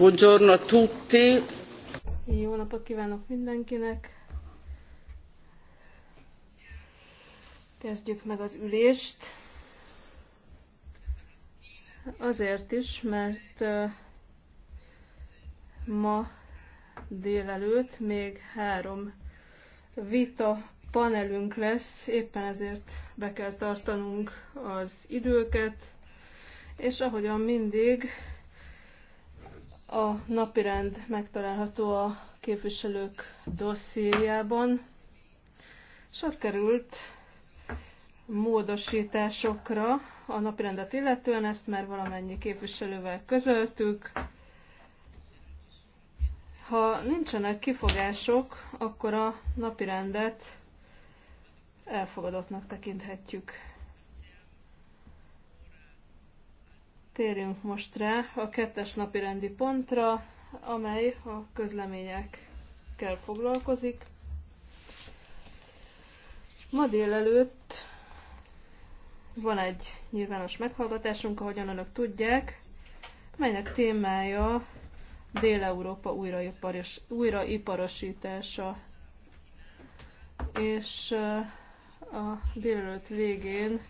Buongiorno a tutti. Jó napot kívánok mindenkinek. Kezdjük meg az ülést. Azért is, mert ma délelőtt még három vita panelünk lesz, éppen ezért be kell tartanunk az időket, és ahogyan mindig a napirend megtalálható a képviselők dossziéjában. Sor került módosításokra a napirendet illetően, ezt már valamennyi képviselővel közöltük. Ha nincsenek kifogások, akkor a napirendet elfogadottnak tekinthetjük. Térjünk most rá a kettes napi rendi pontra, amely a közleményekkel foglalkozik. Ma délelőtt van egy nyilvános meghallgatásunk, ahogyan önök tudják, melynek témája Dél-Európa újraiparos, újraiparosítása. És a délelőtt végén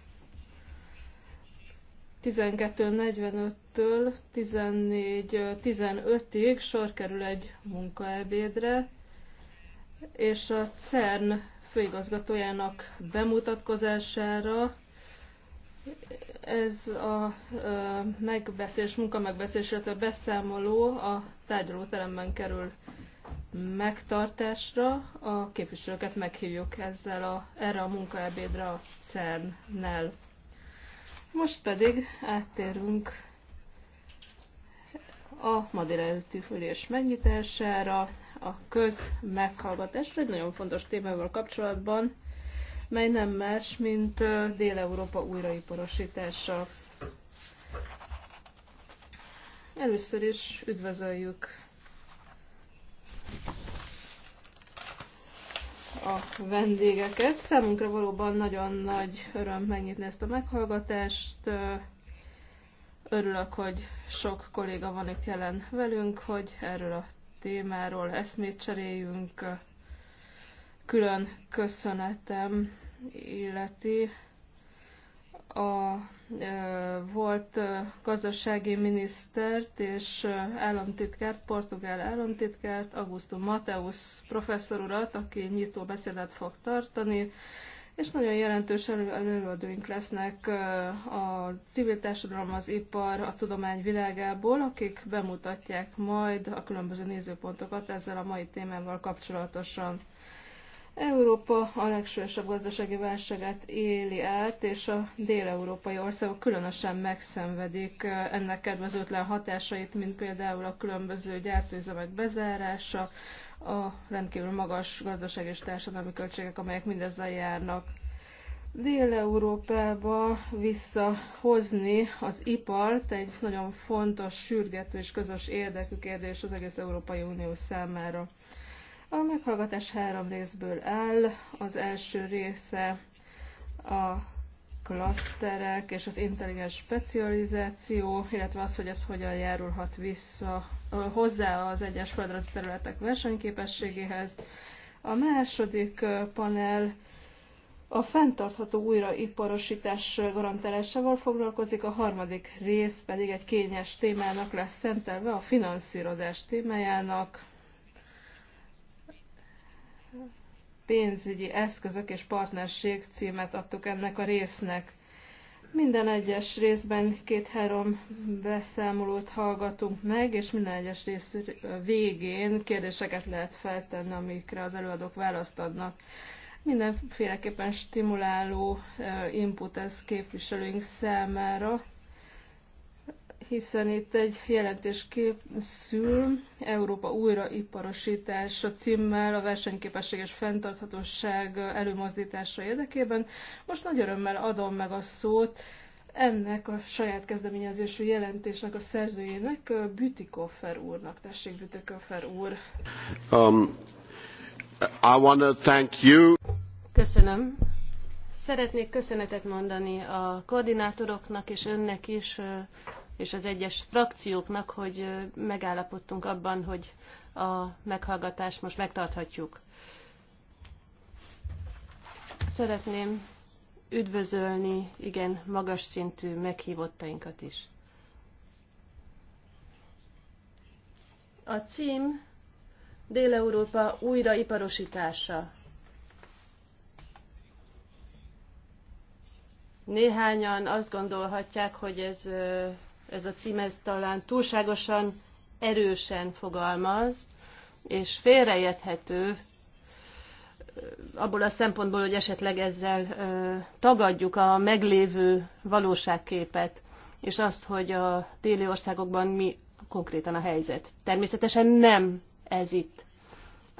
12.45-től 14.15-ig sor kerül egy munkaebédre, és a CERN főigazgatójának bemutatkozására ez a megbeszélés, munka megbeszélés, illetve beszámoló a tárgyalóteremben kerül megtartásra. A képviselőket meghívjuk ezzel a, erre a munkaebédre a CERN-nel. Most pedig áttérünk a ma délelőtti ülés megnyitására, a köz meghallgatásra, egy nagyon fontos témával kapcsolatban, mely nem más, mint Dél-Európa újraiparosítása. Először is üdvözöljük a vendégeket. Számunkra valóban nagyon nagy öröm megnyitni ezt a meghallgatást. Örülök, hogy sok kolléga van itt jelen velünk, hogy erről a témáról eszmét cseréljünk. Külön köszönetem illeti a volt gazdasági minisztert és államtitkárt, portugál államtitkárt, Augusto Mateus professzor urat, aki nyitó beszédet fog tartani, és nagyon jelentős előadóink lesznek a civil társadalom, az ipar, a tudomány világából, akik bemutatják majd a különböző nézőpontokat ezzel a mai témával kapcsolatosan. Európa a legsúlyosabb gazdasági válságát éli át, és a dél-európai országok különösen megszenvedik eh, ennek kedvezőtlen hatásait, mint például a különböző gyártóüzemek bezárása, a rendkívül magas gazdaság és társadalmi költségek, amelyek mindezzel járnak. Dél-Európába visszahozni az ipart egy nagyon fontos, sürgető és közös érdekű kérdés az egész Európai Unió számára. A meghallgatás három részből áll. Az első része a klaszterek és az intelligens specializáció, illetve az, hogy ez hogyan járulhat vissza hozzá az egyes földrajzi területek versenyképességéhez. A második panel a fenntartható újraiparosítás garantálásával foglalkozik, a harmadik rész pedig egy kényes témának lesz szentelve, a finanszírozás témájának pénzügyi eszközök és partnerség címet adtuk ennek a résznek. Minden egyes részben két-három beszámolót hallgatunk meg, és minden egyes rész végén kérdéseket lehet feltenni, amikre az előadók választ adnak. Mindenféleképpen stimuláló eh, input ez képviselőink számára, hiszen itt egy jelentés készül Európa újraiparosítása címmel a versenyképesség és fenntarthatóság előmozdítása érdekében. Most nagy örömmel adom meg a szót ennek a saját kezdeményezésű jelentésnek a szerzőjének, Bütikoffer úrnak. Tessék, Bütikoffer úr! Um, I wanna thank you. Köszönöm. Szeretnék köszönetet mondani a koordinátoroknak és önnek is és az egyes frakcióknak, hogy megállapodtunk abban, hogy a meghallgatást most megtarthatjuk. Szeretném üdvözölni igen magas szintű meghívottainkat is. A cím Dél-Európa újraiparosítása. Néhányan azt gondolhatják, hogy ez ez a ez talán túlságosan erősen fogalmaz, és félreérthető abból a szempontból, hogy esetleg ezzel tagadjuk a meglévő valóságképet, és azt, hogy a déli országokban mi konkrétan a helyzet. Természetesen nem ez itt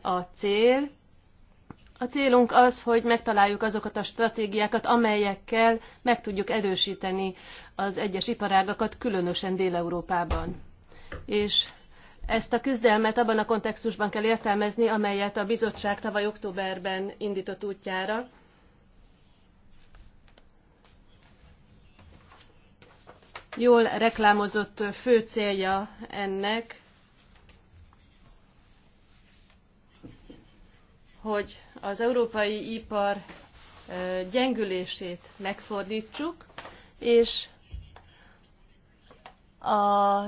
a cél, a célunk az, hogy megtaláljuk azokat a stratégiákat, amelyekkel meg tudjuk erősíteni az egyes iparágakat, különösen Dél-Európában. És ezt a küzdelmet abban a kontextusban kell értelmezni, amelyet a bizottság tavaly októberben indított útjára. Jól reklámozott fő célja ennek, hogy az európai ipar gyengülését megfordítsuk, és az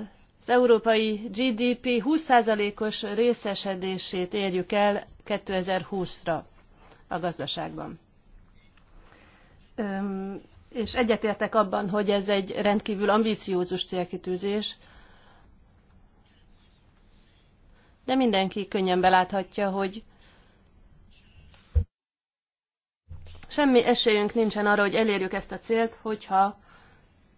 európai GDP 20%-os részesedését érjük el 2020-ra a gazdaságban. És egyetértek abban, hogy ez egy rendkívül ambiciózus célkitűzés, de mindenki könnyen beláthatja, hogy Semmi esélyünk nincsen arra, hogy elérjük ezt a célt, hogyha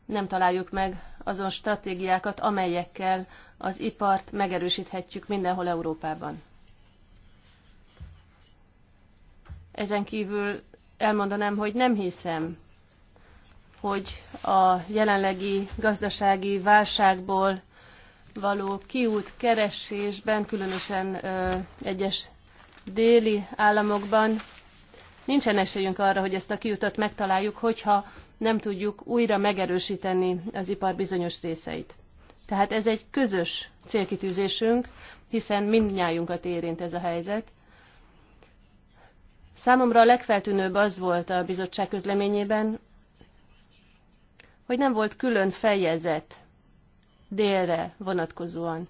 nem találjuk meg azon stratégiákat, amelyekkel az ipart megerősíthetjük mindenhol Európában. Ezen kívül elmondanám, hogy nem hiszem, hogy a jelenlegi gazdasági válságból való kiút keresésben, különösen ö, egyes déli államokban Nincsen esélyünk arra, hogy ezt a kiutat megtaláljuk, hogyha nem tudjuk újra megerősíteni az ipar bizonyos részeit. Tehát ez egy közös célkitűzésünk, hiszen mindnyájunkat érint ez a helyzet. Számomra a legfeltűnőbb az volt a bizottság közleményében, hogy nem volt külön fejezet délre vonatkozóan.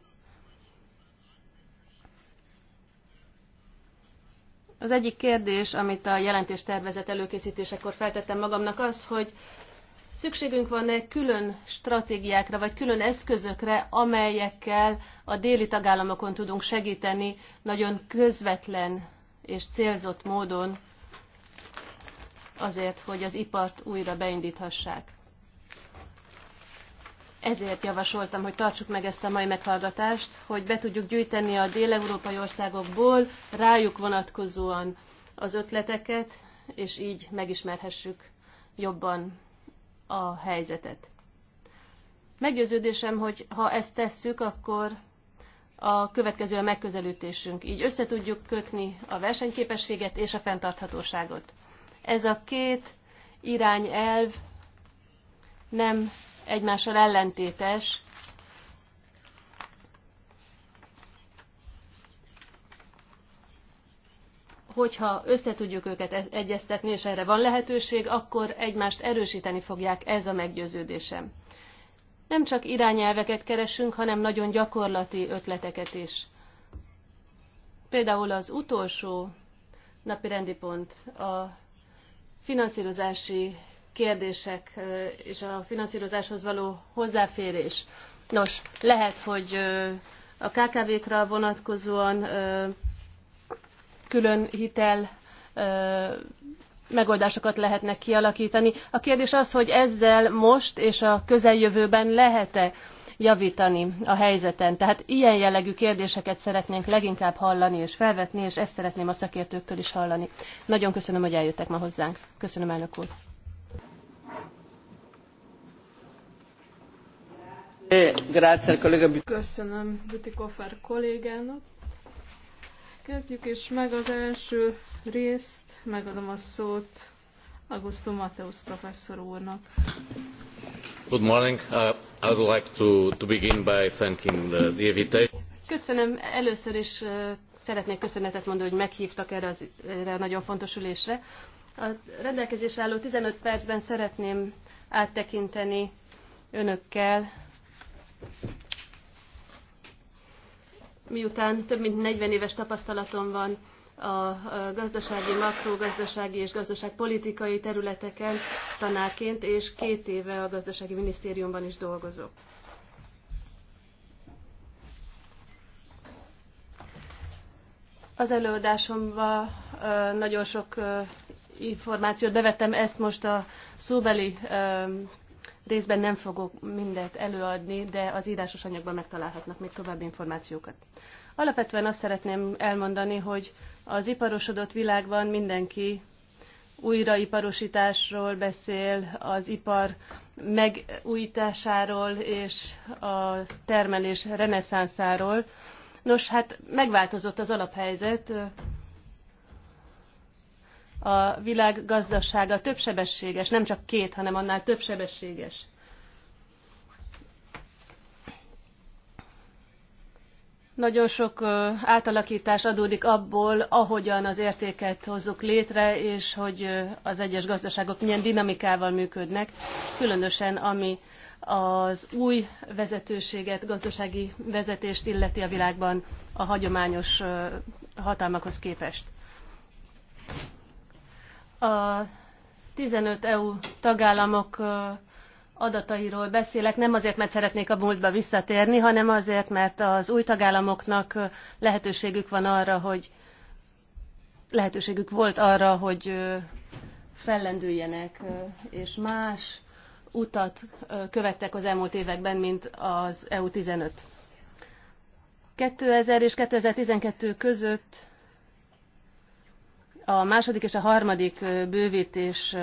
Az egyik kérdés, amit a jelentéstervezet előkészítésekor feltettem magamnak az, hogy szükségünk van-e külön stratégiákra, vagy külön eszközökre, amelyekkel a déli tagállamokon tudunk segíteni nagyon közvetlen és célzott módon azért, hogy az ipart újra beindíthassák ezért javasoltam, hogy tartsuk meg ezt a mai meghallgatást, hogy be tudjuk gyűjteni a déleurópai országokból rájuk vonatkozóan az ötleteket, és így megismerhessük jobban a helyzetet. Meggyőződésem, hogy ha ezt tesszük, akkor a következő a megközelítésünk. Így össze tudjuk kötni a versenyképességet és a fenntarthatóságot. Ez a két irányelv nem egymással ellentétes. Hogyha összetudjuk őket e- egyeztetni, és erre van lehetőség, akkor egymást erősíteni fogják, ez a meggyőződésem. Nem csak irányelveket keresünk, hanem nagyon gyakorlati ötleteket is. Például az utolsó napi rendi pont a finanszírozási kérdések és a finanszírozáshoz való hozzáférés. Nos, lehet, hogy a KKV-kra vonatkozóan külön hitel megoldásokat lehetnek kialakítani. A kérdés az, hogy ezzel most és a közeljövőben lehet-e javítani a helyzeten. Tehát ilyen jellegű kérdéseket szeretnénk leginkább hallani és felvetni, és ezt szeretném a szakértőktől is hallani. Nagyon köszönöm, hogy eljöttek ma hozzánk. Köszönöm, elnök úr. Eh, Köszönöm Butikofer kollégának. Kezdjük is meg az első részt. Megadom a szót Augusto Mateusz professzor úrnak. Good morning. Uh, I would like to, to begin by thanking the, the invitation. Köszönöm. Először is uh, szeretnék köszönetet mondani, hogy meghívtak erre, az, erre a nagyon fontos ülésre. A rendelkezésre álló 15 percben szeretném áttekinteni önökkel Miután több mint 40 éves tapasztalatom van a gazdasági, makrogazdasági és gazdaságpolitikai területeken tanárként, és két éve a gazdasági minisztériumban is dolgozok. Az előadásomban nagyon sok információt bevettem, ezt most a szóbeli részben nem fogok mindet előadni, de az írásos anyagban megtalálhatnak még további információkat. Alapvetően azt szeretném elmondani, hogy az iparosodott világban mindenki újraiparosításról beszél, az ipar megújításáról és a termelés reneszánszáról. Nos, hát megváltozott az alaphelyzet, a világ gazdasága többsebességes, nem csak két, hanem annál többsebességes. Nagyon sok átalakítás adódik abból, ahogyan az értéket hozzuk létre, és hogy az egyes gazdaságok milyen dinamikával működnek, különösen ami az új vezetőséget, gazdasági vezetést illeti a világban a hagyományos hatalmakhoz képest. A 15 EU tagállamok adatairól beszélek, nem azért, mert szeretnék a múltba visszatérni, hanem azért, mert az új tagállamoknak lehetőségük van arra, hogy lehetőségük volt arra, hogy fellendüljenek, és más utat követtek az elmúlt években, mint az EU 15. 2000 és 2012 között a második és a harmadik bővítés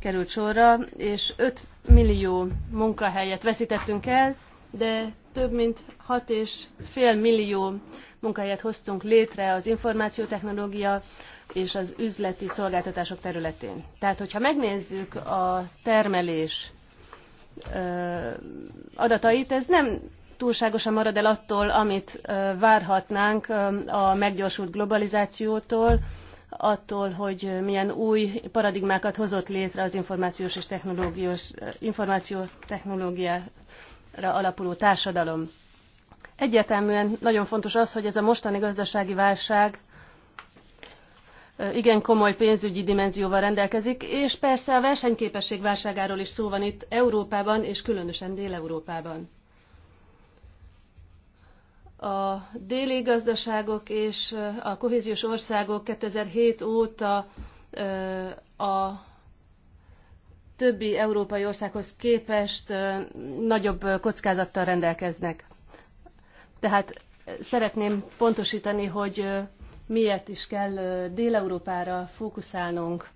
került sorra, és 5 millió munkahelyet veszítettünk el, de több mint 6,5 millió munkahelyet hoztunk létre az információtechnológia és az üzleti szolgáltatások területén. Tehát, hogyha megnézzük a termelés adatait, ez nem túlságosan marad el attól, amit várhatnánk a meggyorsult globalizációtól, attól, hogy milyen új paradigmákat hozott létre az információs és technológiós, technológiára alapuló társadalom. Egyértelműen nagyon fontos az, hogy ez a mostani gazdasági válság igen komoly pénzügyi dimenzióval rendelkezik, és persze a versenyképesség válságáról is szó van itt Európában, és különösen Dél-Európában. A déli gazdaságok és a kohéziós országok 2007 óta a többi európai országhoz képest nagyobb kockázattal rendelkeznek. Tehát szeretném pontosítani, hogy miért is kell Dél-Európára fókuszálnunk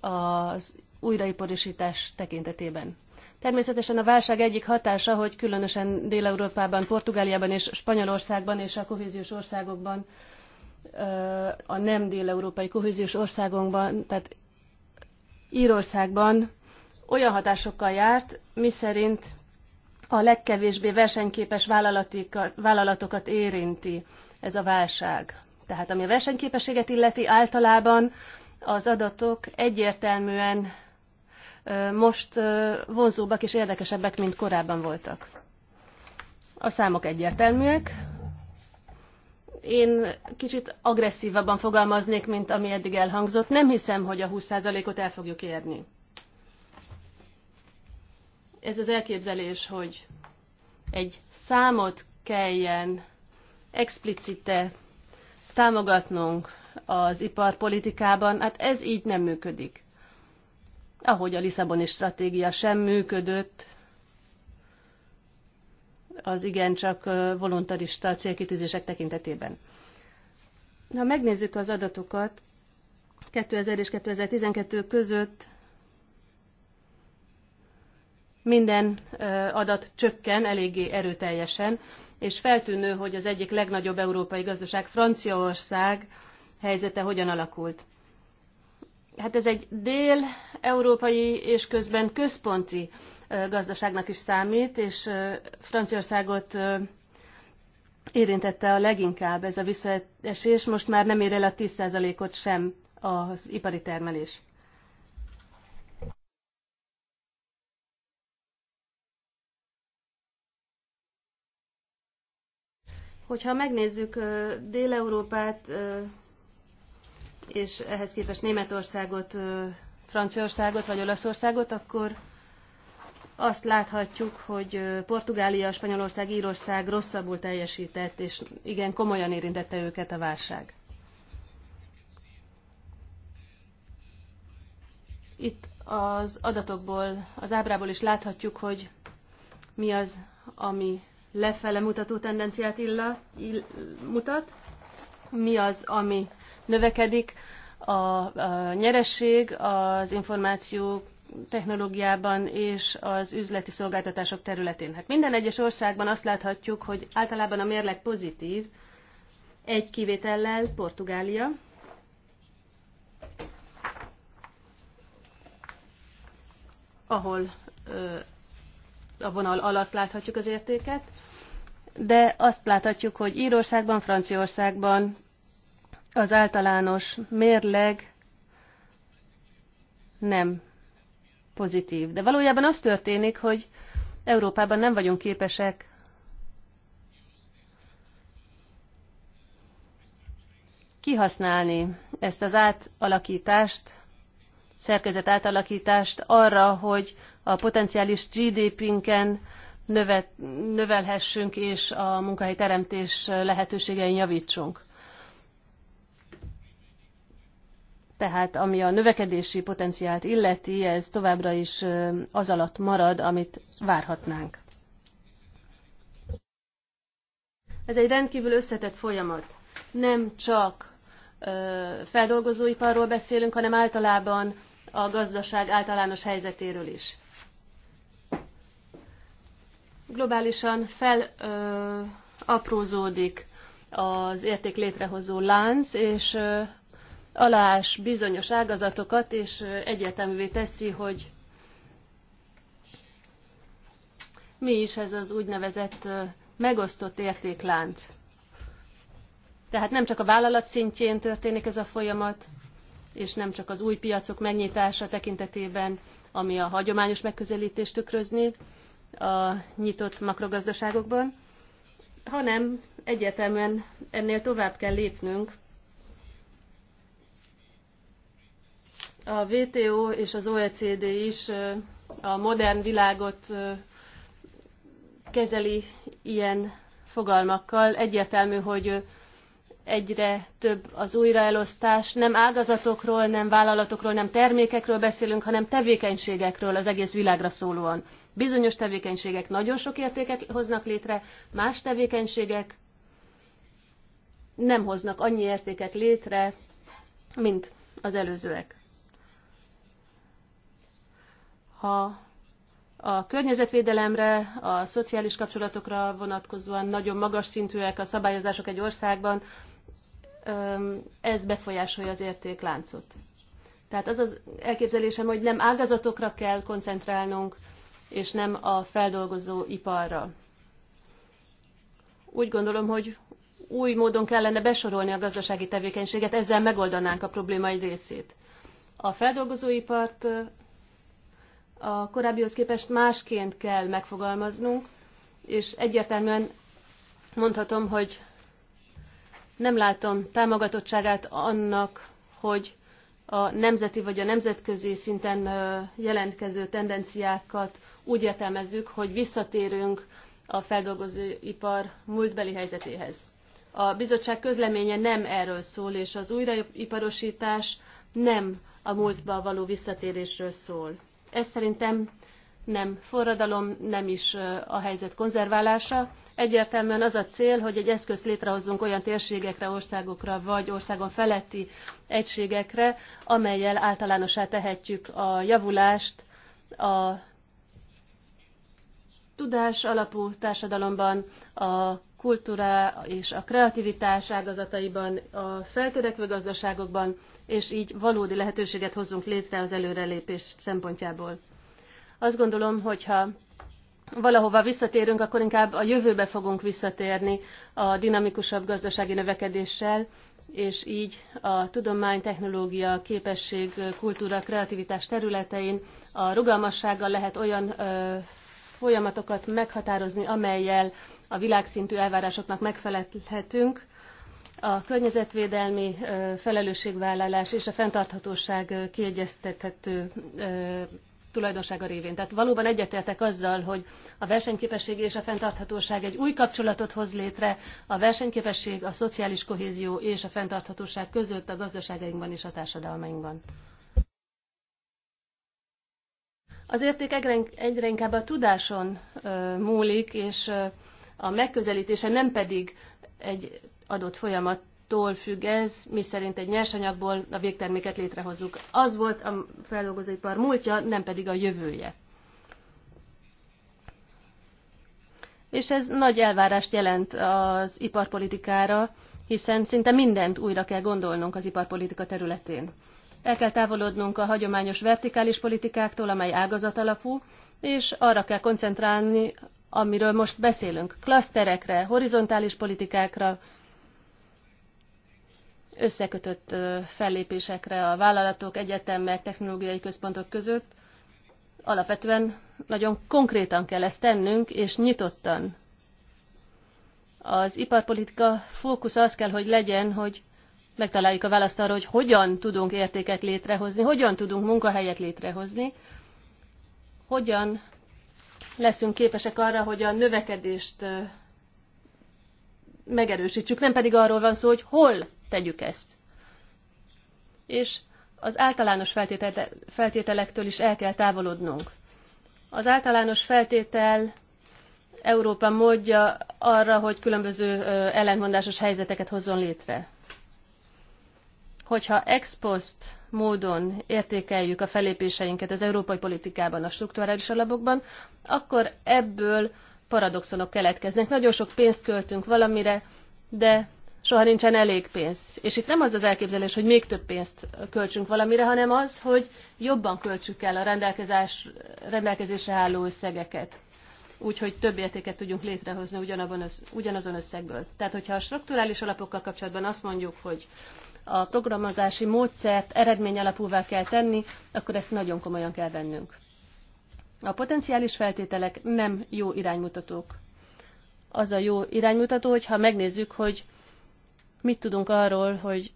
az újraiparosítás tekintetében. Természetesen a válság egyik hatása, hogy különösen Dél-Európában, Portugáliában és Spanyolországban és a kohéziós országokban, a nem dél-európai kohéziós országokban, tehát Írországban olyan hatásokkal járt, miszerint a legkevésbé versenyképes vállalatokat érinti ez a válság. Tehát ami a versenyképességet illeti, általában az adatok egyértelműen most vonzóbbak és érdekesebbek, mint korábban voltak. A számok egyértelműek. Én kicsit agresszívabban fogalmaznék, mint ami eddig elhangzott. Nem hiszem, hogy a 20%-ot el fogjuk érni. Ez az elképzelés, hogy egy számot kelljen explicite támogatnunk az iparpolitikában, hát ez így nem működik ahogy a Lisszaboni stratégia sem működött, az igencsak voluntarista célkitűzések tekintetében. Ha megnézzük az adatokat, 2000 és 2012 között minden adat csökken eléggé erőteljesen, és feltűnő, hogy az egyik legnagyobb európai gazdaság, Franciaország helyzete hogyan alakult hát ez egy dél-európai és közben központi gazdaságnak is számít, és Franciaországot érintette a leginkább ez a visszaesés, most már nem ér el a 10%-ot sem az ipari termelés. Hogyha megnézzük Dél-Európát, és ehhez képest Németországot, Franciaországot vagy Olaszországot, akkor azt láthatjuk, hogy Portugália, Spanyolország, Írország rosszabbul teljesített, és igen komolyan érintette őket a válság. Itt az adatokból, az ábrából is láthatjuk, hogy mi az, ami lefele mutató tendenciát illa, ill, mutat, mi az, ami növekedik, a, a nyeresség az információ technológiában és az üzleti szolgáltatások területén. Hát minden egyes országban azt láthatjuk, hogy általában a mérleg pozitív, egy kivétellel Portugália, ahol ö, a vonal alatt láthatjuk az értéket, de azt láthatjuk, hogy Írországban, Franciaországban, az általános mérleg nem pozitív. De valójában az történik, hogy Európában nem vagyunk képesek kihasználni ezt az átalakítást, szerkezet átalakítást arra, hogy a potenciális GDP-nken növelhessünk és a munkahelyteremtés lehetőségein javítsunk. Tehát ami a növekedési potenciált illeti, ez továbbra is az alatt marad, amit várhatnánk. Ez egy rendkívül összetett folyamat. Nem csak feldolgozóiparról beszélünk, hanem általában a gazdaság általános helyzetéről is. Globálisan felaprózódik az érték létrehozó lánc, és aláás bizonyos ágazatokat, és egyetemvé teszi, hogy mi is ez az úgynevezett megosztott értéklánc. Tehát nem csak a vállalat szintjén történik ez a folyamat, és nem csak az új piacok megnyitása tekintetében, ami a hagyományos megközelítést tükrözni a nyitott makrogazdaságokban, hanem egyetemen ennél tovább kell lépnünk, A WTO és az OECD is a modern világot kezeli ilyen fogalmakkal. Egyértelmű, hogy egyre több az újraelosztás. Nem ágazatokról, nem vállalatokról, nem termékekről beszélünk, hanem tevékenységekről az egész világra szólóan. Bizonyos tevékenységek nagyon sok értéket hoznak létre, más tevékenységek nem hoznak annyi értéket létre, mint az előzőek ha a környezetvédelemre, a szociális kapcsolatokra vonatkozóan nagyon magas szintűek a szabályozások egy országban, ez befolyásolja az értékláncot. Tehát az az elképzelésem, hogy nem ágazatokra kell koncentrálnunk, és nem a feldolgozó iparra. Úgy gondolom, hogy új módon kellene besorolni a gazdasági tevékenységet, ezzel megoldanánk a probléma egy részét. A feldolgozóipart a korábbihoz képest másként kell megfogalmaznunk, és egyértelműen mondhatom, hogy nem látom támogatottságát annak, hogy a nemzeti vagy a nemzetközi szinten jelentkező tendenciákat úgy értelmezzük, hogy visszatérünk a feldolgozóipar múltbeli helyzetéhez. A bizottság közleménye nem erről szól, és az újraiparosítás nem a múltba való visszatérésről szól. Ez szerintem nem forradalom, nem is a helyzet konzerválása. Egyértelműen az a cél, hogy egy eszközt létrehozzunk olyan térségekre, országokra vagy országon feletti egységekre, amelyel általánosá tehetjük a javulást a tudás alapú társadalomban, a kultúra és a kreativitás ágazataiban, a feltörekvő gazdaságokban, és így valódi lehetőséget hozzunk létre az előrelépés szempontjából. Azt gondolom, hogyha valahova visszatérünk, akkor inkább a jövőbe fogunk visszatérni a dinamikusabb gazdasági növekedéssel, és így a tudomány, technológia, képesség, kultúra, kreativitás területein a rugalmassággal lehet olyan folyamatokat meghatározni, amelyel a világszintű elvárásoknak megfelelhetünk. A környezetvédelmi felelősségvállalás és a fenntarthatóság kiegyeztethető tulajdonsága révén. Tehát valóban egyetértek azzal, hogy a versenyképesség és a fenntarthatóság egy új kapcsolatot hoz létre, a versenyképesség, a szociális kohézió és a fenntarthatóság között a gazdaságainkban és a társadalmainkban. Az érték egyre inkább a tudáson múlik, és a megközelítése nem pedig egy adott folyamattól függ ez, mi szerint egy nyersanyagból a végterméket létrehozzuk. Az volt a feldolgozóipar múltja, nem pedig a jövője. És ez nagy elvárást jelent az iparpolitikára, hiszen szinte mindent újra kell gondolnunk az iparpolitika területén. El kell távolodnunk a hagyományos vertikális politikáktól, amely ágazat alapú, és arra kell koncentrálni, amiről most beszélünk, klaszterekre, horizontális politikákra, összekötött fellépésekre a vállalatok, egyetemek, technológiai központok között. Alapvetően nagyon konkrétan kell ezt tennünk, és nyitottan. Az iparpolitika fókusz az kell, hogy legyen, hogy megtaláljuk a választ arra, hogy hogyan tudunk értéket létrehozni, hogyan tudunk munkahelyet létrehozni, hogyan leszünk képesek arra, hogy a növekedést megerősítsük, nem pedig arról van szó, hogy hol tegyük ezt. És az általános feltételektől is el kell távolodnunk. Az általános feltétel Európa módja arra, hogy különböző ellentmondásos helyzeteket hozzon létre hogyha ex post módon értékeljük a felépéseinket az európai politikában, a struktúrális alapokban, akkor ebből paradoxonok keletkeznek. Nagyon sok pénzt költünk valamire, de soha nincsen elég pénz. És itt nem az az elképzelés, hogy még több pénzt költsünk valamire, hanem az, hogy jobban költsük el a rendelkezés, rendelkezésre álló összegeket. Úgyhogy több értéket tudjunk létrehozni ugyanabban az, ugyanazon összegből. Tehát, hogyha a strukturális alapokkal kapcsolatban azt mondjuk, hogy a programozási módszert eredményalapúvá kell tenni, akkor ezt nagyon komolyan kell vennünk. A potenciális feltételek nem jó iránymutatók. Az a jó iránymutató, hogyha megnézzük, hogy mit tudunk arról, hogy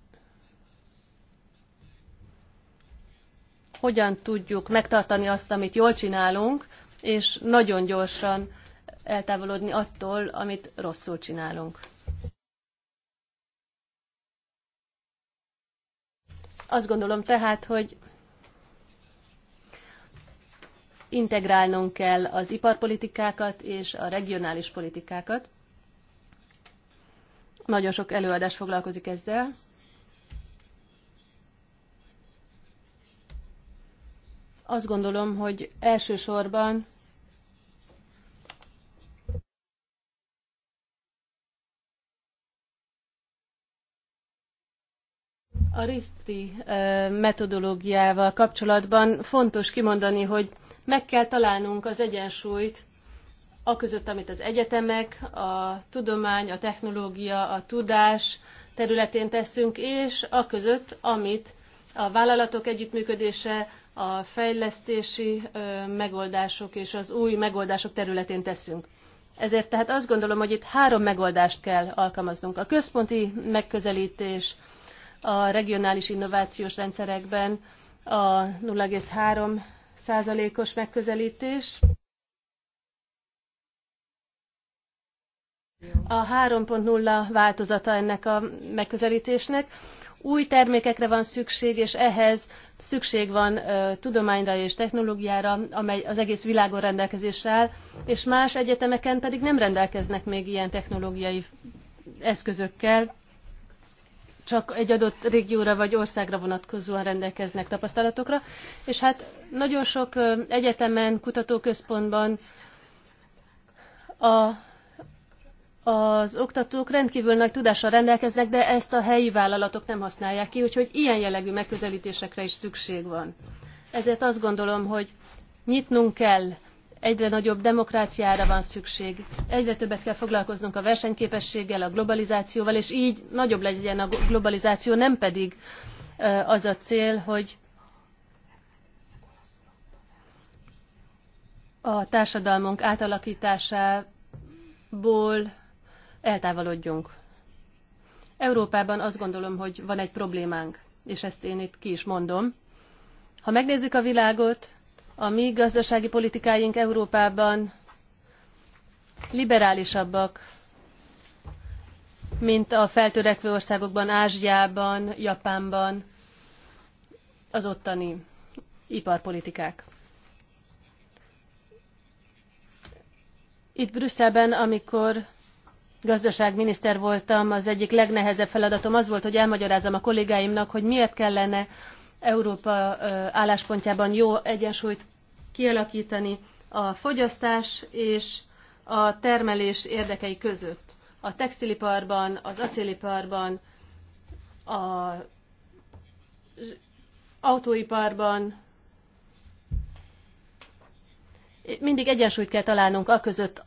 hogyan tudjuk megtartani azt, amit jól csinálunk, és nagyon gyorsan eltávolodni attól, amit rosszul csinálunk. Azt gondolom tehát, hogy integrálnunk kell az iparpolitikákat és a regionális politikákat. Nagyon sok előadás foglalkozik ezzel. Azt gondolom, hogy elsősorban A RISTRI metodológiával kapcsolatban fontos kimondani, hogy meg kell találnunk az egyensúlyt a között, amit az egyetemek, a tudomány, a technológia, a tudás területén teszünk, és a között, amit a vállalatok együttműködése, a fejlesztési megoldások és az új megoldások területén teszünk. Ezért tehát azt gondolom, hogy itt három megoldást kell alkalmaznunk. A központi megközelítés, a regionális innovációs rendszerekben a 0,3 százalékos megközelítés. A 3.0 változata ennek a megközelítésnek. Új termékekre van szükség, és ehhez szükség van ö, tudományra és technológiára, amely az egész világon rendelkezésre áll, és más egyetemeken pedig nem rendelkeznek még ilyen technológiai eszközökkel, csak egy adott régióra vagy országra vonatkozóan rendelkeznek tapasztalatokra, és hát nagyon sok egyetemen, kutatóközpontban a, az oktatók rendkívül nagy tudással rendelkeznek, de ezt a helyi vállalatok nem használják ki, úgyhogy ilyen jellegű megközelítésekre is szükség van. Ezért azt gondolom, hogy nyitnunk kell egyre nagyobb demokráciára van szükség. Egyre többet kell foglalkoznunk a versenyképességgel, a globalizációval, és így nagyobb legyen a globalizáció, nem pedig az a cél, hogy a társadalmunk átalaktásából eltávolodjunk. Európában azt gondolom, hogy van egy problémánk, és ezt én itt ki is mondom. Ha megnézzük a világot, a mi gazdasági politikáink Európában liberálisabbak, mint a feltörekvő országokban, Ázsiában, Japánban az ottani iparpolitikák. Itt Brüsszelben, amikor gazdaságminiszter voltam, az egyik legnehezebb feladatom az volt, hogy elmagyarázzam a kollégáimnak, hogy miért kellene Európa álláspontjában jó egyensúlyt kialakítani a fogyasztás és a termelés érdekei között. A textiliparban, az acéliparban, az autóiparban mindig egyensúlyt kell találnunk a között,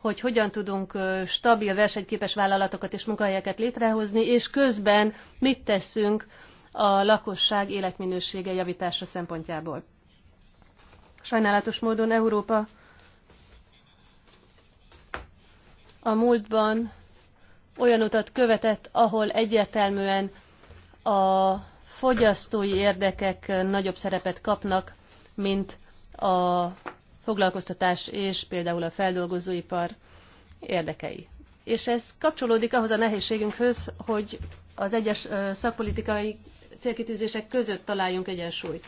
hogy hogyan tudunk stabil, versenyképes vállalatokat és munkahelyeket létrehozni, és közben mit teszünk a lakosság életminősége javítása szempontjából. Sajnálatos módon Európa a múltban olyan utat követett, ahol egyértelműen a fogyasztói érdekek nagyobb szerepet kapnak, mint a foglalkoztatás és például a feldolgozóipar érdekei. És ez kapcsolódik ahhoz a nehézségünkhöz, hogy az egyes szakpolitikai célkitűzések között találjunk egyensúlyt.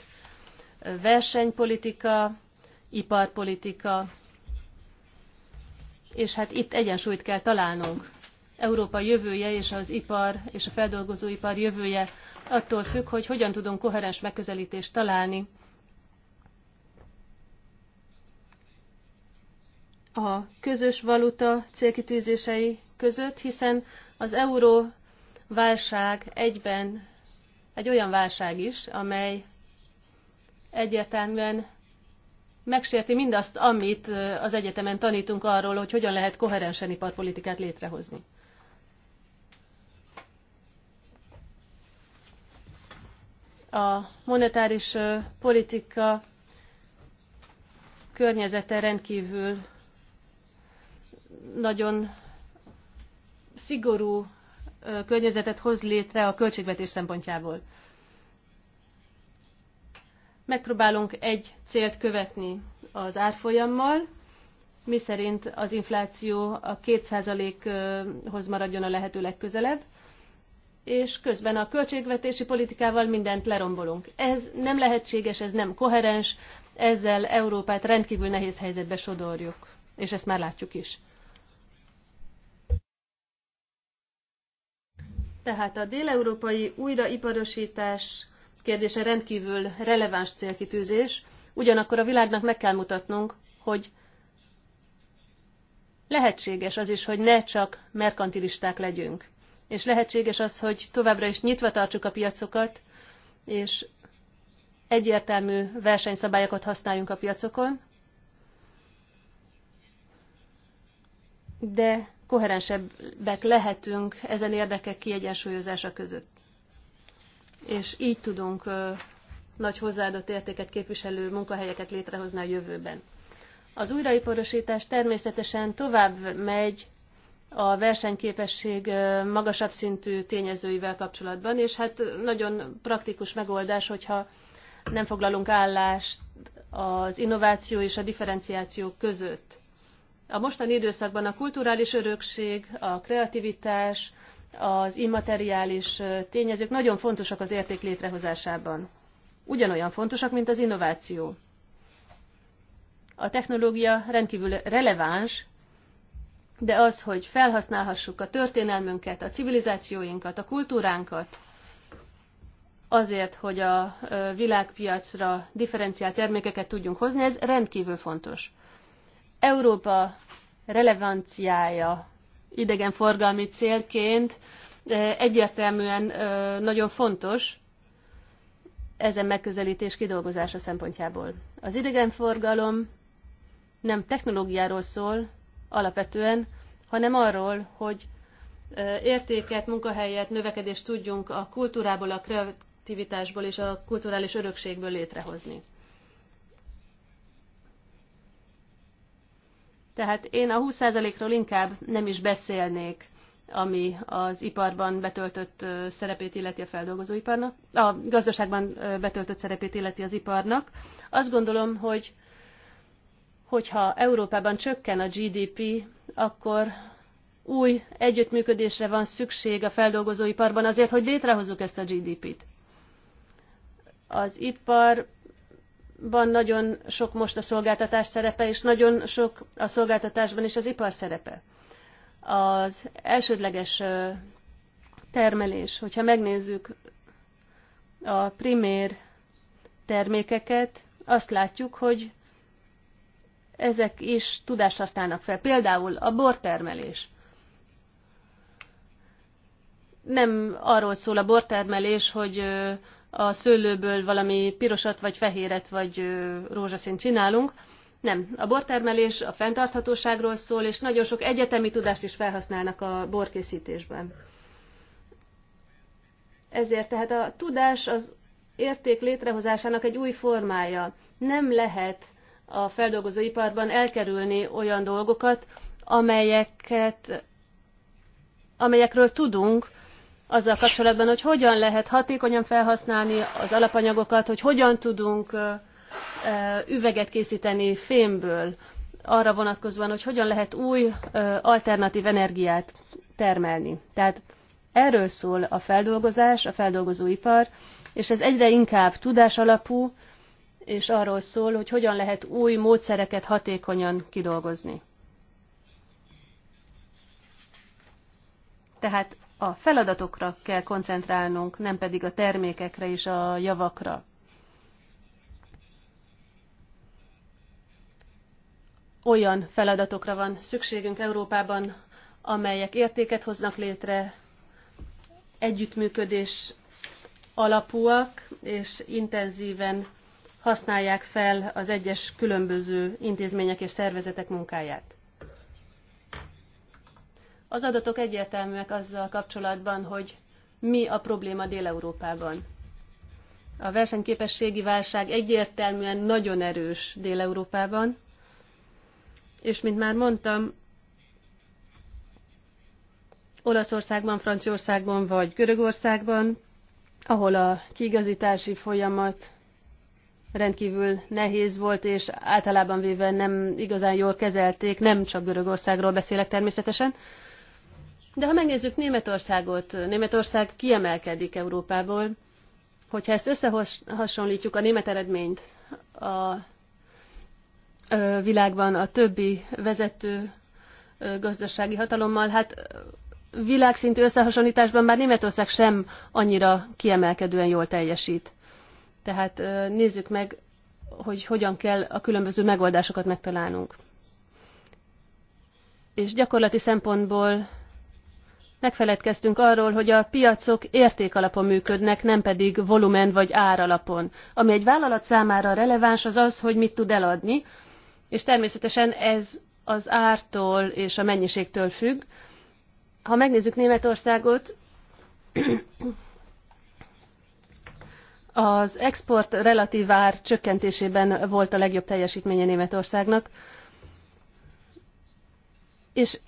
Versenypolitika, iparpolitika, és hát itt egyensúlyt kell találnunk. Európa jövője és az ipar és a feldolgozóipar jövője attól függ, hogy hogyan tudunk koherens megközelítést találni a közös valuta célkitűzései között, hiszen az euró válság egyben egy olyan válság is, amely egyértelműen megsérti mindazt, amit az egyetemen tanítunk arról, hogy hogyan lehet koherensen iparpolitikát létrehozni. A monetáris politika környezete rendkívül nagyon szigorú környezetet hoz létre a költségvetés szempontjából. Megpróbálunk egy célt követni az árfolyammal, mi szerint az infláció a 2%-hoz maradjon a lehető legközelebb, és közben a költségvetési politikával mindent lerombolunk. Ez nem lehetséges, ez nem koherens, ezzel Európát rendkívül nehéz helyzetbe sodorjuk, és ezt már látjuk is. Tehát a déleurópai újraiparosítás kérdése rendkívül releváns célkitűzés, ugyanakkor a világnak meg kell mutatnunk, hogy lehetséges az is, hogy ne csak merkantilisták legyünk. És lehetséges az, hogy továbbra is nyitva tartsuk a piacokat, és egyértelmű versenyszabályokat használjunk a piacokon, de koherensebbek lehetünk ezen érdekek kiegyensúlyozása között. És így tudunk nagy hozzáadott értéket képviselő munkahelyeket létrehozni a jövőben. Az újraiparosítás természetesen tovább megy a versenyképesség magasabb szintű tényezőivel kapcsolatban, és hát nagyon praktikus megoldás, hogyha nem foglalunk állást az innováció és a differenciáció között. A mostani időszakban a kulturális örökség, a kreativitás, az immateriális tényezők nagyon fontosak az érték létrehozásában. Ugyanolyan fontosak, mint az innováció. A technológia rendkívül releváns, de az, hogy felhasználhassuk a történelmünket, a civilizációinkat, a kultúránkat, azért, hogy a világpiacra differenciált termékeket tudjunk hozni, ez rendkívül fontos. Európa relevanciája idegenforgalmi célként egyértelműen nagyon fontos ezen megközelítés kidolgozása szempontjából. Az idegenforgalom nem technológiáról szól alapvetően, hanem arról, hogy értéket, munkahelyet, növekedést tudjunk a kultúrából, a kreativitásból és a kulturális örökségből létrehozni. Tehát én a 20%-ról inkább nem is beszélnék, ami az iparban betöltött szerepét illeti a feldolgozóiparnak, a gazdaságban betöltött szerepét illeti az iparnak. Azt gondolom, hogy hogyha Európában csökken a GDP, akkor új együttműködésre van szükség a feldolgozóiparban azért, hogy létrehozzuk ezt a GDP-t. Az ipar van nagyon sok most a szolgáltatás szerepe, és nagyon sok a szolgáltatásban is az ipar szerepe. Az elsődleges termelés, hogyha megnézzük a primér termékeket, azt látjuk, hogy ezek is tudást használnak fel. Például a bortermelés. Nem arról szól a bortermelés, hogy a szőlőből valami pirosat, vagy fehéret, vagy rózsaszint csinálunk. Nem. A bortermelés a fenntarthatóságról szól, és nagyon sok egyetemi tudást is felhasználnak a borkészítésben. Ezért tehát a tudás az érték létrehozásának egy új formája. Nem lehet a feldolgozóiparban elkerülni olyan dolgokat, amelyeket, amelyekről tudunk, azzal kapcsolatban, hogy hogyan lehet hatékonyan felhasználni az alapanyagokat, hogy hogyan tudunk üveget készíteni fémből, arra vonatkozóan, hogy hogyan lehet új alternatív energiát termelni. Tehát erről szól a feldolgozás, a feldolgozóipar, és ez egyre inkább tudásalapú, és arról szól, hogy hogyan lehet új módszereket hatékonyan kidolgozni. Tehát a feladatokra kell koncentrálnunk, nem pedig a termékekre és a javakra. Olyan feladatokra van szükségünk Európában, amelyek értéket hoznak létre, együttműködés alapúak, és intenzíven használják fel az egyes különböző intézmények és szervezetek munkáját. Az adatok egyértelműek azzal kapcsolatban, hogy mi a probléma Dél-Európában. A versenyképességi válság egyértelműen nagyon erős Dél-Európában, és mint már mondtam, Olaszországban, Franciaországban vagy Görögországban, ahol a kiigazítási folyamat rendkívül nehéz volt, és általában véve nem igazán jól kezelték, nem csak Görögországról beszélek természetesen, de ha megnézzük Németországot, Németország kiemelkedik Európából, hogyha ezt összehasonlítjuk a német eredményt a világban a többi vezető gazdasági hatalommal, hát világszintű összehasonlításban már Németország sem annyira kiemelkedően jól teljesít. Tehát nézzük meg, hogy hogyan kell a különböző megoldásokat megtalálnunk. És gyakorlati szempontból Megfeledkeztünk arról, hogy a piacok értékalapon működnek, nem pedig volumen vagy áralapon. Ami egy vállalat számára releváns, az az, hogy mit tud eladni, és természetesen ez az ártól és a mennyiségtől függ. Ha megnézzük Németországot, az export relatív ár csökkentésében volt a legjobb teljesítménye Németországnak, és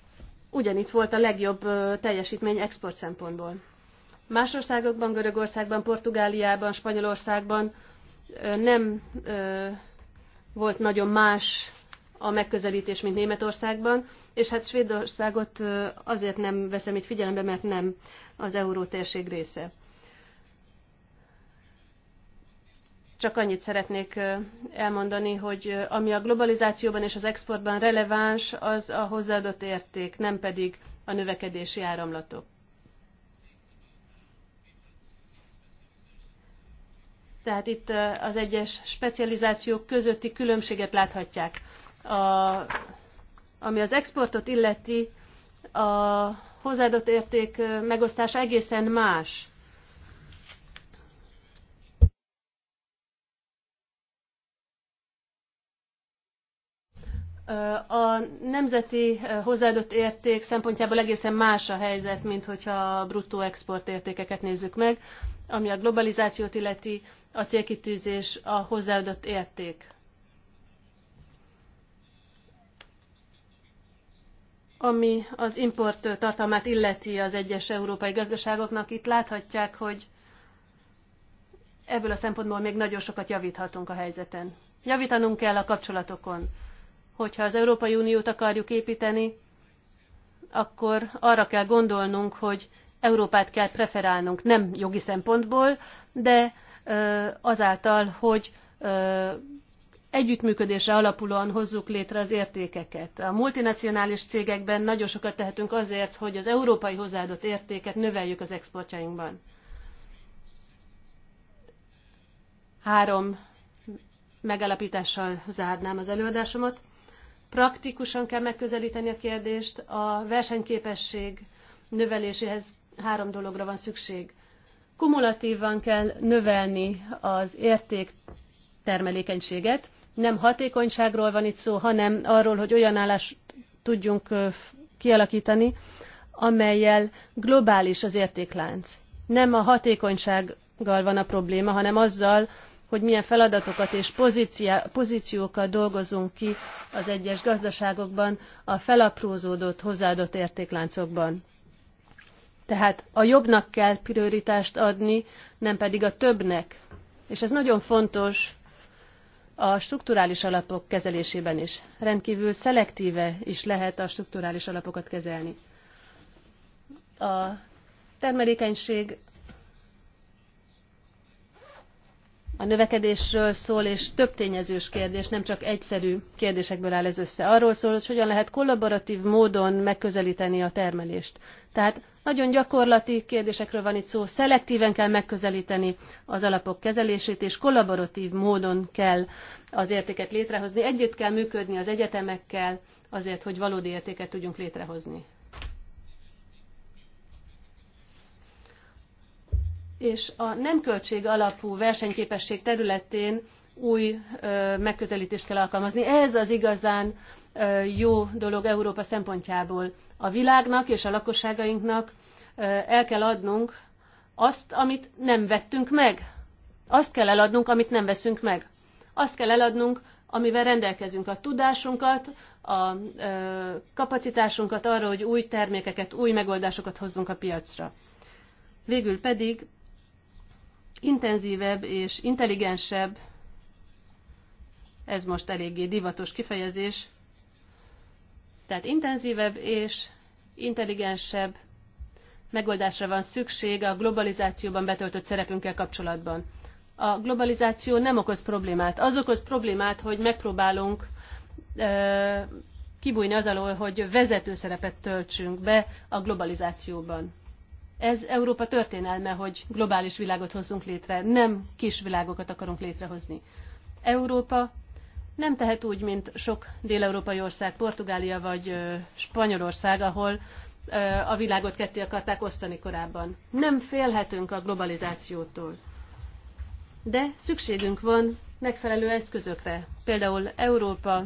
ugyanitt volt a legjobb teljesítmény export szempontból. Más országokban, Görögországban, Portugáliában, Spanyolországban nem volt nagyon más a megközelítés, mint Németországban, és hát Svédországot azért nem veszem itt figyelembe, mert nem az térség része. Csak annyit szeretnék elmondani, hogy ami a globalizációban és az exportban releváns, az a hozzáadott érték, nem pedig a növekedési áramlatok. Tehát itt az egyes specializációk közötti különbséget láthatják. A, ami az exportot illeti, a hozzáadott érték megosztása egészen más A nemzeti hozzáadott érték szempontjából egészen más a helyzet, mint hogyha a bruttó exportértékeket nézzük meg, ami a globalizációt illeti, a célkitűzés, a hozzáadott érték. Ami az import tartalmát illeti az egyes európai gazdaságoknak, itt láthatják, hogy ebből a szempontból még nagyon sokat javíthatunk a helyzeten. Javítanunk kell a kapcsolatokon hogyha az Európai Uniót akarjuk építeni, akkor arra kell gondolnunk, hogy Európát kell preferálnunk, nem jogi szempontból, de azáltal, hogy együttműködésre alapulóan hozzuk létre az értékeket. A multinacionális cégekben nagyon sokat tehetünk azért, hogy az európai hozzáadott értéket növeljük az exportjainkban. Három megállapítással zárnám az előadásomat praktikusan kell megközelíteni a kérdést, a versenyképesség növeléséhez három dologra van szükség. Kumulatívan kell növelni az érték termelékenységet. Nem hatékonyságról van itt szó, hanem arról, hogy olyan állást tudjunk kialakítani, amelyel globális az értéklánc. Nem a hatékonysággal van a probléma, hanem azzal, hogy milyen feladatokat és pozíciókat dolgozunk ki az egyes gazdaságokban, a felaprózódott hozzáadott értékláncokban. Tehát a jobbnak kell prioritást adni, nem pedig a többnek. És ez nagyon fontos a strukturális alapok kezelésében is. Rendkívül szelektíve is lehet a strukturális alapokat kezelni. A termelékenység a növekedésről szól, és több tényezős kérdés, nem csak egyszerű kérdésekből áll ez össze. Arról szól, hogy hogyan lehet kollaboratív módon megközelíteni a termelést. Tehát nagyon gyakorlati kérdésekről van itt szó, szelektíven kell megközelíteni az alapok kezelését, és kollaboratív módon kell az értéket létrehozni. Együtt kell működni az egyetemekkel, azért, hogy valódi értéket tudjunk létrehozni. és a nem költség alapú versenyképesség területén új megközelítést kell alkalmazni. Ez az igazán jó dolog Európa szempontjából. A világnak és a lakosságainknak el kell adnunk azt, amit nem vettünk meg. Azt kell eladnunk, amit nem veszünk meg. Azt kell eladnunk, amivel rendelkezünk a tudásunkat, a kapacitásunkat arra, hogy új termékeket, új megoldásokat hozzunk a piacra. Végül pedig intenzívebb és intelligensebb, ez most eléggé divatos kifejezés, tehát intenzívebb és intelligensebb megoldásra van szükség a globalizációban betöltött szerepünkkel kapcsolatban. A globalizáció nem okoz problémát. Az okoz problémát, hogy megpróbálunk ö, kibújni az alól, hogy vezető szerepet töltsünk be a globalizációban. Ez Európa történelme, hogy globális világot hozzunk létre, nem kis világokat akarunk létrehozni. Európa nem tehet úgy, mint sok dél dél-európai ország, Portugália vagy Spanyolország, ahol a világot ketté akarták osztani korábban. Nem félhetünk a globalizációtól. De szükségünk van megfelelő eszközökre. Például Európa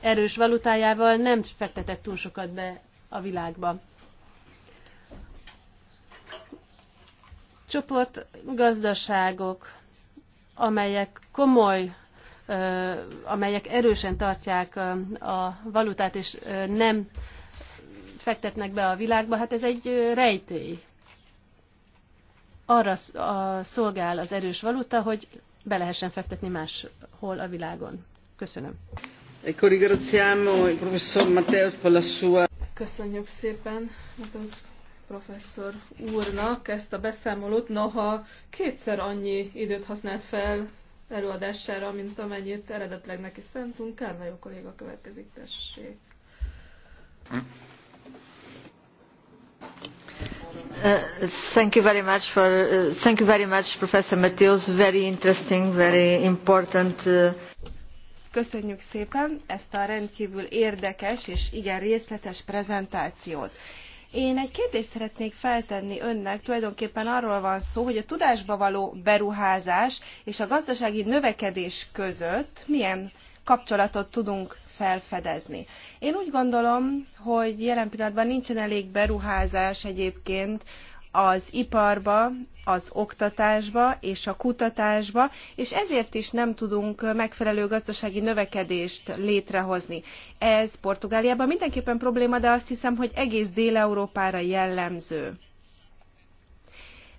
erős valutájával nem fektetett túl sokat be a világba. csoportgazdaságok, gazdaságok, amelyek komoly amelyek erősen tartják a valutát, és nem fektetnek be a világba, hát ez egy rejtély. Arra szolgál az erős valuta, hogy be lehessen fektetni máshol a világon. Köszönöm. Ecco, Köszönjük szépen hát az professzor úrnak ezt a beszámolót, noha kétszer annyi időt használt fel előadására, mint amennyit eredetleg neki szentünk. Kárvályó kolléga következik, tessék. Uh, thank you very much for uh, thank you very much professor Matthews very interesting very important uh... Köszönjük szépen ezt a rendkívül érdekes és igen részletes prezentációt. Én egy kérdést szeretnék feltenni önnek, tulajdonképpen arról van szó, hogy a tudásba való beruházás és a gazdasági növekedés között milyen kapcsolatot tudunk felfedezni. Én úgy gondolom, hogy jelen pillanatban nincsen elég beruházás egyébként az iparba, az oktatásba és a kutatásba, és ezért is nem tudunk megfelelő gazdasági növekedést létrehozni. Ez Portugáliában mindenképpen probléma, de azt hiszem, hogy egész Dél-Európára jellemző.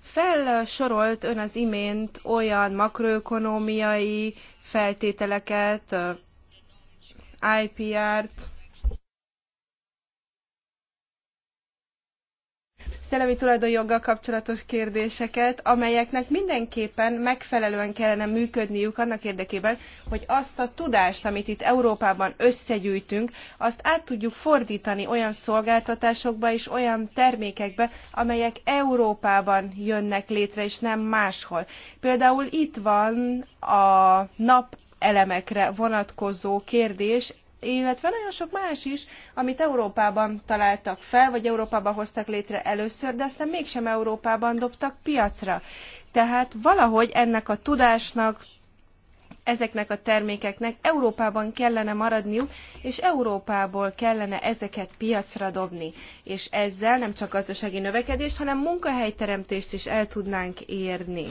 Felsorolt ön az imént olyan makroökonomiai feltételeket, IPR-t, szellemi tulajdonjoggal kapcsolatos kérdéseket, amelyeknek mindenképpen megfelelően kellene működniük annak érdekében, hogy azt a tudást, amit itt Európában összegyűjtünk, azt át tudjuk fordítani olyan szolgáltatásokba és olyan termékekbe, amelyek Európában jönnek létre, és nem máshol. Például itt van a nap elemekre vonatkozó kérdés illetve nagyon sok más is, amit Európában találtak fel, vagy Európában hoztak létre először, de aztán mégsem Európában dobtak piacra. Tehát valahogy ennek a tudásnak, ezeknek a termékeknek Európában kellene maradniuk, és Európából kellene ezeket piacra dobni. És ezzel nem csak gazdasági növekedést, hanem munkahelyteremtést is el tudnánk érni.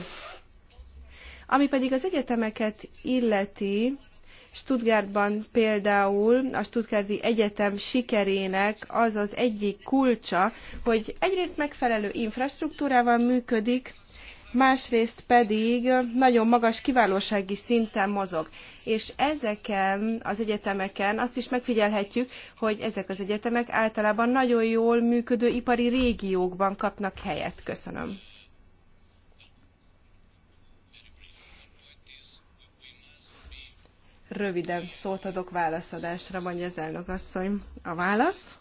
Ami pedig az egyetemeket illeti, Stuttgartban például a Stuttgarti Egyetem sikerének az az egyik kulcsa, hogy egyrészt megfelelő infrastruktúrával működik, másrészt pedig nagyon magas kiválósági szinten mozog. És ezeken az egyetemeken azt is megfigyelhetjük, hogy ezek az egyetemek általában nagyon jól működő ipari régiókban kapnak helyet. Köszönöm. Röviden szót adok válaszadásra, mondja az elnök asszony. A válasz?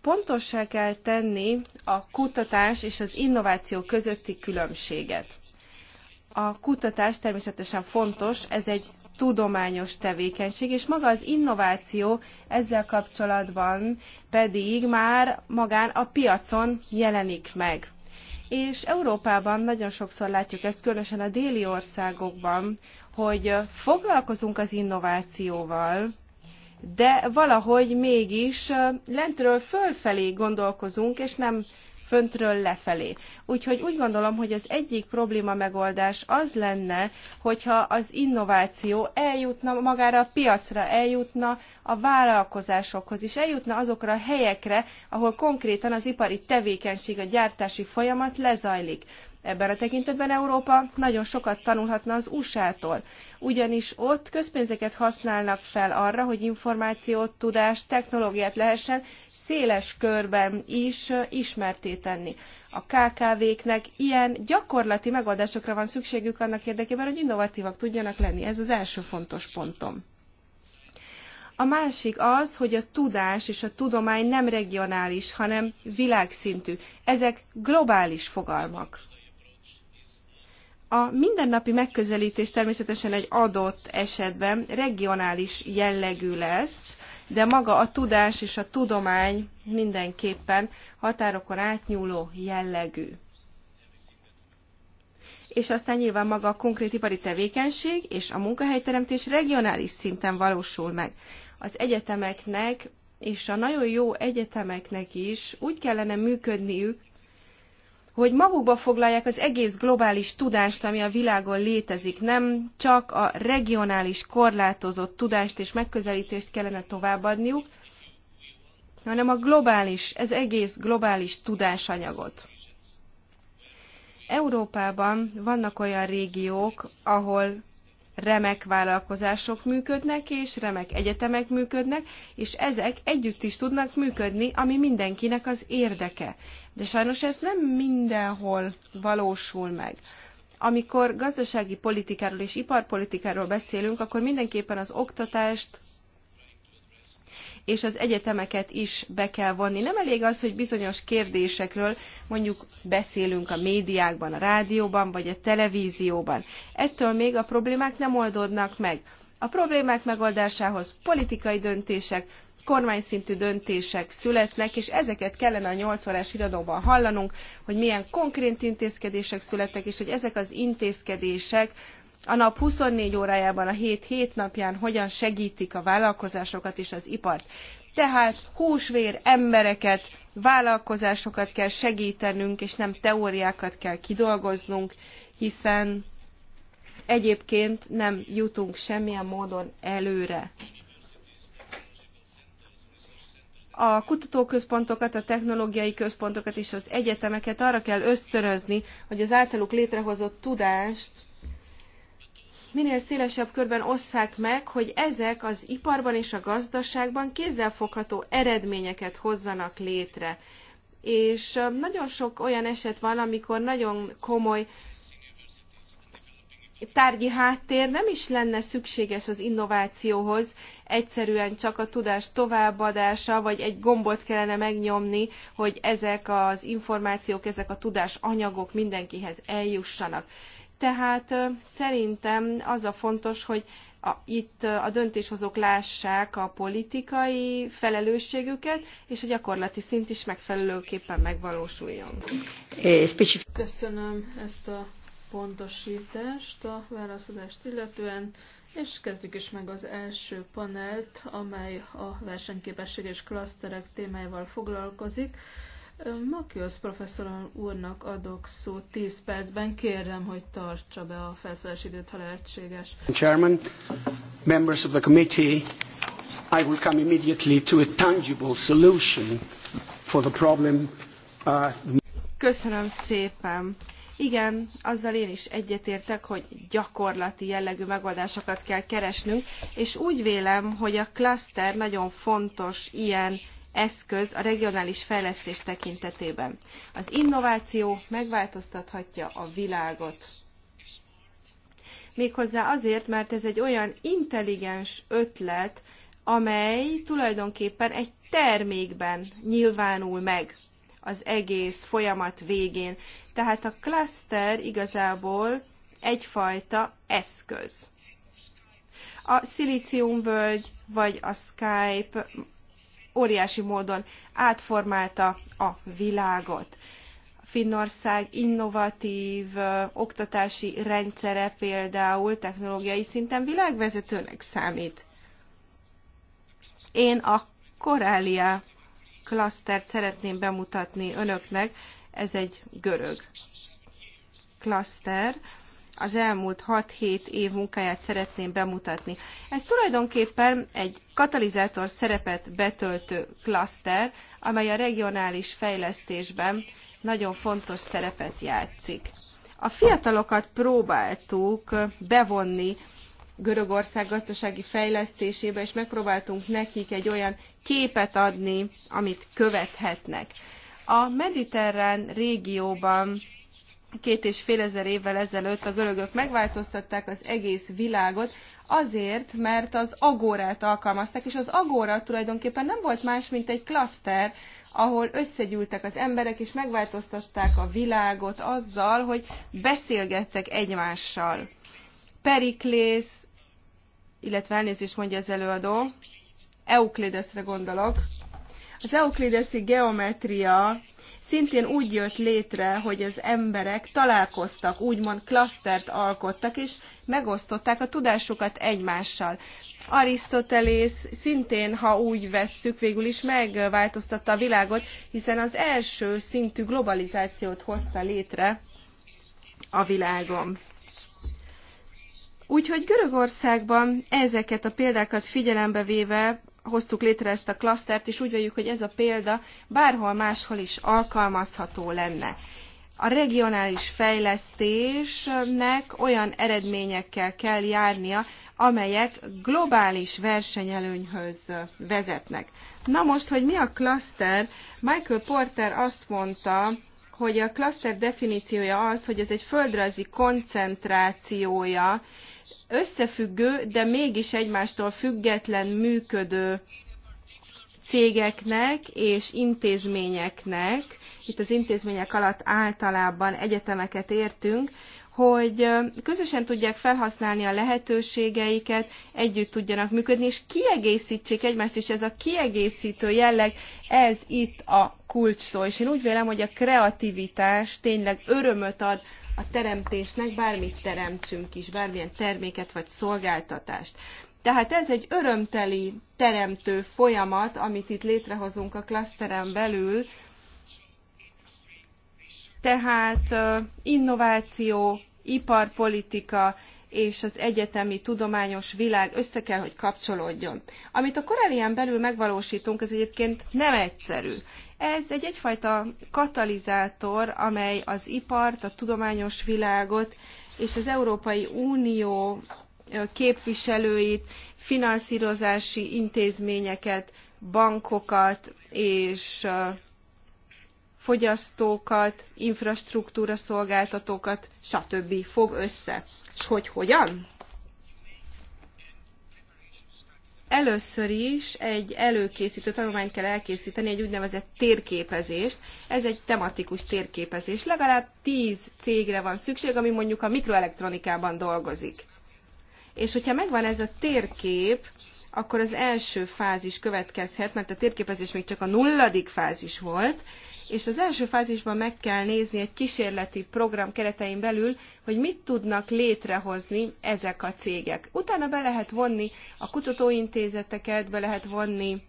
Pontossá kell tenni a kutatás és az innováció közötti különbséget. A kutatás természetesen fontos, ez egy tudományos tevékenység, és maga az innováció ezzel kapcsolatban pedig már magán a piacon jelenik meg. És Európában nagyon sokszor látjuk ezt, különösen a déli országokban, hogy foglalkozunk az innovációval, de valahogy mégis lentről fölfelé gondolkozunk, és nem föntről lefelé. Úgyhogy úgy gondolom, hogy az egyik probléma megoldás az lenne, hogyha az innováció eljutna magára a piacra, eljutna a vállalkozásokhoz is, eljutna azokra a helyekre, ahol konkrétan az ipari tevékenység, a gyártási folyamat lezajlik. Ebben a tekintetben Európa nagyon sokat tanulhatna az USA-tól, ugyanis ott közpénzeket használnak fel arra, hogy információt, tudást, technológiát lehessen széles körben is ismerté tenni. A KKV-knek ilyen gyakorlati megoldásokra van szükségük annak érdekében, hogy innovatívak tudjanak lenni. Ez az első fontos pontom. A másik az, hogy a tudás és a tudomány nem regionális, hanem világszintű. Ezek globális fogalmak. A mindennapi megközelítés természetesen egy adott esetben regionális jellegű lesz, de maga a tudás és a tudomány mindenképpen határokon átnyúló jellegű. És aztán nyilván maga a konkrét ipari tevékenység és a munkahelyteremtés regionális szinten valósul meg. Az egyetemeknek és a nagyon jó egyetemeknek is úgy kellene működniük, hogy magukba foglalják az egész globális tudást, ami a világon létezik. Nem csak a regionális korlátozott tudást és megközelítést kellene továbbadniuk, hanem a globális, ez egész globális tudásanyagot. Európában vannak olyan régiók, ahol remek vállalkozások működnek, és remek egyetemek működnek, és ezek együtt is tudnak működni, ami mindenkinek az érdeke. De sajnos ez nem mindenhol valósul meg. Amikor gazdasági politikáról és iparpolitikáról beszélünk, akkor mindenképpen az oktatást, és az egyetemeket is be kell vonni. Nem elég az, hogy bizonyos kérdésekről mondjuk beszélünk a médiákban, a rádióban vagy a televízióban. Ettől még a problémák nem oldódnak meg. A problémák megoldásához politikai döntések, kormányszintű döntések születnek, és ezeket kellene a 8 órás híradóban hallanunk, hogy milyen konkrét intézkedések születtek, és hogy ezek az intézkedések a nap 24 órájában, a hét hét napján hogyan segítik a vállalkozásokat és az ipart. Tehát húsvér embereket, vállalkozásokat kell segítenünk, és nem teóriákat kell kidolgoznunk, hiszen egyébként nem jutunk semmilyen módon előre. A kutatóközpontokat, a technológiai központokat és az egyetemeket arra kell ösztönözni, hogy az általuk létrehozott tudást minél szélesebb körben osszák meg, hogy ezek az iparban és a gazdaságban kézzelfogható eredményeket hozzanak létre. És nagyon sok olyan eset van, amikor nagyon komoly tárgyi háttér nem is lenne szükséges az innovációhoz, egyszerűen csak a tudás továbbadása, vagy egy gombot kellene megnyomni, hogy ezek az információk, ezek a tudás anyagok mindenkihez eljussanak. Tehát szerintem az a fontos, hogy a, itt a döntéshozók lássák a politikai felelősségüket, és a gyakorlati szint is megfelelőképpen megvalósuljon. Köszönöm ezt a pontosítást a válaszadást illetően, és kezdjük is meg az első panelt, amely a versenyképesség és klaszterek témájával foglalkozik. Makios professzor úrnak adok szót 10 percben. Kérem, hogy tartsa be a felszólás időt, ha lehetséges. Chairman, members of the committee, I will come immediately to a tangible solution for the problem. Uh... Köszönöm szépen. Igen, azzal én is egyetértek, hogy gyakorlati jellegű megoldásokat kell keresnünk, és úgy vélem, hogy a cluster nagyon fontos ilyen eszköz a regionális fejlesztés tekintetében. Az innováció megváltoztathatja a világot. Méghozzá azért, mert ez egy olyan intelligens ötlet, amely tulajdonképpen egy termékben nyilvánul meg az egész folyamat végén. Tehát a cluster igazából egyfajta eszköz. A szilíciumvölgy vagy a Skype óriási módon átformálta a világot. Finnország innovatív oktatási rendszere például technológiai szinten világvezetőnek számít. Én a Corelia klasztert szeretném bemutatni önöknek. Ez egy görög klaszter, az elmúlt 6-7 év munkáját szeretném bemutatni. Ez tulajdonképpen egy katalizátor szerepet betöltő klaszter, amely a regionális fejlesztésben nagyon fontos szerepet játszik. A fiatalokat próbáltuk bevonni Görögország gazdasági fejlesztésébe, és megpróbáltunk nekik egy olyan képet adni, amit követhetnek. A mediterrán régióban két és fél ezer évvel ezelőtt a görögök megváltoztatták az egész világot, azért, mert az agórát alkalmazták, és az agóra tulajdonképpen nem volt más, mint egy klaszter, ahol összegyűltek az emberek, és megváltoztatták a világot azzal, hogy beszélgettek egymással. Periklész, illetve elnézést mondja az előadó, Euklideszre gondolok. Az euklideszi geometria szintén úgy jött létre, hogy az emberek találkoztak, úgymond klasztert alkottak, és megosztották a tudásukat egymással. Arisztotelész szintén, ha úgy vesszük, végül is megváltoztatta a világot, hiszen az első szintű globalizációt hozta létre a világon. Úgyhogy Görögországban ezeket a példákat figyelembe véve hoztuk létre ezt a klasztert, és úgy véljük, hogy ez a példa bárhol máshol is alkalmazható lenne. A regionális fejlesztésnek olyan eredményekkel kell járnia, amelyek globális versenyelőnyhöz vezetnek. Na most, hogy mi a klaszter? Michael Porter azt mondta, hogy a klaszter definíciója az, hogy ez egy földrajzi koncentrációja összefüggő, de mégis egymástól független működő cégeknek és intézményeknek, itt az intézmények alatt általában egyetemeket értünk, hogy közösen tudják felhasználni a lehetőségeiket, együtt tudjanak működni, és kiegészítsék egymást, és ez a kiegészítő jelleg, ez itt a kulcs szó. És én úgy vélem, hogy a kreativitás tényleg örömöt ad a teremtésnek, bármit teremtsünk is, bármilyen terméket vagy szolgáltatást. Tehát ez egy örömteli teremtő folyamat, amit itt létrehozunk a klaszteren belül, tehát innováció, iparpolitika és az egyetemi tudományos világ össze kell, hogy kapcsolódjon. Amit a Korelián belül megvalósítunk, az egyébként nem egyszerű. Ez egy egyfajta katalizátor, amely az ipart, a tudományos világot és az Európai Unió képviselőit, finanszírozási intézményeket, bankokat és fogyasztókat, infrastruktúra szolgáltatókat, stb. fog össze. És hogy hogyan? Először is egy előkészítő tanulmányt kell elkészíteni, egy úgynevezett térképezést. Ez egy tematikus térképezés. Legalább 10 cégre van szükség, ami mondjuk a mikroelektronikában dolgozik. És hogyha megvan ez a térkép, akkor az első fázis következhet, mert a térképezés még csak a nulladik fázis volt, és az első fázisban meg kell nézni egy kísérleti program keretein belül, hogy mit tudnak létrehozni ezek a cégek. Utána be lehet vonni a kutatóintézeteket, be lehet vonni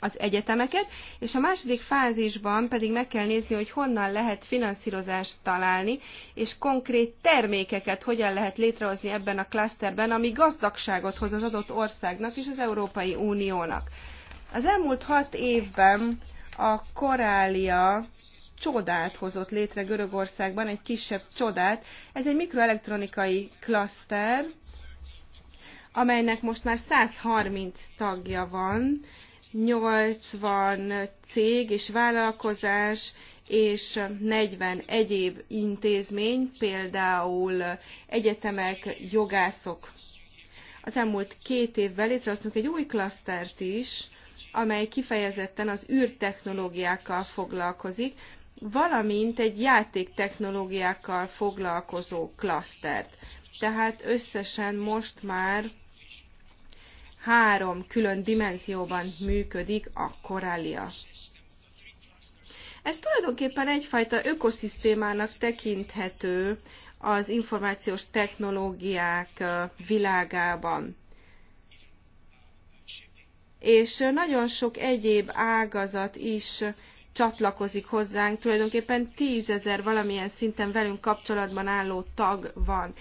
az egyetemeket, és a második fázisban pedig meg kell nézni, hogy honnan lehet finanszírozást találni, és konkrét termékeket hogyan lehet létrehozni ebben a klaszterben, ami gazdagságot hoz az adott országnak és az Európai Uniónak. Az elmúlt hat évben a korália csodát hozott létre Görögországban, egy kisebb csodát. Ez egy mikroelektronikai klaszter, amelynek most már 130 tagja van, 80 cég és vállalkozás, és 40 egyéb intézmény, például egyetemek, jogászok. Az elmúlt két évben létrehoztunk egy új klasztert is, amely kifejezetten az űrtechnológiákkal foglalkozik, valamint egy játéktechnológiákkal foglalkozó klasztert. Tehát összesen most már három külön dimenzióban működik a korália. Ez tulajdonképpen egyfajta ökoszisztémának tekinthető az információs technológiák világában és nagyon sok egyéb ágazat is csatlakozik hozzánk, tulajdonképpen tízezer valamilyen szinten velünk kapcsolatban álló tag van.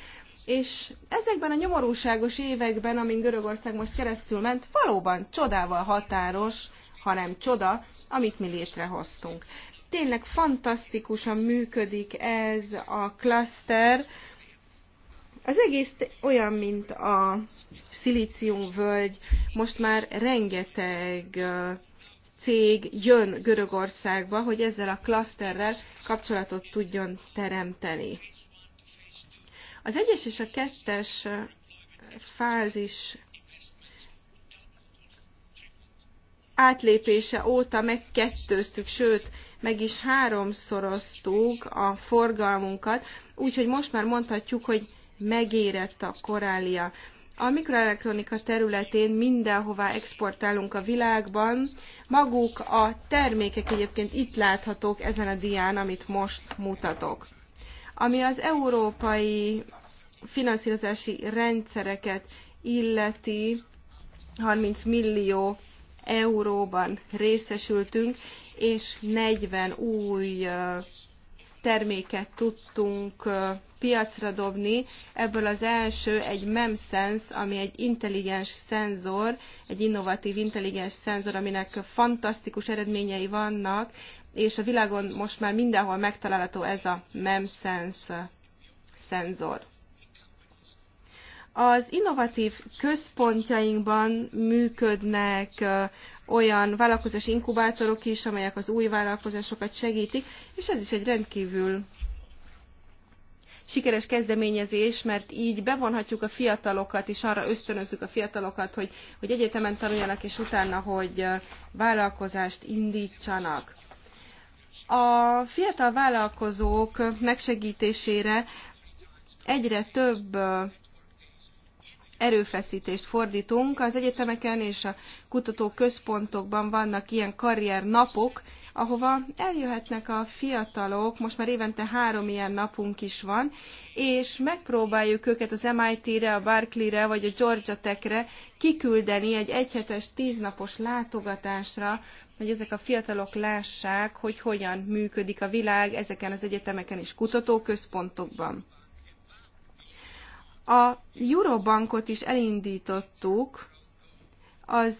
És ezekben a nyomorúságos években, amin Görögország most keresztül ment, valóban csodával határos, hanem csoda, amit mi létrehoztunk. Tényleg fantasztikusan működik ez a klaszter, az egész olyan, mint a szilícium völgy. Most már rengeteg cég jön Görögországba, hogy ezzel a klaszterrel kapcsolatot tudjon teremteni. Az egyes és a kettes fázis átlépése óta megkettőztük, sőt, meg is háromszoroztuk a forgalmunkat, úgyhogy most már mondhatjuk, hogy megérett a korália. A mikroelektronika területén mindenhová exportálunk a világban. Maguk a termékek egyébként itt láthatók ezen a dián, amit most mutatok. Ami az európai finanszírozási rendszereket illeti, 30 millió euróban részesültünk, és 40 új terméket tudtunk piacra dobni. Ebből az első egy MEMSense, ami egy intelligens szenzor, egy innovatív intelligens szenzor, aminek fantasztikus eredményei vannak, és a világon most már mindenhol megtalálható ez a MEMSense szenzor. Az innovatív központjainkban működnek olyan vállalkozás inkubátorok is, amelyek az új vállalkozásokat segítik, és ez is egy rendkívül sikeres kezdeményezés, mert így bevonhatjuk a fiatalokat, és arra ösztönözzük a fiatalokat, hogy, hogy egyetemen tanuljanak, és utána, hogy vállalkozást indítsanak. A fiatal vállalkozók megsegítésére egyre több erőfeszítést fordítunk. Az egyetemeken és a kutatóközpontokban vannak ilyen karriernapok, ahova eljöhetnek a fiatalok, most már évente három ilyen napunk is van, és megpróbáljuk őket az MIT-re, a Barclay-re vagy a Georgia Tech-re kiküldeni egy egyhetes, tíznapos látogatásra, hogy ezek a fiatalok lássák, hogy hogyan működik a világ ezeken az egyetemeken és kutatóközpontokban. A Eurobankot is elindítottuk, az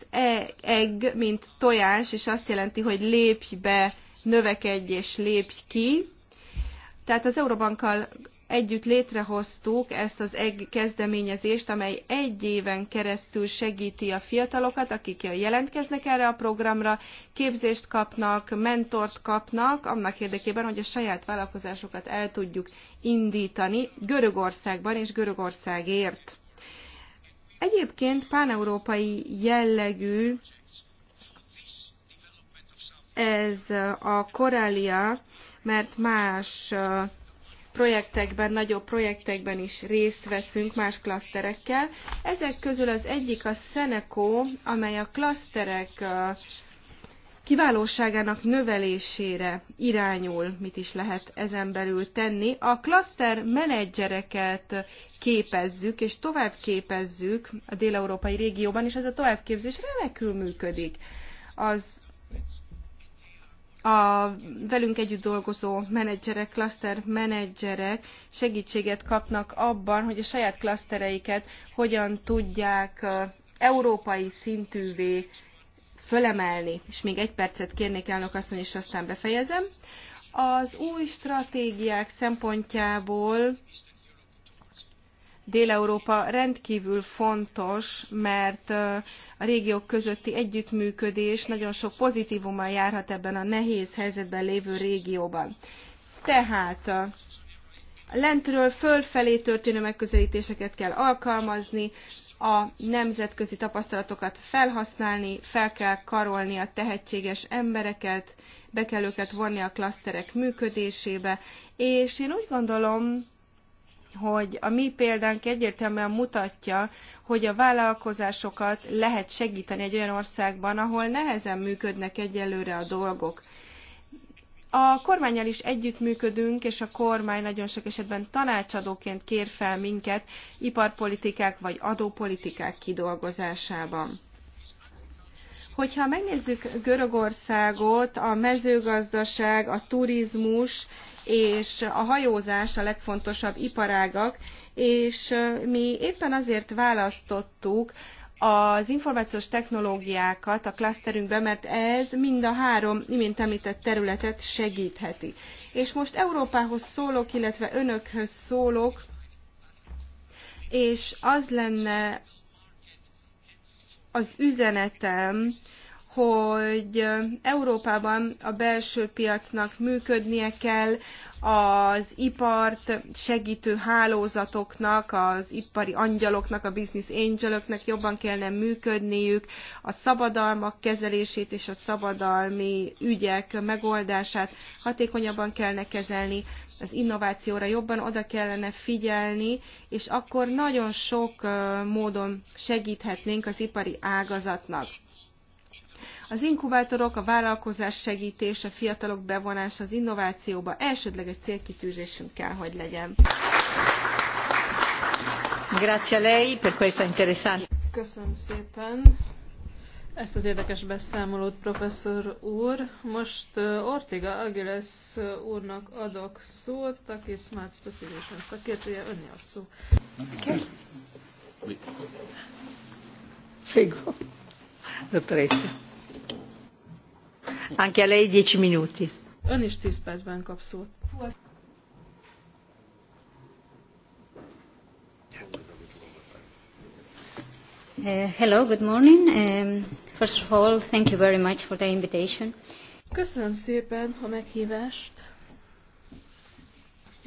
egg, mint tojás, és azt jelenti, hogy lépj be, növekedj és lépj ki. Tehát az Eurobankkal együtt létrehoztuk ezt az kezdeményezést, amely egy éven keresztül segíti a fiatalokat, akik jelentkeznek erre a programra, képzést kapnak, mentort kapnak, annak érdekében, hogy a saját vállalkozásokat el tudjuk indítani Görögországban és Görögországért. Egyébként páneurópai jellegű ez a korália, mert más projektekben, nagyobb projektekben is részt veszünk más klaszterekkel. Ezek közül az egyik a Szeneko, amely a klaszterek kiválóságának növelésére irányul, mit is lehet ezen belül tenni. A klaszter menedzsereket képezzük, és tovább képezzük a dél-európai régióban, és ez a továbbképzés remekül működik. Az a velünk együtt dolgozó menedzserek, cluster menedzserek segítséget kapnak abban, hogy a saját klasztereiket hogyan tudják európai szintűvé fölemelni. És még egy percet kérnék elnök asszony, és aztán befejezem. Az új stratégiák szempontjából Dél-Európa rendkívül fontos, mert a régiók közötti együttműködés nagyon sok pozitvummal járhat ebben a nehéz helyzetben lévő régióban. Tehát lentről fölfelé történő megközelítéseket kell alkalmazni, a nemzetközi tapasztalatokat felhasználni, fel kell karolni a tehetséges embereket, be kell őket vonni a klaszterek működésébe, és én úgy gondolom, hogy a mi példánk egyértelműen mutatja, hogy a vállalkozásokat lehet segíteni egy olyan országban, ahol nehezen működnek egyelőre a dolgok. A kormányjal is együttműködünk, és a kormány nagyon sok esetben tanácsadóként kér fel minket iparpolitikák vagy adópolitikák kidolgozásában. Hogyha megnézzük Görögországot, a mezőgazdaság, a turizmus és a hajózás a legfontosabb iparágak, és mi éppen azért választottuk az információs technológiákat a klaszterünkbe, mert ez mind a három imént említett területet segítheti. És most Európához szólok, illetve önökhöz szólok, és az lenne az üzenetem, hogy Európában a belső piacnak működnie kell, az ipart segítő hálózatoknak, az ipari angyaloknak, a business angeloknak jobban kellene működniük, a szabadalmak kezelését és a szabadalmi ügyek megoldását hatékonyabban kellene kezelni, az innovációra jobban oda kellene figyelni, és akkor nagyon sok módon segíthetnénk az ipari ágazatnak. Az inkubátorok, a vállalkozás segítés, a fiatalok bevonása az innovációba elsődleges célkitűzésünk kell, hogy legyen. Grazie lei per questa interessante. Köszönöm szépen ezt az érdekes beszámolót, professzor úr. Most Ortiga Agiles úrnak adok szót, aki Smart Specialization szakértője, önni a szó. Okay. Figo. Dottoressa. Anche a lei 10 minuti. Ön is 10 percben kap szót. Uh, hello, good morning. Um, first of all, thank you very much for the invitation. Köszönöm szépen a meghívást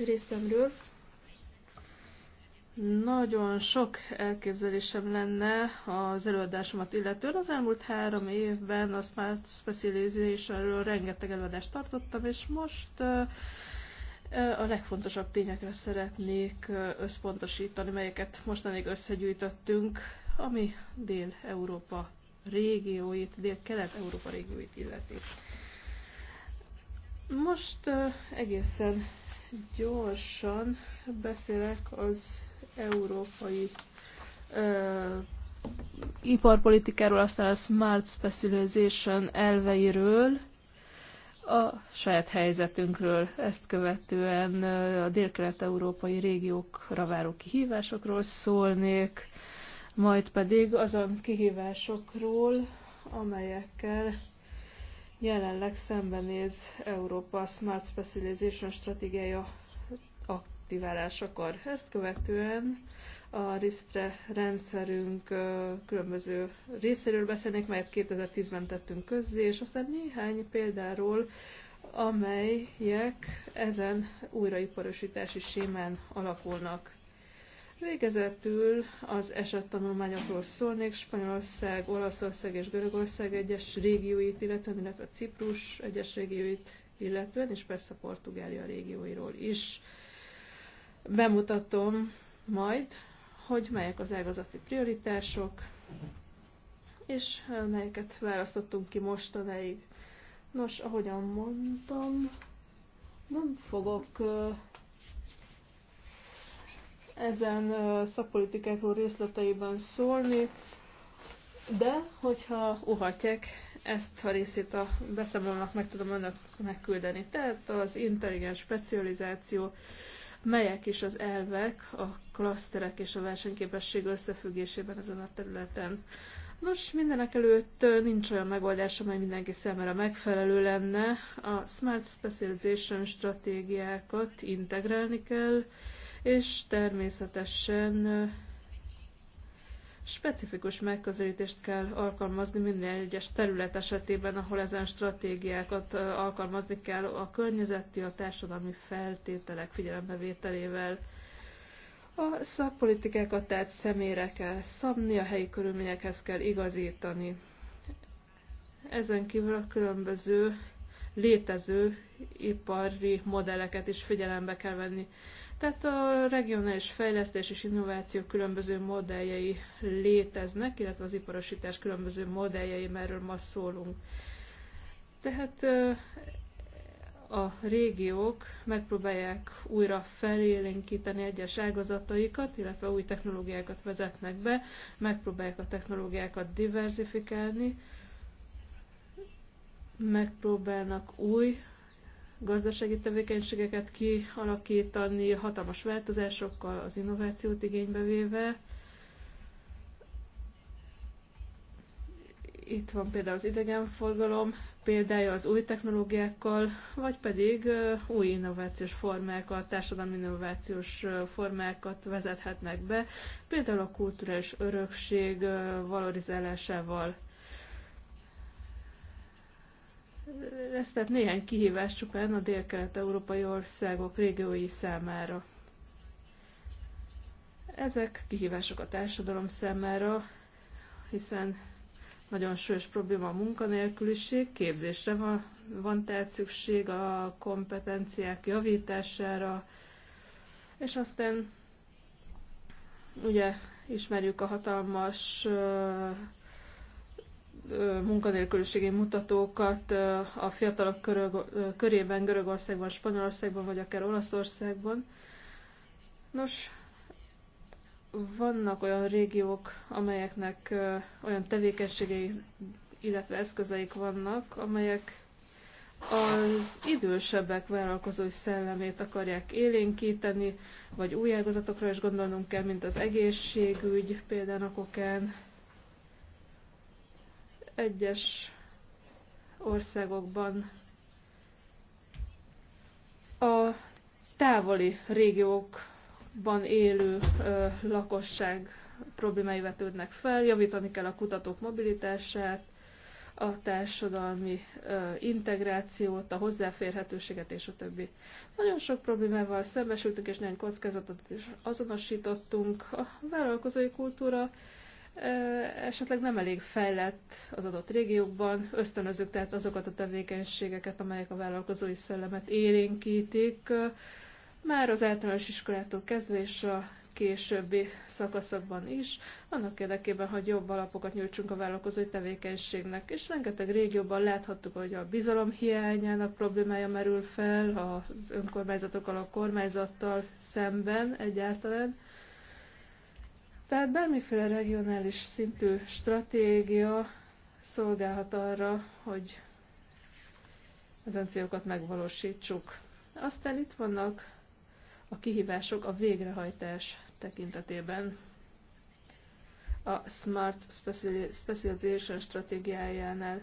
részemről. Nagyon sok elképzelésem lenne az előadásomat illetően. Az elmúlt három évben a Smart Specializationről rengeteg előadást tartottam, és most a legfontosabb tényekre szeretnék összpontosítani, melyeket mostanig összegyűjtöttünk, ami Dél-Európa régióit, Dél-Kelet-Európa régióit illeti. Most egészen gyorsan beszélek az európai ö, iparpolitikáról, aztán a Smart Specialization elveiről, a saját helyzetünkről, ezt követően a kelet európai régiókra váró kihívásokról szólnék, majd pedig azon kihívásokról, amelyekkel jelenleg szembenéz Európa Smart Specialization stratégiája a aktiválásakor. Ezt követően a RISZTRE rendszerünk különböző részéről beszélnék, melyet 2010-ben tettünk közzé, és aztán néhány példáról, amelyek ezen újraiparosítási sémán alakulnak. Végezetül az esettanulmányokról szólnék, Spanyolország, Olaszország és Görögország egyes régióit, illetően, illetve Ciprus egyes régióit, illetően, és persze Portugália régióiról is. Bemutatom majd, hogy melyek az ágazati prioritások, és melyeket választottunk ki mostanáig. Nos, ahogyan mondtam, nem fogok ezen szakpolitikákról részleteiben szólni, de hogyha uhatják, ezt a részét a beszámolónak meg tudom önöknek küldeni. Tehát az intelligens specializáció, melyek is az elvek, a klaszterek és a versenyképesség összefüggésében ezen a területen. Nos, mindenek előtt nincs olyan megoldás, amely mindenki számára megfelelő lenne. A Smart Specialization stratégiákat integrálni kell, és természetesen Specifikus megközelítést kell alkalmazni minden egyes terület esetében, ahol ezen stratégiákat alkalmazni kell a környezeti, a társadalmi feltételek figyelembevételével. A szakpolitikákat tehát személyre kell szabni, a helyi körülményekhez kell igazítani. Ezen kívül a különböző létező ipari modelleket is figyelembe kell venni. Tehát a regionális fejlesztés és innováció különböző modelljei léteznek, illetve az iparosítás különböző modelljei, merről ma szólunk. Tehát a régiók megpróbálják újra felélénkíteni egyes ágazataikat, illetve új technológiákat vezetnek be, megpróbálják a technológiákat diversifikálni, megpróbálnak új gazdasági tevékenységeket kialakítani, hatalmas változásokkal az innovációt igénybe véve. Itt van például az idegenforgalom, példája az új technológiákkal, vagy pedig új innovációs formákat, társadalmi innovációs formákat vezethetnek be, például a kulturális örökség valorizálásával ez tehát néhány kihívás csupán a dél-kelet-európai országok régiói számára. Ezek kihívások a társadalom számára, hiszen nagyon súlyos probléma a munkanélküliség, képzésre van, van tehát szükség a kompetenciák javítására, és aztán ugye ismerjük a hatalmas munkanélküliségi mutatókat a fiatalok körög, körében Görögországban, Spanyolországban vagy akár Olaszországban. Nos, vannak olyan régiók, amelyeknek olyan tevékenységei, illetve eszközeik vannak, amelyek az idősebbek vállalkozói szellemét akarják élénkíteni, vagy új ágazatokra is gondolnunk kell, mint az egészségügy, például a kokán, egyes országokban a távoli régiókban élő ö, lakosság problémái vetődnek fel, javítani kell a kutatók mobilitását, a társadalmi ö, integrációt, a hozzáférhetőséget és a többi. Nagyon sok problémával szembesültünk, és nagyon kockázatot is azonosítottunk. A vállalkozói kultúra esetleg nem elég fejlett az adott régiókban, ösztönözők tehát azokat a tevékenységeket, amelyek a vállalkozói szellemet élénkítik, már az általános iskolától kezdve és a későbbi szakaszokban is, annak érdekében, hogy jobb alapokat nyújtsunk a vállalkozói tevékenységnek. És rengeteg régióban láthattuk, hogy a bizalom hiányának problémája merül fel az önkormányzatokkal, a kormányzattal szemben egyáltalán tehát bármiféle regionális szintű stratégia szolgálhat arra, hogy az célokat megvalósítsuk. Aztán itt vannak a kihívások a végrehajtás tekintetében. A Smart Specialization stratégiájánál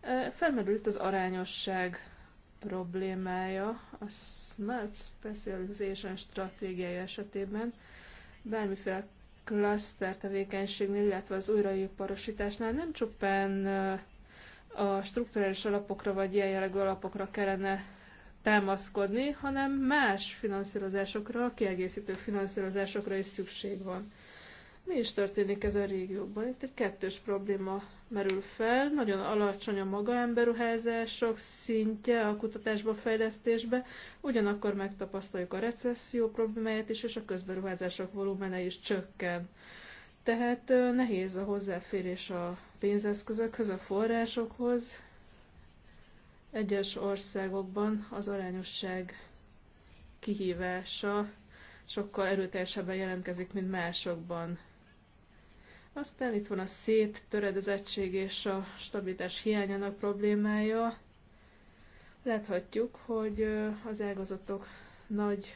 e, felmerült az arányosság problémája a Smart Specialization stratégiája esetében. Bármiféle klaszter tevékenységnél, illetve az újraiparosításnál nem csupán a strukturális alapokra vagy ilyen jellegű alapokra kellene támaszkodni, hanem más finanszírozásokra, kiegészítő finanszírozásokra is szükség van. Mi is történik a régióban? Itt egy kettős probléma merül fel. Nagyon alacsony a maga emberuházások szintje a kutatásba, fejlesztésbe, ugyanakkor megtapasztaljuk a recesszió problémáját is, és a közberuházások volumene is csökken. Tehát nehéz a hozzáférés a pénzeszközökhöz, a forrásokhoz. Egyes országokban az arányosság kihívása sokkal erőteljesebben jelentkezik, mint másokban. Aztán itt van a szét, töredezettség és a stabilitás hiányának problémája. Láthatjuk, hogy az ágazatok nagy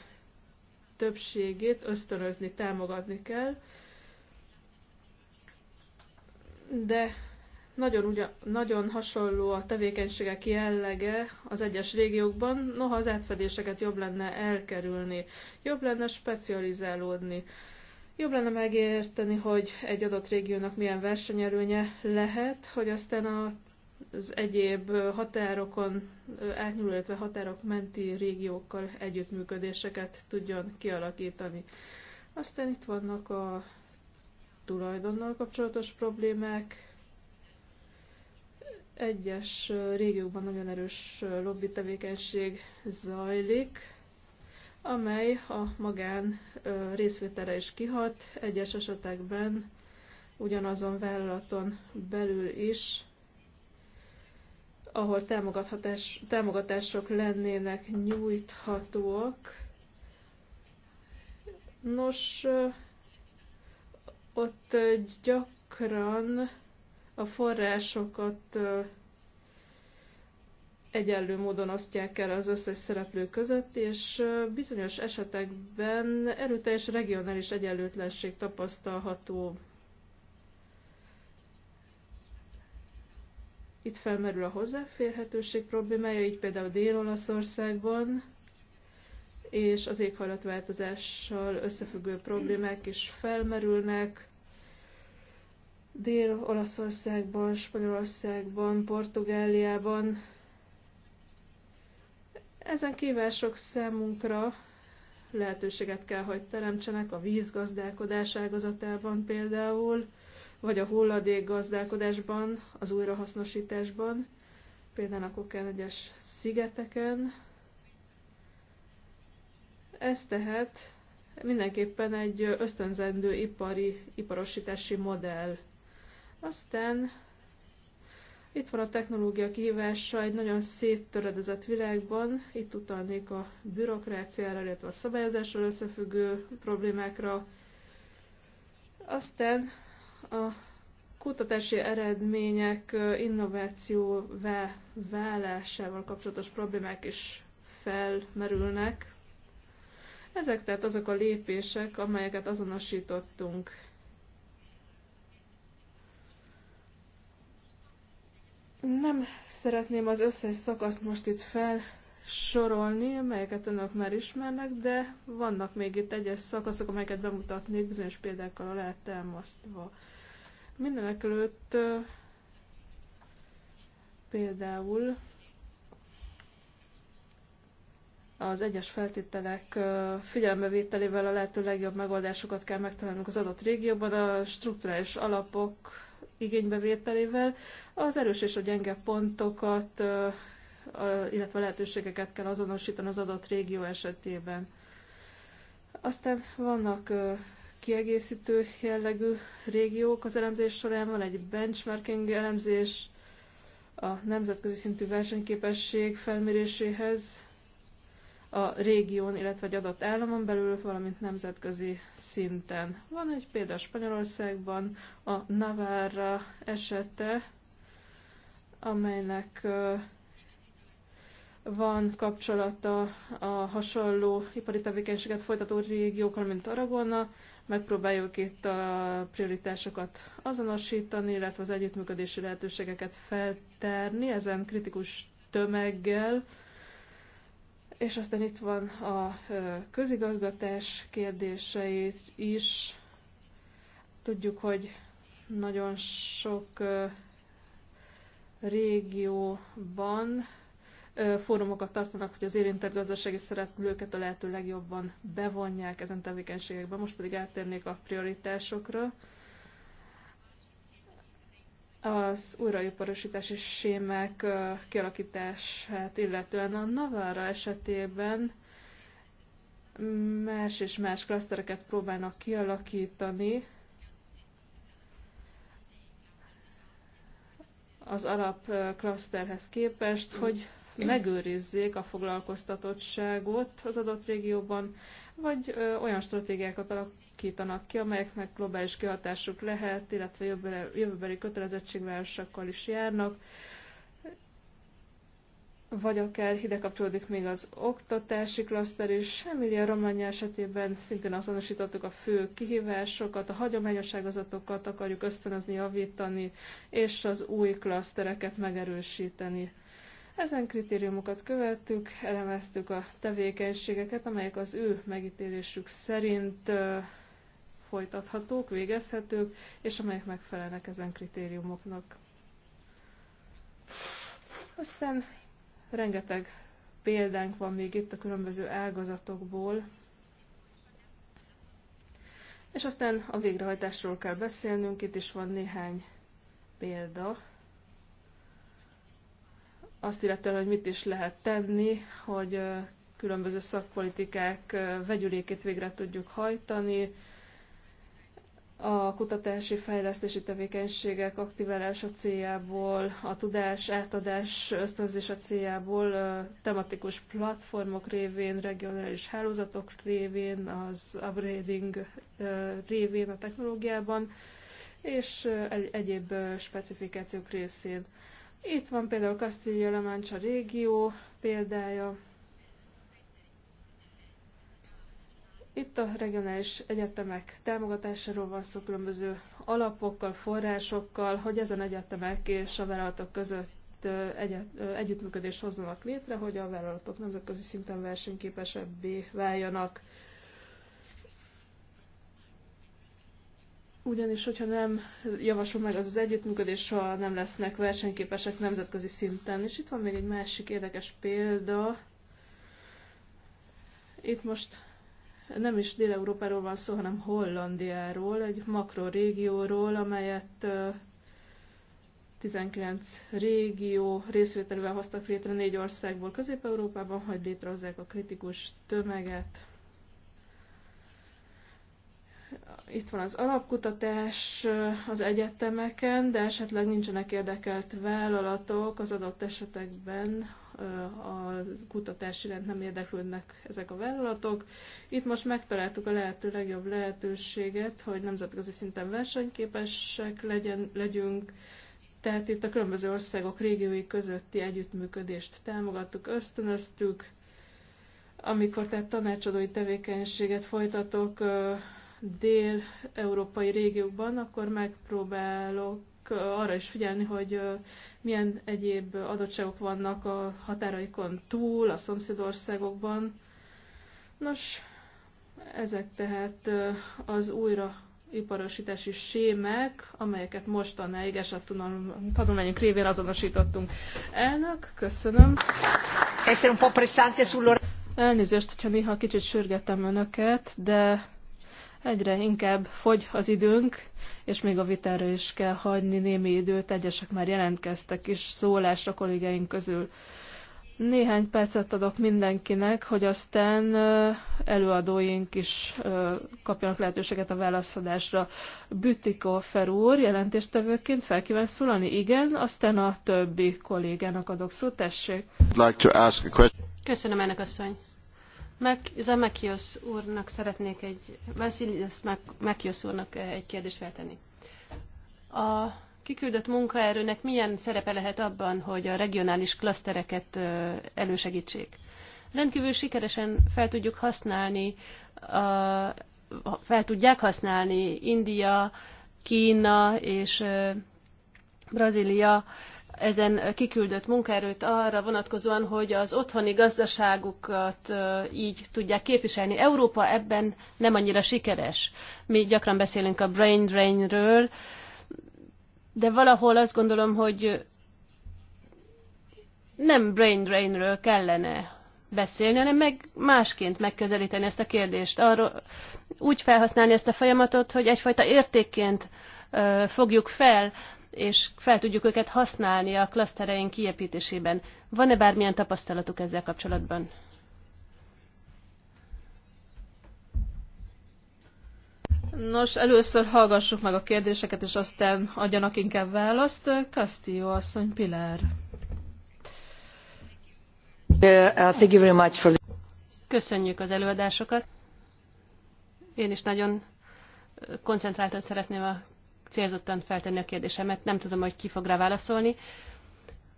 többségét ösztönözni, támogatni kell, de nagyon, ugyan, nagyon hasonló a tevékenységek jellege az egyes régiókban, noha az átfedéseket jobb lenne elkerülni, jobb lenne specializálódni. Jobb lenne megérteni, hogy egy adott régiónak milyen versenyerőnye lehet, hogy aztán a az egyéb határokon átnyúló, illetve határok menti régiókkal együttműködéseket tudjon kialakítani. Aztán itt vannak a tulajdonnal kapcsolatos problémák. Egyes régiókban nagyon erős lobby tevékenység zajlik, amely a magán részvételre is kihat, egyes esetekben ugyanazon vállalaton belül is, ahol támogatások lennének nyújthatóak. Nos, ott gyakran a forrásokat egyenlő módon osztják el az összes szereplő között, és bizonyos esetekben erőteljes regionális egyenlőtlenség tapasztalható. Itt felmerül a hozzáférhetőség problémája, így például Dél-Olaszországban, és az éghajlatváltozással összefüggő problémák is felmerülnek. Dél-Olaszországban, Spanyolországban, Portugáliában ezen kívül sok számunkra lehetőséget kell, hogy teremtsenek a vízgazdálkodás ágazatában például, vagy a hulladék gazdálkodásban, az újrahasznosításban, például a Kokán egyes szigeteken. Ez tehát mindenképpen egy ösztönzendő ipari, iparosítási modell. Aztán itt van a technológia kihívása egy nagyon széttöredezett világban, itt utalnék a bürokráciára, illetve a szabályozással összefüggő problémákra. Aztán a kutatási eredmények innovációvá válásával kapcsolatos problémák is felmerülnek. Ezek tehát azok a lépések, amelyeket azonosítottunk Nem szeretném az összes szakaszt most itt felsorolni, melyeket önök már ismernek, de vannak még itt egyes szakaszok, amelyeket bemutatnék bizonyos példákkal alá támasztva. Mindenek előtt például az egyes feltételek figyelembevételével a lehető legjobb megoldásokat kell megtalálnunk az adott régióban, a strukturális alapok igénybevételével az erős és a gyenge pontokat, illetve lehetőségeket kell azonosítani az adott régió esetében. Aztán vannak kiegészítő jellegű régiók az elemzés során, van egy benchmarking elemzés a nemzetközi szintű versenyképesség felméréséhez, a régión, illetve egy adott államon belül, valamint nemzetközi szinten. Van egy példa Spanyolországban, a Navarra esete, amelynek van kapcsolata a hasonló ipari tevékenységet folytató régiókkal, mint Aragona. Megpróbáljuk itt a prioritásokat azonosítani, illetve az együttműködési lehetőségeket felterni ezen kritikus tömeggel, és aztán itt van a közigazgatás kérdéseit is. Tudjuk, hogy nagyon sok régióban fórumokat tartanak, hogy az érintett gazdasági szereplőket a lehető legjobban bevonják ezen tevékenységekbe. Most pedig áttérnék a prioritásokra az újraiparosítási sémák kialakítását, illetően a Navarra esetében más és más klasztereket próbálnak kialakítani. az alap klaszterhez képest, hogy megőrizzék a foglalkoztatottságot az adott régióban, vagy ö, olyan stratégiákat alakítanak ki, amelyeknek globális kihatásuk lehet, illetve jövőbeli kötelezettségvárosokkal is járnak, vagy akár ide kapcsolódik még az oktatási klaszter is. Emilia Romagna esetében szintén azonosítottuk a fő kihívásokat, a hagyományos ágazatokat akarjuk ösztönözni, javítani, és az új klasztereket megerősíteni. Ezen kritériumokat követtük, elemeztük a tevékenységeket, amelyek az ő megítélésük szerint folytathatók, végezhetők, és amelyek megfelelnek ezen kritériumoknak. Aztán rengeteg példánk van még itt a különböző ágazatokból, és aztán a végrehajtásról kell beszélnünk, itt is van néhány példa azt illetően, hogy mit is lehet tenni, hogy különböző szakpolitikák vegyülékét végre tudjuk hajtani, a kutatási fejlesztési tevékenységek aktiválása céljából, a tudás átadás ösztönzése céljából, tematikus platformok révén, regionális hálózatok révén, az upgrading révén a technológiában, és egyéb specifikációk részén. Itt van például Castilla La régió példája. Itt a regionális egyetemek támogatásáról van szó különböző alapokkal, forrásokkal, hogy ezen egyetemek és a vállalatok között egyet, együttműködést hozzanak létre, hogy a vállalatok nemzetközi szinten versenyképesebbé váljanak. Ugyanis, hogyha nem javasol meg az az együttműködés, ha nem lesznek versenyképesek nemzetközi szinten. És itt van még egy másik érdekes példa. Itt most nem is Dél-Európáról van szó, hanem Hollandiáról, egy régióról, amelyet 19 régió részvételével hoztak létre négy országból Közép-Európában, hogy létrehozzák a kritikus tömeget. Itt van az alapkutatás az egyetemeken, de esetleg nincsenek érdekelt vállalatok az adott esetekben, a kutatási rend nem érdeklődnek ezek a vállalatok. Itt most megtaláltuk a lehető legjobb lehetőséget, hogy nemzetközi szinten versenyképesek legyen, legyünk, tehát itt a különböző országok régiói közötti együttműködést támogattuk, ösztönöztük, amikor tehát tanácsadói tevékenységet folytatok dél-európai régiókban, akkor megpróbálok arra is figyelni, hogy milyen egyéb adottságok vannak a határaikon túl, a szomszédországokban. Nos, ezek tehát az újra iparosítási sémek, amelyeket mostanáig esettanulmányunk tanulmányunk révén azonosítottunk. Elnök, köszönöm. Elnézést, hogyha néha kicsit sürgettem önöket, de Egyre inkább fogy az időnk, és még a vitára is kell hagyni némi időt, egyesek már jelentkeztek is szólásra kollégeink közül. Néhány percet adok mindenkinek, hogy aztán előadóink is kapjanak lehetőséget a válaszadásra. Bütiko Ferúr jelentéstevőként fel kíván szólani? Igen, aztán a többi kollégának adok szót, tessék. Köszönöm ennek asszony. Meg, Zemekiosz úrnak szeretnék egy, Vasilis Mekiosz úrnak egy kérdést feltenni. A kiküldött munkaerőnek milyen szerepe lehet abban, hogy a regionális klasztereket elősegítsék? Rendkívül sikeresen fel tudjuk használni, fel tudják használni India, Kína és Brazília ezen kiküldött munkaerőt arra vonatkozóan, hogy az otthoni gazdaságukat így tudják képviselni. Európa ebben nem annyira sikeres. Mi gyakran beszélünk a brain drainről, de valahol azt gondolom, hogy nem brain drainről kellene beszélni, hanem meg másként megközelíteni ezt a kérdést. Arról úgy felhasználni ezt a folyamatot, hogy egyfajta értékként fogjuk fel, és fel tudjuk őket használni a klasztereink kiepítésében Van-e bármilyen tapasztalatuk ezzel kapcsolatban? Nos, először hallgassuk meg a kérdéseket, és aztán adjanak inkább választ. Castillo asszony Pilar. Uh, uh, Köszönjük az előadásokat. Én is nagyon koncentráltan szeretném a célzottan feltenni a kérdésemet, nem tudom, hogy ki fog rá válaszolni.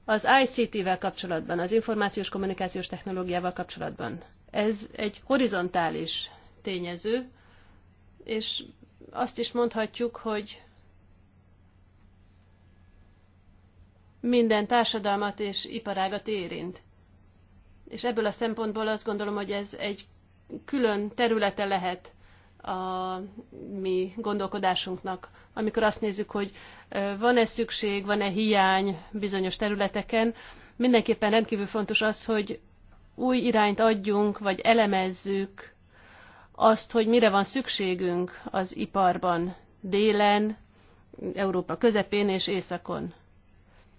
Az ICT-vel kapcsolatban, az információs kommunikációs technológiával kapcsolatban. Ez egy horizontális tényező, és azt is mondhatjuk, hogy minden társadalmat és iparágat érint. És ebből a szempontból azt gondolom, hogy ez egy külön területe lehet a mi gondolkodásunknak, amikor azt nézzük, hogy van-e szükség, van-e hiány bizonyos területeken, mindenképpen rendkívül fontos az, hogy új irányt adjunk, vagy elemezzük azt, hogy mire van szükségünk az iparban, délen, Európa közepén és északon.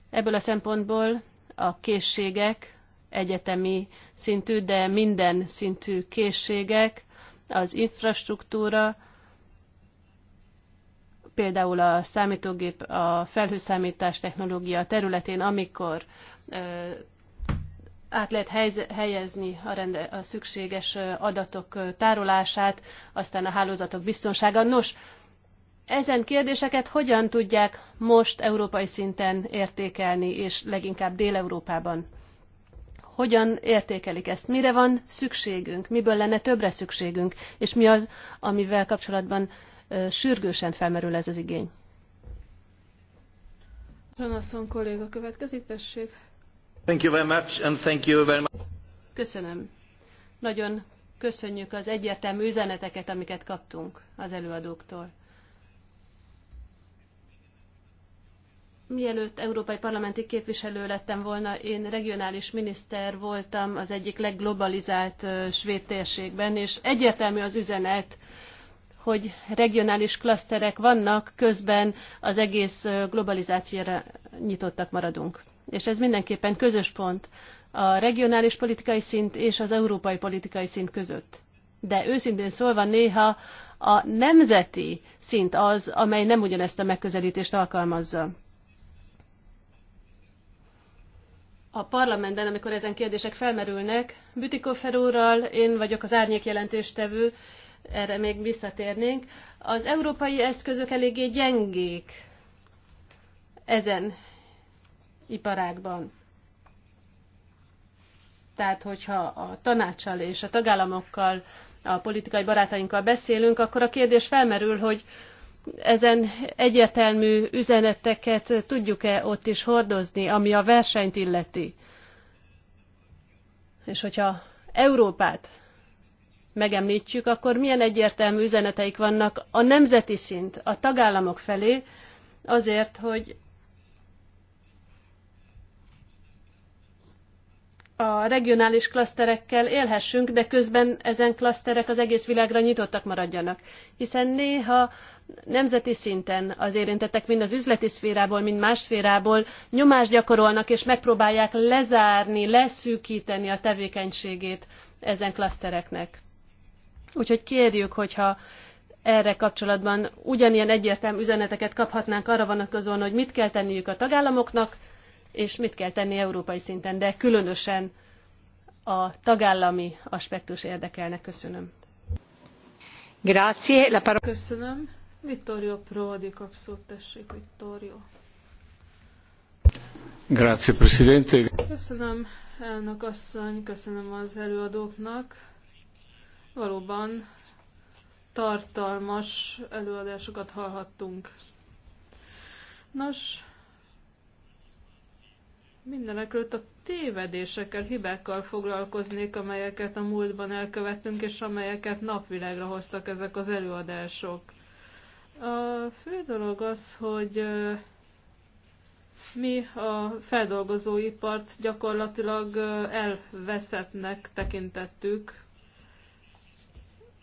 Ebből a szempontból a készségek, egyetemi szintű, de minden szintű készségek, az infrastruktúra, például a számítógép, a felhőszámítás technológia területén, amikor át lehet helyezni a, rende, a szükséges adatok tárolását, aztán a hálózatok biztonsága. Nos, ezen kérdéseket hogyan tudják most európai szinten értékelni, és leginkább Dél-Európában? Hogyan értékelik ezt? Mire van szükségünk? Miből lenne többre szükségünk? És mi az, amivel kapcsolatban sürgősen felmerül ez az igény. Jonasson kolléga következik, tessék. Thank you very much, and thank you very much. Köszönöm. Nagyon köszönjük az egyértelmű üzeneteket, amiket kaptunk az előadóktól. Mielőtt európai parlamenti képviselő lettem volna, én regionális miniszter voltam az egyik legglobalizált svéd térségben, és egyértelmű az üzenet, hogy regionális klaszterek vannak, közben az egész globalizációra nyitottak maradunk. És ez mindenképpen közös pont a regionális politikai szint és az európai politikai szint között. De őszintén szólva néha a nemzeti szint az, amely nem ugyanezt a megközelítést alkalmazza. a parlamentben, amikor ezen kérdések felmerülnek, Bütikofer úrral, én vagyok az árnyék jelentéstevő, erre még visszatérnénk. Az európai eszközök eléggé gyengék ezen iparágban. Tehát, hogyha a tanácsal és a tagállamokkal, a politikai barátainkkal beszélünk, akkor a kérdés felmerül, hogy ezen egyértelmű üzeneteket tudjuk-e ott is hordozni, ami a versenyt illeti. És hogyha Európát megemlítjük, akkor milyen egyértelmű üzeneteik vannak a nemzeti szint, a tagállamok felé, azért, hogy a regionális klaszterekkel élhessünk, de közben ezen klaszterek az egész világra nyitottak maradjanak. Hiszen néha nemzeti szinten az érintettek mind az üzleti szférából, mind más szférából nyomást gyakorolnak, és megpróbálják lezárni, leszűkíteni a tevékenységét ezen klasztereknek. Úgyhogy kérjük, hogyha erre kapcsolatban ugyanilyen egyértelmű üzeneteket kaphatnánk arra vonatkozóan, hogy mit kell tenniük a tagállamoknak, és mit kell tenni európai szinten, de különösen a tagállami aspektus érdekelne. Köszönöm. Grazie, la parola. Köszönöm. Vittorio Prodi kapszót tessék, Vittorio. Grazie, Presidente. Köszönöm, elnök asszony, köszönöm az előadóknak Valóban tartalmas előadásokat hallhattunk. Nos, mindenekről a tévedésekkel, hibákkal foglalkoznék, amelyeket a múltban elkövettünk, és amelyeket napvilágra hoztak ezek az előadások. A fő dolog az, hogy mi a feldolgozóipart gyakorlatilag elveszettnek tekintettük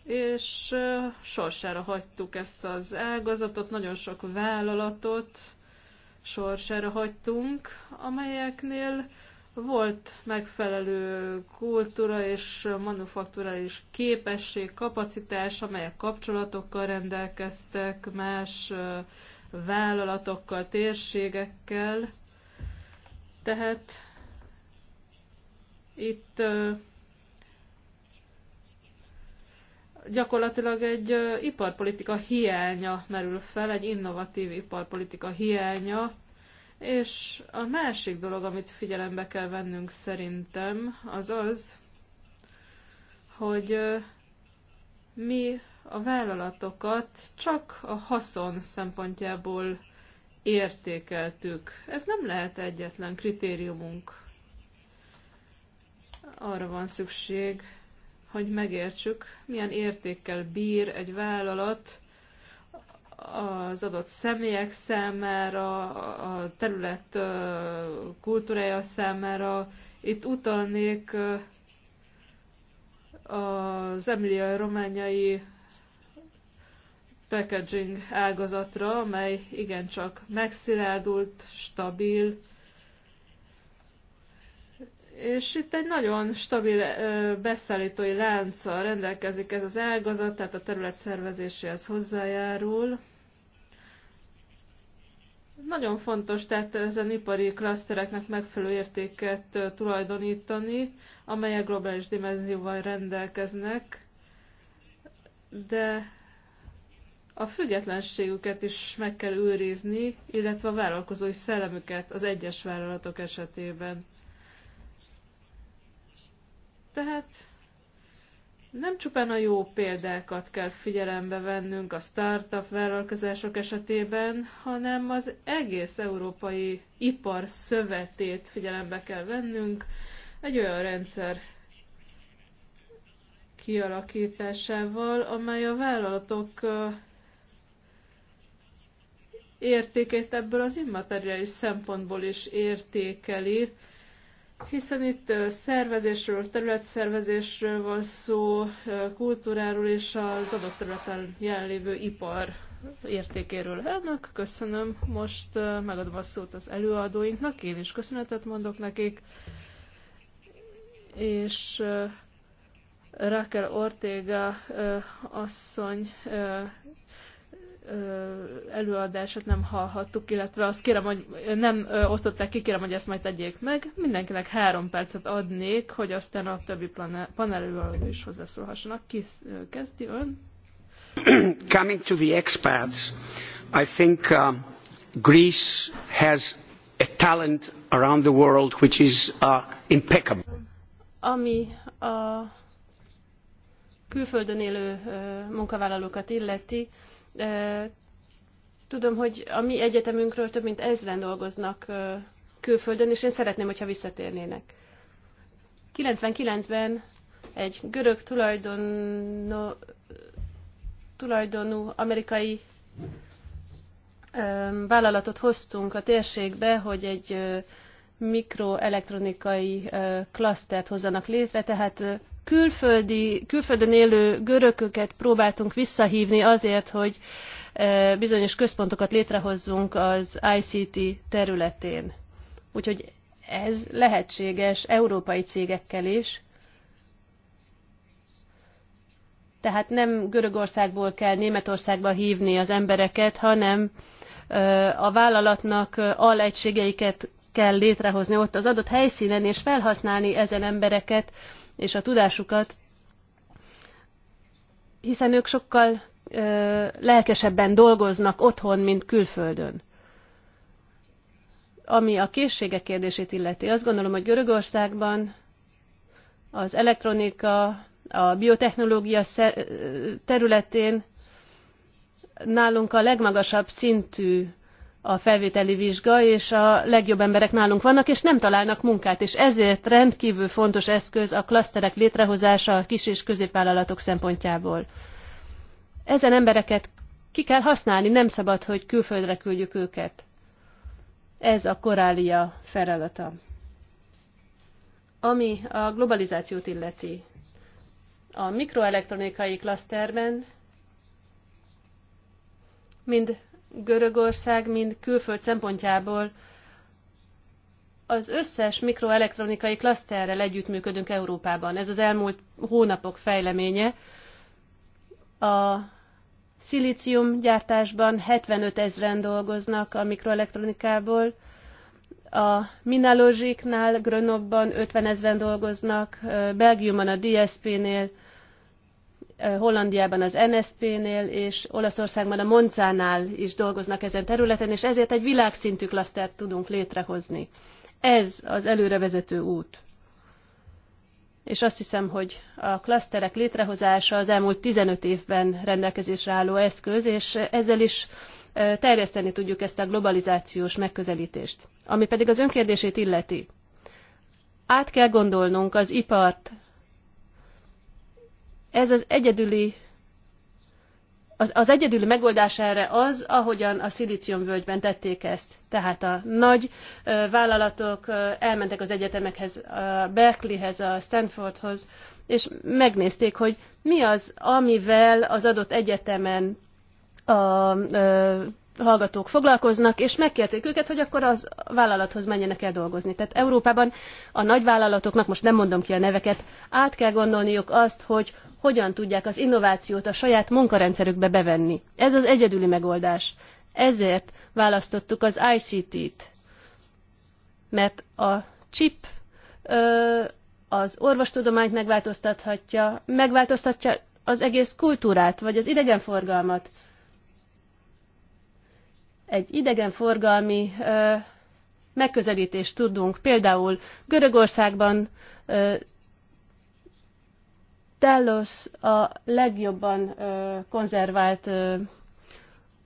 és sorsára hagytuk ezt az ágazatot, nagyon sok vállalatot sorsára hagytunk, amelyeknél volt megfelelő kultúra és manufakturális képesség, kapacitás, amelyek kapcsolatokkal rendelkeztek más vállalatokkal, térségekkel. Tehát itt gyakorlatilag egy iparpolitika hiánya merül fel, egy innovatív iparpolitika hiánya, és a másik dolog, amit figyelembe kell vennünk szerintem, az az, hogy mi a vállalatokat csak a haszon szempontjából értékeltük. Ez nem lehet egyetlen kritériumunk. Arra van szükség, hogy megértsük, milyen értékkel bír egy vállalat az adott személyek számára, a terület kultúrája számára. Itt utalnék az Emilia-Romániai packaging ágazatra, amely igencsak megszilárdult, stabil, és itt egy nagyon stabil beszállítói lánccal rendelkezik ez az ágazat, tehát a terület szervezéséhez hozzájárul. Nagyon fontos tehát ezen ipari klasztereknek megfelelő értéket tulajdonítani, amelyek globális dimenzióval rendelkeznek, de a függetlenségüket is meg kell őrizni, illetve a vállalkozói szellemüket az egyes vállalatok esetében. Tehát nem csupán a jó példákat kell figyelembe vennünk a startup vállalkozások esetében, hanem az egész európai ipar szövetét figyelembe kell vennünk egy olyan rendszer kialakításával, amely a vállalatok értékét ebből az immateriális szempontból is értékeli, hiszen itt szervezésről, területszervezésről van szó, kultúráról és az adott területen jelenlévő ipar értékéről. Elnök, köszönöm. Most megadom a szót az előadóinknak, én is köszönetet mondok nekik. És Raquel Ortega asszony előadását nem hallhattuk, illetve azt kérem, hogy nem osztották ki, kérem, hogy ezt majd tegyék meg. Mindenkinek három percet adnék, hogy aztán a többi panelről is hozzászólhassanak. Ki kezdi ön? Coming to the expats, I think uh, Greece has a talent around the world which is uh, impeccable. Ami a külföldön élő munkavállalókat illeti, Tudom, hogy a mi egyetemünkről több mint ezren dolgoznak külföldön, és én szeretném, hogyha visszatérnének. 99-ben egy görög tulajdonó, tulajdonú amerikai vállalatot hoztunk a térségbe, hogy egy mikroelektronikai klasztert hozzanak létre, tehát külföldi, külföldön élő görököket próbáltunk visszahívni azért, hogy e, bizonyos központokat létrehozzunk az ICT területén. Úgyhogy ez lehetséges európai cégekkel is. Tehát nem Görögországból kell Németországba hívni az embereket, hanem e, a vállalatnak alegységeiket kell létrehozni ott az adott helyszínen, és felhasználni ezen embereket, és a tudásukat, hiszen ők sokkal ö, lelkesebben dolgoznak otthon, mint külföldön. Ami a készségek kérdését illeti, azt gondolom, hogy Görögországban az elektronika, a biotechnológia területén nálunk a legmagasabb szintű a felvételi vizsga, és a legjobb emberek nálunk vannak, és nem találnak munkát, és ezért rendkívül fontos eszköz a klaszterek létrehozása a kis és középvállalatok szempontjából. Ezen embereket ki kell használni, nem szabad, hogy külföldre küldjük őket. Ez a korália feladata. Ami a globalizációt illeti. A mikroelektronikai klaszterben mind Görögország, mind külföld szempontjából az összes mikroelektronikai klaszterrel együttműködünk Európában. Ez az elmúlt hónapok fejleménye. A szilícium gyártásban 75 ezren dolgoznak a mikroelektronikából, a Minalogiknál, Grönobban 50 ezren dolgoznak, Belgiumban a DSP-nél Hollandiában az nsp nél és Olaszországban a Montzan-nál is dolgoznak ezen területen, és ezért egy világszintű klasztert tudunk létrehozni. Ez az előrevezető út. És azt hiszem, hogy a klaszterek létrehozása az elmúlt 15 évben rendelkezésre álló eszköz, és ezzel is terjeszteni tudjuk ezt a globalizációs megközelítést. Ami pedig az önkérdését illeti. Át kell gondolnunk az ipart ez az egyedüli az, az egyedüli megoldás erre az, ahogyan a szilíciumvölgyben tették ezt. Tehát a nagy ö, vállalatok ö, elmentek az egyetemekhez, a Berkeleyhez, a Stanfordhoz, és megnézték, hogy mi az, amivel az adott egyetemen a ö, hallgatók foglalkoznak, és megkérték őket, hogy akkor az vállalathoz menjenek el dolgozni. Tehát Európában a nagyvállalatoknak, most nem mondom ki a neveket, át kell gondolniuk azt, hogy hogyan tudják az innovációt a saját munkarendszerükbe bevenni. Ez az egyedüli megoldás. Ezért választottuk az ICT-t, mert a chip az orvostudományt megváltoztathatja, megváltoztatja az egész kultúrát, vagy az idegenforgalmat egy idegenforgalmi megközelítést tudunk például Görögországban Tellos a legjobban konzervált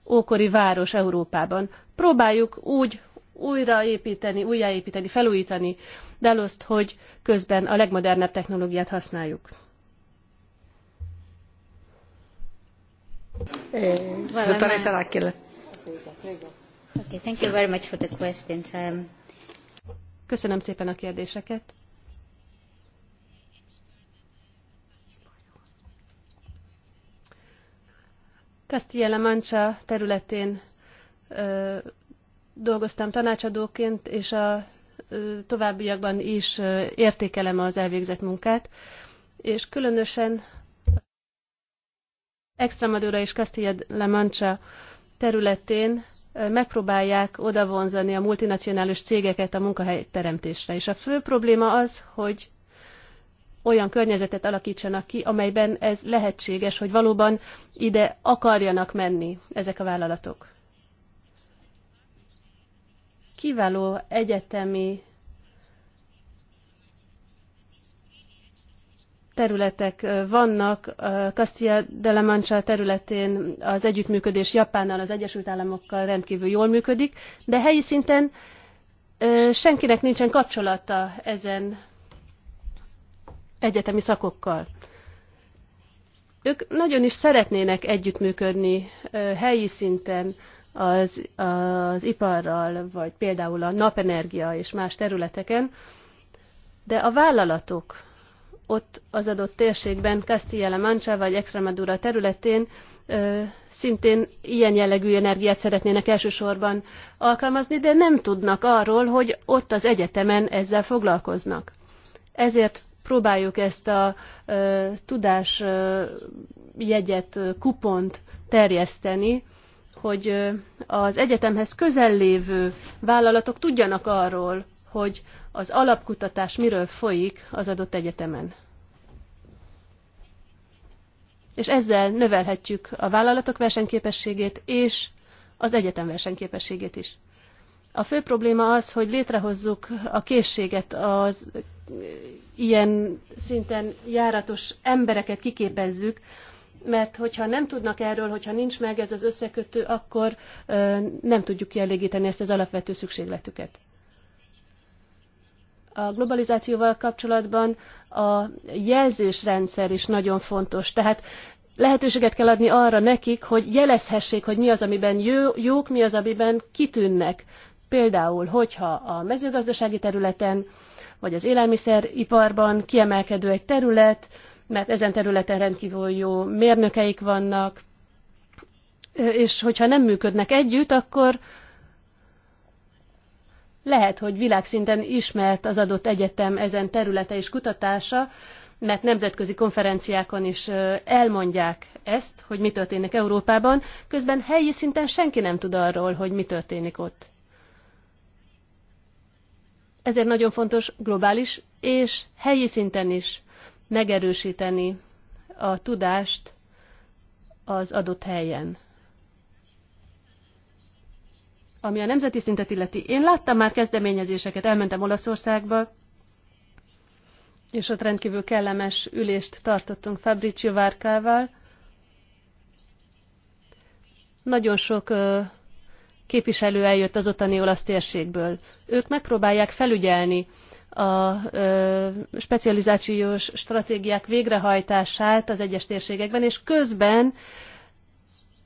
ókori város Európában. Próbáljuk úgy újraépíteni, újjáépíteni, felújítani Deloszt, hogy közben a legmodernebb technológiát használjuk. Eh, well, Okay, thank you very much for the questions. Um... Köszönöm szépen a kérdéseket. Castilla-La Mancha területén ö, dolgoztam tanácsadóként, és a ö, továbbiakban is ö, értékelem az elvégzett munkát, és különösen Extremadura és Castilla-La Mancha területén megpróbálják odavonzani a multinacionális cégeket a munkahely teremtésre, És a fő probléma az, hogy olyan környezetet alakítsanak ki, amelyben ez lehetséges, hogy valóban ide akarjanak menni ezek a vállalatok. Kiváló egyetemi területek vannak. Castilla de la Mancha területén az együttműködés Japánnal, az Egyesült Államokkal rendkívül jól működik, de helyi szinten senkinek nincsen kapcsolata ezen egyetemi szakokkal. Ők nagyon is szeretnének együttműködni helyi szinten az, az iparral, vagy például a napenergia és más területeken, de a vállalatok ott az adott térségben, Castilla-La Mancha vagy Extremadura területén szintén ilyen jellegű energiát szeretnének elsősorban alkalmazni, de nem tudnak arról, hogy ott az egyetemen ezzel foglalkoznak. Ezért próbáljuk ezt a ö, tudás ö, jegyet, ö, kupont terjeszteni, hogy ö, az egyetemhez közel lévő vállalatok tudjanak arról, hogy az alapkutatás miről folyik az adott egyetemen. És ezzel növelhetjük a vállalatok versenyképességét és az egyetem versenyképességét is. A fő probléma az, hogy létrehozzuk a készséget az ilyen szinten járatos embereket kiképezzük, mert hogyha nem tudnak erről, hogyha nincs meg ez az összekötő, akkor nem tudjuk kielégíteni ezt az alapvető szükségletüket a globalizációval kapcsolatban a jelzésrendszer is nagyon fontos. Tehát lehetőséget kell adni arra nekik, hogy jelezhessék, hogy mi az, amiben jó, jók, mi az, amiben kitűnnek. Például, hogyha a mezőgazdasági területen, vagy az élelmiszeriparban kiemelkedő egy terület, mert ezen területen rendkívül jó mérnökeik vannak, és hogyha nem működnek együtt, akkor lehet, hogy világszinten ismert az adott egyetem ezen területe és kutatása, mert nemzetközi konferenciákon is elmondják ezt, hogy mi történik Európában, közben helyi szinten senki nem tud arról, hogy mi történik ott. Ezért nagyon fontos globális és helyi szinten is megerősíteni a tudást az adott helyen ami a nemzeti szintet illeti. Én láttam már kezdeményezéseket, elmentem Olaszországba, és ott rendkívül kellemes ülést tartottunk Fabricio Várkával. Nagyon sok képviselő eljött az ottani olasz térségből. Ők megpróbálják felügyelni a specializációs stratégiák végrehajtását az egyes térségekben, és közben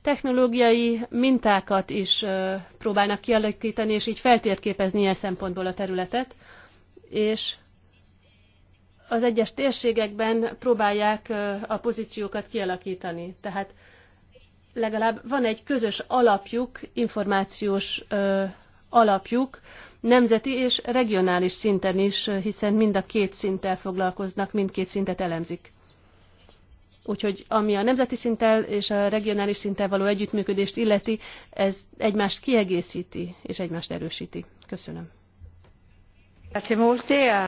technológiai mintákat is próbálnak kialakítani, és így feltérképezni ilyen szempontból a területet, és az egyes térségekben próbálják a pozíciókat kialakítani. Tehát legalább van egy közös alapjuk, információs alapjuk, nemzeti és regionális szinten is, hiszen mind a két szinttel foglalkoznak, mindkét szintet elemzik. Úgyhogy ami a nemzeti szinttel és a regionális szinttel való együttműködést illeti, ez egymást kiegészíti és egymást erősíti. Köszönöm.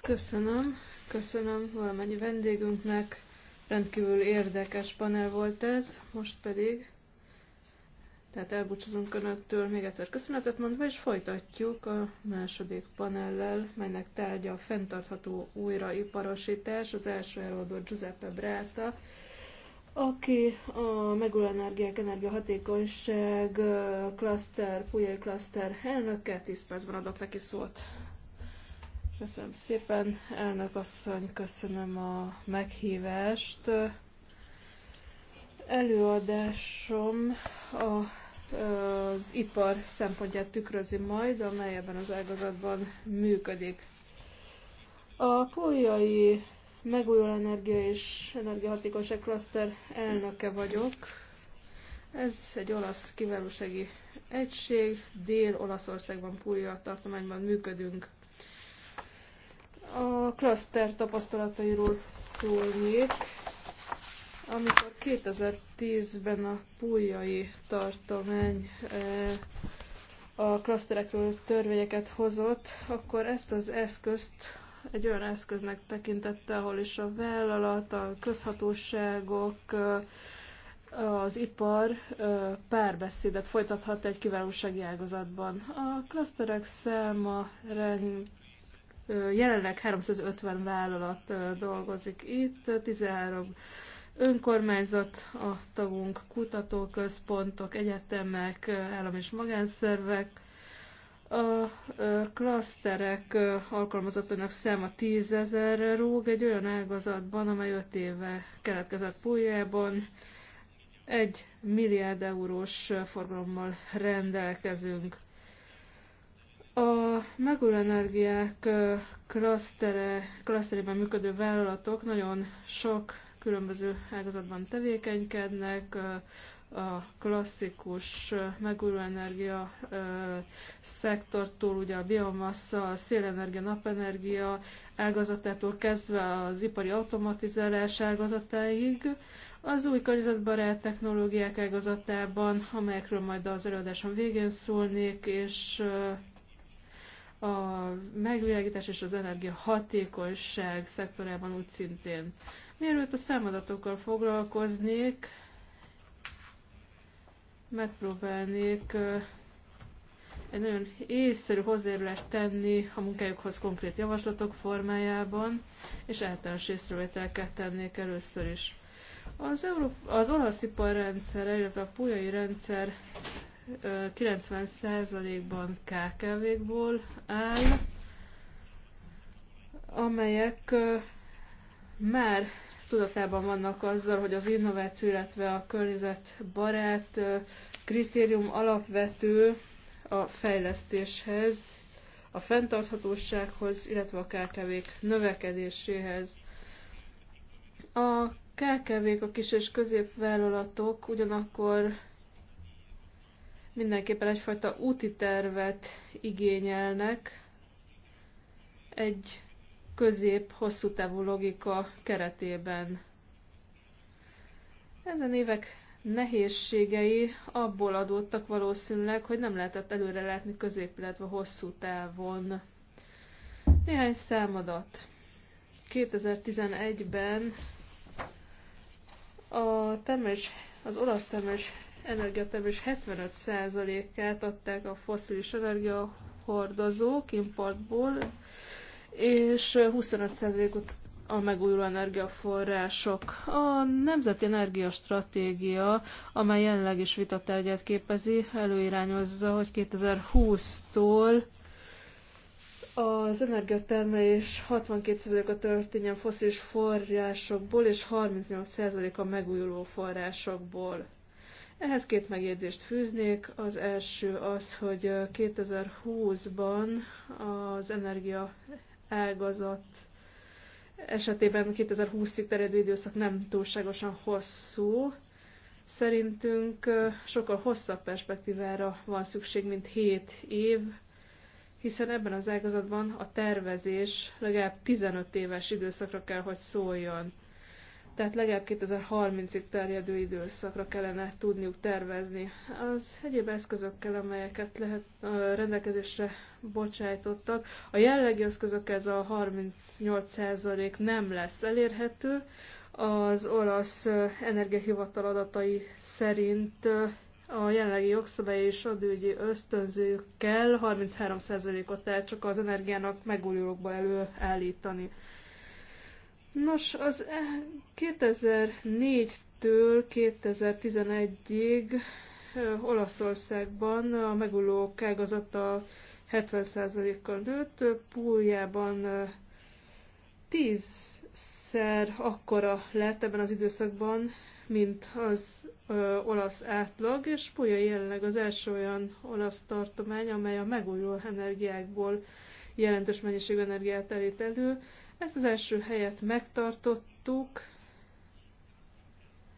Köszönöm. Köszönöm valamennyi vendégünknek. Rendkívül érdekes panel volt ez, most pedig. Tehát elbúcsúzunk Önöktől, még egyszer köszönetet mondva, és folytatjuk a második panellel, melynek tárgya a fenntartható újraiparosítás, az első előadó Giuseppe Bráta, aki a megújuló energiák energiahatékonyság klaszter, Pujai klaszter elnöke. 10 percben adok neki szót. Köszönöm szépen, elnök asszony, köszönöm a meghívást. Előadásom a az ipar szempontját tükrözi majd, amely ebben az ágazatban működik. A kolyai megújuló energia és energiahatékonyság klaszter elnöke vagyok. Ez egy olasz kiválósági egység, Dél-Olaszországban, Púlia tartományban működünk. A klaszter tapasztalatairól szólnék. Amikor 2010-ben a Pújai tartomány eh, a klaszterekről törvényeket hozott, akkor ezt az eszközt egy olyan eszköznek tekintette, ahol is a vállalat, a közhatóságok, az ipar párbeszédet folytathat egy kiválósági ágazatban. A klaszterek száma jelenleg 350 vállalat dolgozik itt, 13 önkormányzat, a tagunk, kutatóközpontok, egyetemek, állam és magánszervek, a klaszterek alkalmazottának száma tízezerre rúg egy olyan ágazatban, amely öt éve keletkezett Pújában. Egy milliárd eurós forgalommal rendelkezünk. A megújuló energiák klasztere, klaszterében működő vállalatok nagyon sok különböző ágazatban tevékenykednek, a klasszikus megújuló energia szektortól, ugye a biomassa, a szélenergia, napenergia ágazatától kezdve az ipari automatizálás ágazatáig, az új környezetbarát technológiák ágazatában, amelyekről majd az előadásom végén szólnék, és a megvilágítás és az energia hatékonyság szektorában úgy szintén. Mielőtt a számadatokkal foglalkoznék, megpróbálnék egy nagyon észszerű hozzájárulást tenni a munkájukhoz konkrét javaslatok formájában, és általános észrevételket tennék először is. Az, Európa, az olasz iparrendszer, illetve a pulyai rendszer 90%-ban KKV-kból áll, amelyek már tudatában vannak azzal, hogy az innováció, illetve a környezetbarát kritérium alapvető a fejlesztéshez, a fenntarthatósághoz, illetve a kkv növekedéséhez. A kkv a kis és középvállalatok ugyanakkor mindenképpen egyfajta úti tervet igényelnek, egy közép-hosszú távú logika keretében. Ezen évek nehézségei abból adódtak valószínűleg, hogy nem lehetett előre látni közép, illetve hosszú távon. Néhány számadat. 2011-ben a termés, az olasz termés energiatermés 75%-át adták a foszilis energiahordozók importból, és 25%-ot a megújuló energiaforrások. A Nemzeti Energiastratégia, amely jelenleg is vitatárgyát képezi, előirányozza, hogy 2020-tól az energiatermelés 62%-a történjen foszilis forrásokból, és 38%-a megújuló forrásokból. Ehhez két megjegyzést fűznék. Az első az, hogy 2020-ban az energia ágazat esetében 2020-ig terjedő időszak nem túlságosan hosszú. Szerintünk sokkal hosszabb perspektívára van szükség, mint 7 év, hiszen ebben az ágazatban a tervezés legalább 15 éves időszakra kell, hogy szóljon tehát legalább 2030-ig terjedő időszakra kellene tudniuk tervezni. Az egyéb eszközökkel, amelyeket lehet a rendelkezésre bocsájtottak, a jelenlegi eszközök ez a 38% nem lesz elérhető. Az olasz energiahivatal adatai szerint a jelenlegi jogszabály és adőgyi ösztönzőkkel 33%-ot tehát csak az energiának megújulókba előállítani. Nos, az 2004-től e- 2011-ig Olaszországban a megulók ágazata 70%-kal nőtt, Púljában 10-szer akkora lett ebben az időszakban, mint az ö, olasz átlag, és Pólya jelenleg az első olyan olasz tartomány, amely a megújuló energiákból jelentős mennyiségű energiát elít elő, ezt az első helyet megtartottuk.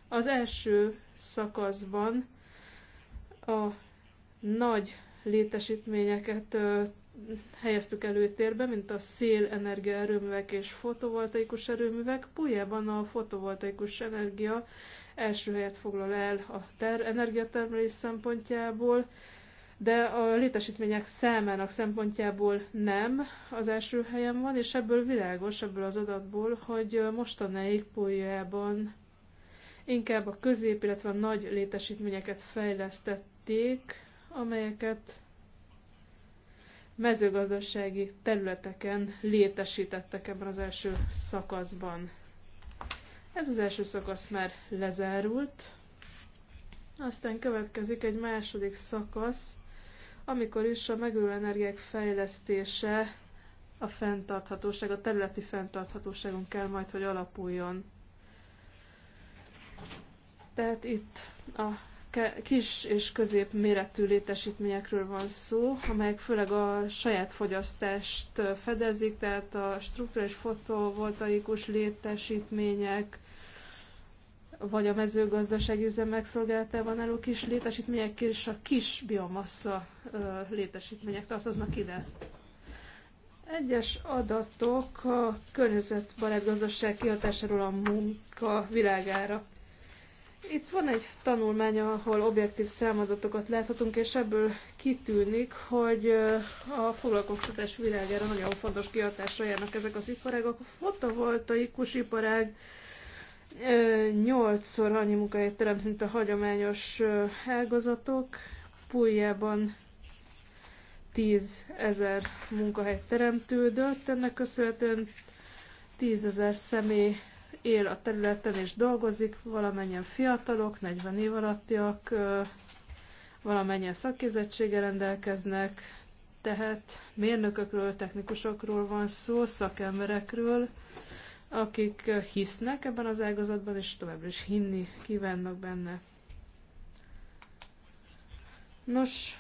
Az első szakaszban a nagy létesítményeket helyeztük előtérbe, mint a energia erőművek és fotovoltaikus erőművek. Pújában a fotovoltaikus energia első helyet foglal el a ter energiatermelés szempontjából, de a létesítmények számának szempontjából nem az első helyen van, és ebből világos, ebből az adatból, hogy mostanáig Pólyában inkább a közép, illetve a nagy létesítményeket fejlesztették, amelyeket mezőgazdasági területeken létesítettek ebben az első szakaszban. Ez az első szakasz már lezárult, aztán következik egy második szakasz, amikor is a megújuló energiák fejlesztése a fenntarthatóság, a területi fenntarthatóságon kell majd, hogy alapuljon. Tehát itt a kis és közép méretű létesítményekről van szó, amelyek főleg a saját fogyasztást fedezik, tehát a strukturális fotovoltaikus létesítmények, vagy a mezőgazdasági üzemek megszolgáltában álló kis létesítmények és a kis biomassa létesítmények tartoznak ide. Egyes adatok a környezetbarát gazdaság kihatásáról a munka világára. Itt van egy tanulmány, ahol objektív számadatokat láthatunk, és ebből kitűnik, hogy a foglalkoztatás világára nagyon fontos kihatásra járnak ezek az iparágak. A fotovoltaikus iparág nyolcszor annyi munkahelyet teremt, mint a hagyományos ágazatok. Pújjában 10 ezer munkahely teremtődött, ennek köszönhetően 10 ezer személy él a területen és dolgozik, valamennyien fiatalok, 40 év alattiak, valamennyien szakképzettsége rendelkeznek, tehát mérnökökről, technikusokról van szó, szakemberekről, akik hisznek ebben az ágazatban, és továbbra is hinni kívánnak benne. Nos,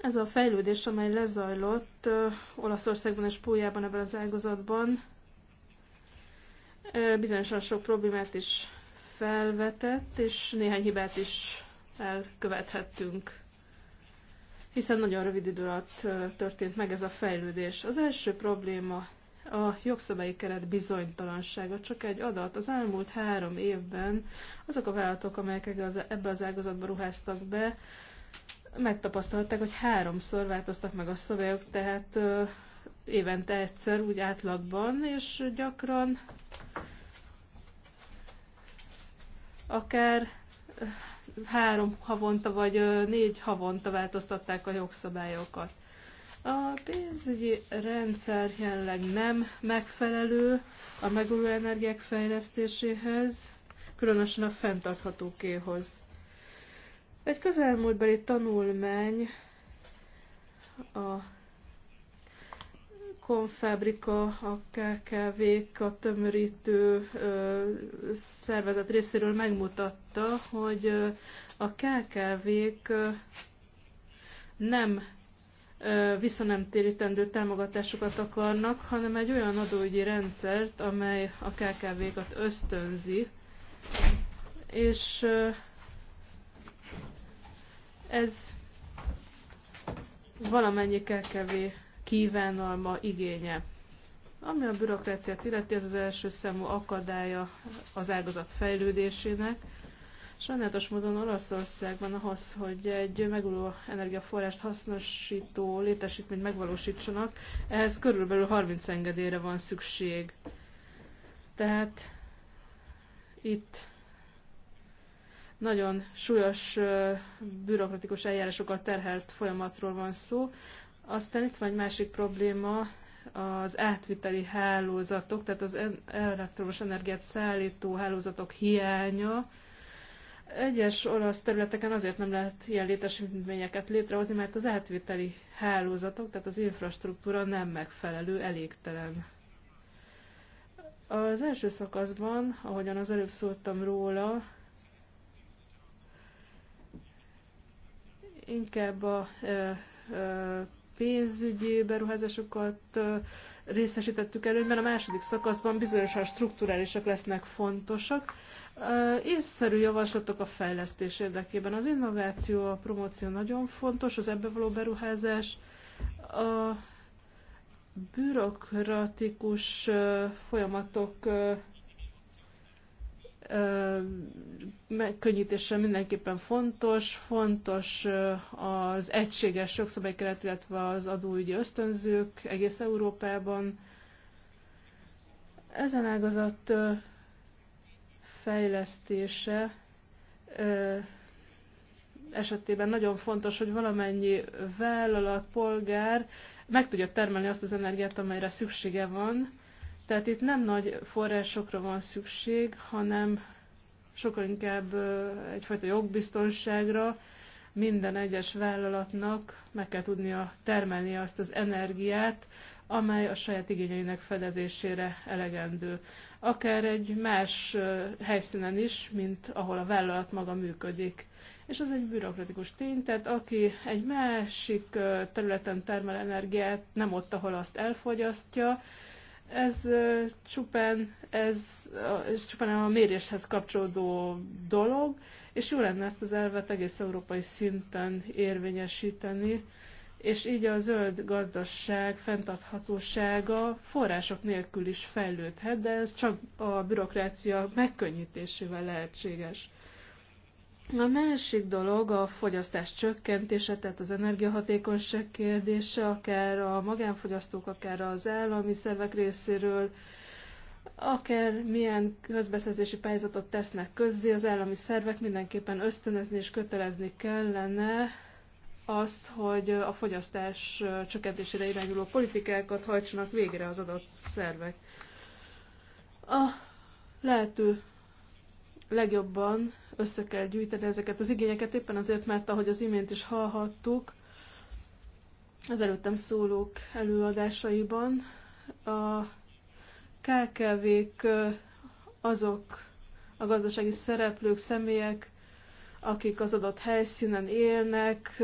ez a fejlődés, amely lezajlott Olaszországban és Pólyában ebben az ágazatban, bizonyosan sok problémát is felvetett, és néhány hibát is elkövethettünk. Hiszen nagyon rövid idő alatt történt meg ez a fejlődés. Az első probléma a jogszabályi keret bizonytalansága. Csak egy adat. Az elmúlt három évben azok a vállalatok, amelyek ebbe az ágazatba ruháztak be, megtapasztalták, hogy háromszor változtak meg a szabályok, tehát évente egyszer, úgy átlagban, és gyakran akár három havonta vagy négy havonta változtatták a jogszabályokat. A pénzügyi rendszer jelenleg nem megfelelő a megújuló energiák fejlesztéséhez, különösen a fenntarthatókéhoz. Egy közelmúltbeli tanulmány a Konfabrika, a KKV, a tömörítő ö, szervezet részéről megmutatta, hogy ö, a KKV-k nem visszanemtérítendő támogatásokat akarnak, hanem egy olyan adóügyi rendszert, amely a KKV-kat ösztönzi, és ez valamennyi KKV kívánalma, igénye. Ami a bürokráciát illeti, ez az első számú akadálya az ágazat fejlődésének, Sajnálatos módon Olaszországban ahhoz, hogy egy megújuló energiaforrást hasznosító létesítményt megvalósítsanak, ehhez körülbelül 30 engedélyre van szükség. Tehát itt nagyon súlyos bürokratikus eljárásokat terhelt folyamatról van szó. Aztán itt van egy másik probléma, az átviteli hálózatok, tehát az elektromos energiát szállító hálózatok hiánya, egyes olasz területeken azért nem lehet ilyen létesítményeket létrehozni, mert az átvételi hálózatok, tehát az infrastruktúra nem megfelelő, elégtelen. Az első szakaszban, ahogyan az előbb szóltam róla, inkább a pénzügyi beruházásokat részesítettük részesítettük előnyben, a második szakaszban bizonyosan strukturálisak lesznek fontosak, észszerű javaslatok a fejlesztés érdekében. Az innováció, a promóció nagyon fontos, az ebbe való beruházás, a bürokratikus folyamatok megkönnyítése mindenképpen fontos, fontos az egységes jogszabálykeret, illetve az adóügyi ösztönzők egész Európában. Ezen ágazat fejlesztése esetében nagyon fontos, hogy valamennyi vállalat, polgár meg tudja termelni azt az energiát, amelyre szüksége van. Tehát itt nem nagy forrásokra van szükség, hanem sokkal inkább egyfajta jogbiztonságra, minden egyes vállalatnak meg kell tudnia termelni azt az energiát, amely a saját igényeinek fedezésére elegendő. Akár egy más helyszínen is, mint ahol a vállalat maga működik. És ez egy bürokratikus tény, tehát aki egy másik területen termel energiát, nem ott, ahol azt elfogyasztja, ez csupán, ez, ez csupán a méréshez kapcsolódó dolog, és jó lenne ezt az elvet egész európai szinten érvényesíteni, és így a zöld gazdaság fenntarthatósága források nélkül is fejlődhet, de ez csak a bürokrácia megkönnyítésével lehetséges. A másik dolog a fogyasztás csökkentése, tehát az energiahatékonyság kérdése, akár a magánfogyasztók, akár az állami szervek részéről, akár milyen közbeszerzési pályázatot tesznek közzé, az állami szervek mindenképpen ösztönözni és kötelezni kellene azt, hogy a fogyasztás csökkentésére irányuló politikákat hajtsanak végre az adott szervek. A lehető legjobban össze kell gyűjteni ezeket az igényeket, éppen azért, mert ahogy az imént is hallhattuk, az előttem szólók előadásaiban a kkv azok a gazdasági szereplők, személyek, akik az adott helyszínen élnek,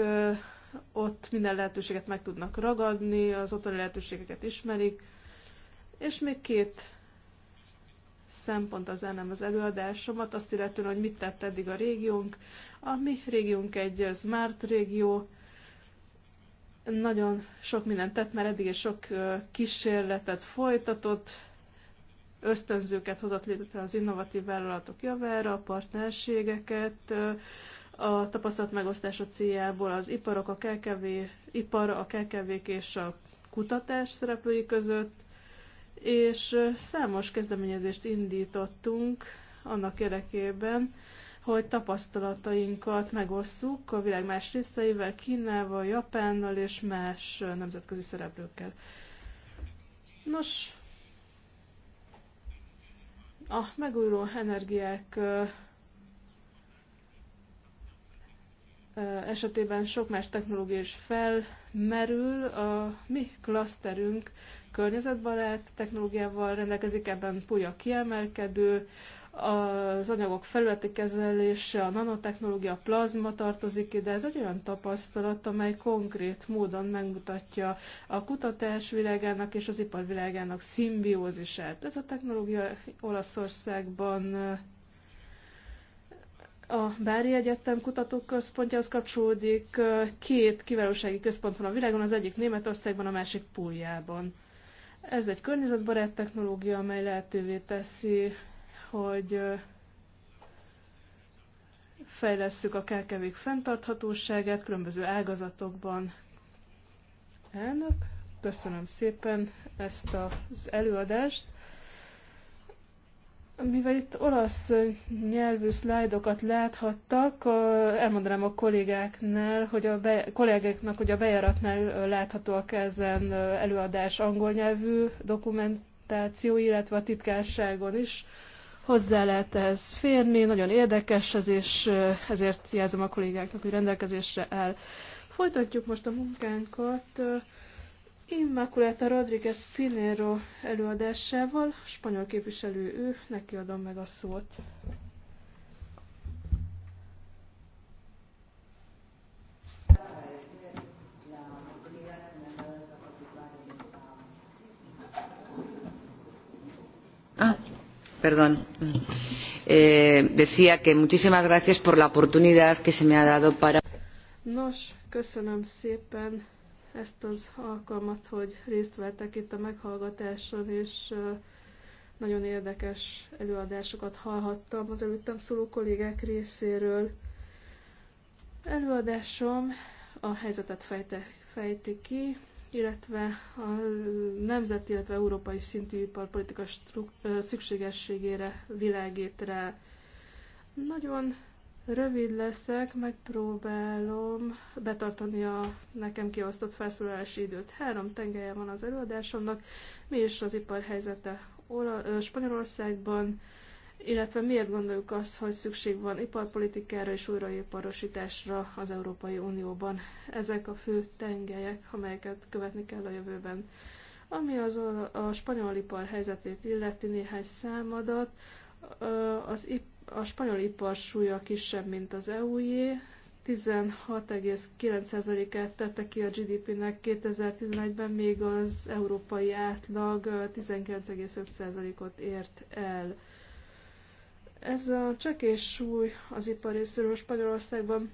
ott minden lehetőséget meg tudnak ragadni, az ottani lehetőségeket ismerik, és még két szempont az nem az előadásomat, azt illetően, hogy mit tett eddig a régiónk. A mi régiónk egy smart régió, nagyon sok mindent tett, mert eddig is sok kísérletet folytatott, ösztönzőket hozott létre az innovatív vállalatok javára, a partnerségeket, a tapasztalat megosztása céljából az iparok, a KKV, ipar, a kkv és a kutatás szereplői között, és számos kezdeményezést indítottunk annak érdekében, hogy tapasztalatainkat megosszuk a világ más részeivel, Kínával, Japánnal és más nemzetközi szereplőkkel. Nos, a megújuló energiák esetében sok más technológia is felmerül. A mi klaszterünk környezetbarát technológiával rendelkezik, ebben Puja kiemelkedő, az anyagok felületi kezelése, a nanotechnológia, a plazma tartozik ide. Ez egy olyan tapasztalat, amely konkrét módon megmutatja a kutatás világának és az iparvilágának szimbiózisát. Ez a technológia Olaszországban a Bári Egyetem kutatóközpontjához kapcsolódik. Két kiválósági központ van a világon, az egyik Németországban, a másik Pújában. Ez egy környezetbarát technológia, amely lehetővé teszi, hogy fejlesszük a kkv fenntarthatóságát különböző ágazatokban. Elnök, köszönöm szépen ezt az előadást. Mivel itt olasz nyelvű szlájdokat láthattak, elmondanám a kollégáknál, hogy a be, kollégáknak, hogy a bejáratnál láthatóak ezen előadás angol nyelvű dokumentáció, illetve a titkárságon is hozzá lehet ez férni, nagyon érdekes ez, és ezért jelzem a kollégáknak, hogy rendelkezésre áll. Folytatjuk most a munkánkat. Immaculata Rodriguez Pinero előadásával, spanyol képviselő ő, neki adom meg a szót. Ah, perdón. Eh, decía que muchísimas gracias por la oportunidad que se me ha dado para. Nos, köszönöm szépen ezt az alkalmat, hogy részt vettek itt a meghallgatáson, és nagyon érdekes előadásokat hallhattam az előttem szóló kollégák részéről. Előadásom a helyzetet fejte, fejti ki, illetve a nemzeti, illetve európai szintű iparpolitika szükségességére világít rá. Nagyon Rövid leszek, megpróbálom betartani a nekem kiosztott felszólalási időt. Három tengelye van az előadásomnak, mi is az ipar helyzete Spanyolországban, illetve miért gondoljuk azt, hogy szükség van iparpolitikára és újraiparosításra az Európai Unióban. Ezek a fő tengelyek, amelyeket követni kell a jövőben. Ami az a, a spanyol ipar helyzetét illeti néhány számadat, az ipar a spanyol ipar súlya kisebb, mint az EU-jé, 16,9%-át tette ki a GDP-nek 2011-ben, még az európai átlag 19,5%-ot ért el. Ez a csekés súly az ipar részéről Spanyolországban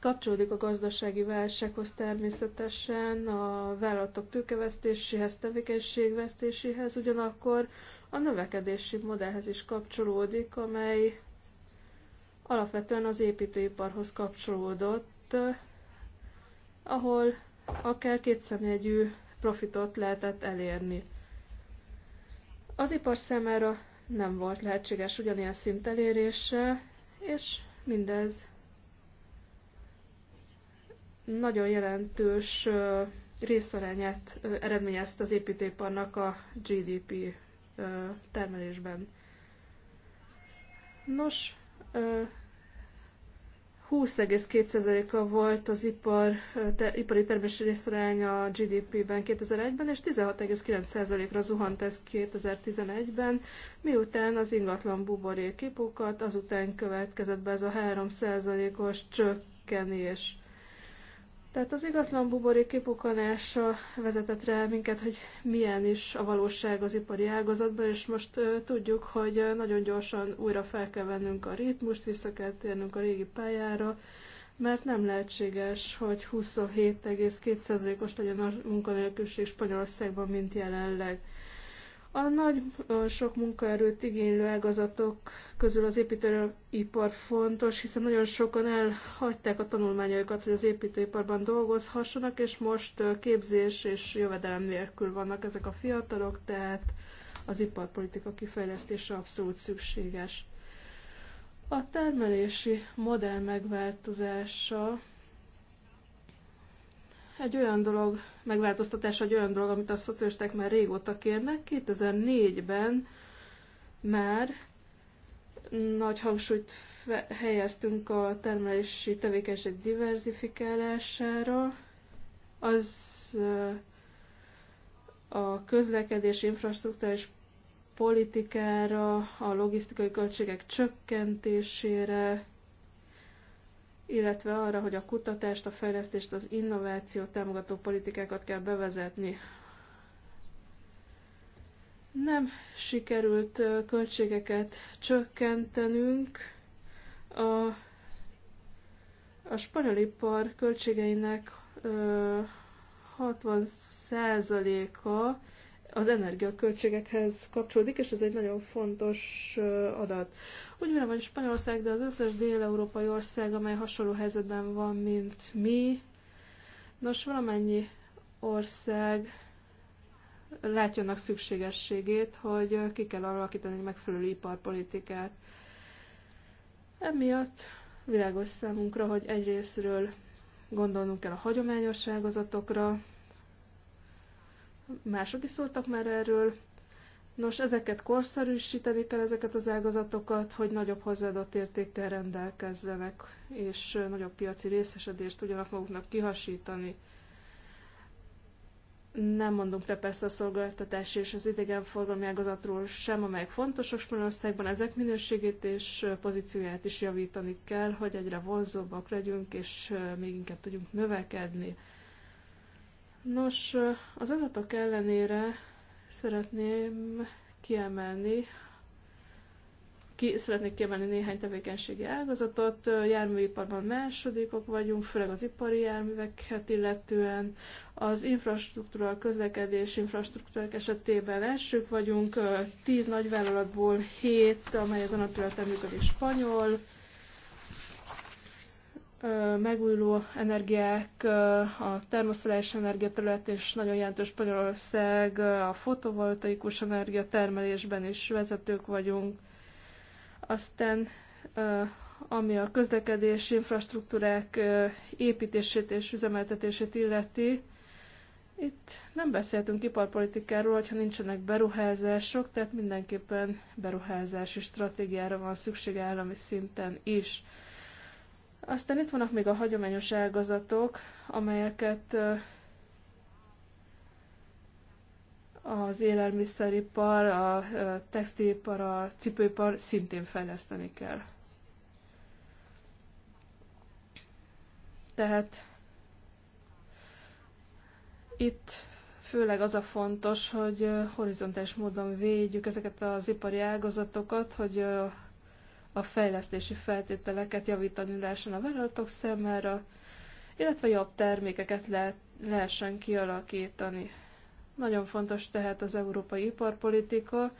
kapcsolódik a gazdasági válsághoz természetesen, a vállalatok tőkevesztéséhez, tevékenységvesztéséhez, ugyanakkor a növekedési modellhez is kapcsolódik, amely alapvetően az építőiparhoz kapcsolódott, ahol akár kétszemélyegyű profitot lehetett elérni. Az ipar számára nem volt lehetséges ugyanilyen szint elérése, és mindez nagyon jelentős részarányát eredményezte az építőiparnak a GDP termelésben. Nos, 20,2%-a volt az ipar, te, ipari termés részarány a GDP-ben 2001-ben, és 16,9%-ra zuhant ez 2011-ben, miután az ingatlan buborék kipukat, azután következett be ez a 3%-os csökkenés. Tehát az igazlan buborék kipukanása vezetett rá minket, hogy milyen is a valóság az ipari ágazatban, és most tudjuk, hogy nagyon gyorsan újra fel kell vennünk a ritmust, vissza kell térnünk a régi pályára, mert nem lehetséges, hogy 27,2%-os legyen a munkanélküliség Spanyolországban, mint jelenleg. A nagy sok munkaerőt igénylő ágazatok közül az építőipar fontos, hiszen nagyon sokan elhagyták a tanulmányaikat, hogy az építőiparban dolgozhassanak, és most képzés és jövedelem nélkül vannak ezek a fiatalok, tehát az iparpolitika kifejlesztése abszolút szükséges. A termelési modell megváltozása egy olyan dolog, megváltoztatás egy olyan dolog, amit a szocialisták már régóta kérnek. 2004-ben már nagy hangsúlyt helyeztünk a termelési tevékenység diversifikálására, Az a közlekedés infrastruktúrális politikára, a logisztikai költségek csökkentésére, illetve arra, hogy a kutatást, a fejlesztést, az innovációt támogató politikákat kell bevezetni. Nem sikerült költségeket csökkentenünk. A, a spanyol ipar költségeinek 60%-a az energiaköltségekhez kapcsolódik, és ez egy nagyon fontos adat. Úgy mire hogy Spanyolország, de az összes dél-európai ország, amely hasonló helyzetben van, mint mi, nos, valamennyi ország látja annak szükségességét, hogy ki kell alakítani egy megfelelő iparpolitikát. Emiatt világos számunkra, hogy egyrésztről gondolnunk kell a hagyományos ágazatokra, mások is szóltak már erről. Nos, ezeket korszerűsíteni kell, ezeket az ágazatokat, hogy nagyobb hozzáadott értékkel rendelkezzenek, és nagyobb piaci részesedést tudjanak maguknak kihasítani. Nem mondunk le persze a szolgáltatás és az idegenforgalmi ágazatról sem, amelyek fontosok Spanyolországban, ezek minőségét és pozícióját is javítani kell, hogy egyre vonzóbbak legyünk, és eh, még inkább tudjunk növekedni. Nos, az adatok ellenére szeretném kiemelni, ki, szeretnék kiemelni néhány tevékenységi ágazatot. Járműiparban másodikok vagyunk, főleg az ipari járműveket illetően. Az infrastruktúra, a közlekedés infrastruktúrák esetében elsők vagyunk. Tíz nagyvállalatból hét, amely ezen a területen működik spanyol megújuló energiák, a termoszolás energia területén és nagyon jelentős Spanyolország, a fotovoltaikus energia termelésben is vezetők vagyunk. Aztán ami a közlekedés infrastruktúrák építését és üzemeltetését illeti, itt nem beszéltünk iparpolitikáról, hogyha nincsenek beruházások, tehát mindenképpen beruházási stratégiára van szükség állami szinten is. Aztán itt vannak még a hagyományos ágazatok, amelyeket az élelmiszeripar, a textilipar, a cipőipar szintén fejleszteni kell. Tehát itt főleg az a fontos, hogy horizontális módon védjük ezeket az ipari ágazatokat, hogy a fejlesztési feltételeket javítani lehessen a vállalatok számára, illetve jobb termékeket lehet, lehessen kialakítani. Nagyon fontos tehát az európai iparpolitika.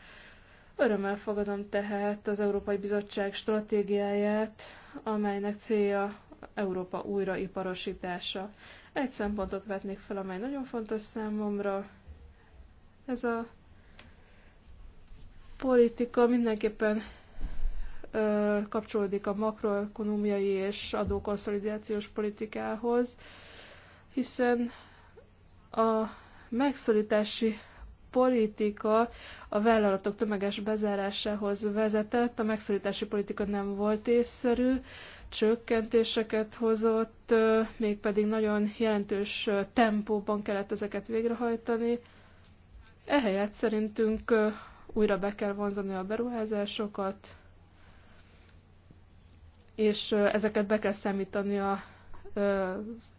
Örömmel fogadom tehát az Európai Bizottság stratégiáját, amelynek célja Európa újraiparosítása. Egy szempontot vetnék fel, amely nagyon fontos számomra. Ez a politika mindenképpen kapcsolódik a makroekonomiai és adókonszolidációs politikához, hiszen a megszorítási politika a vállalatok tömeges bezárásához vezetett, a megszorítási politika nem volt észszerű, csökkentéseket hozott, mégpedig nagyon jelentős tempóban kellett ezeket végrehajtani. Ehelyett szerintünk újra be kell vonzani a beruházásokat, és ezeket be kell számítani a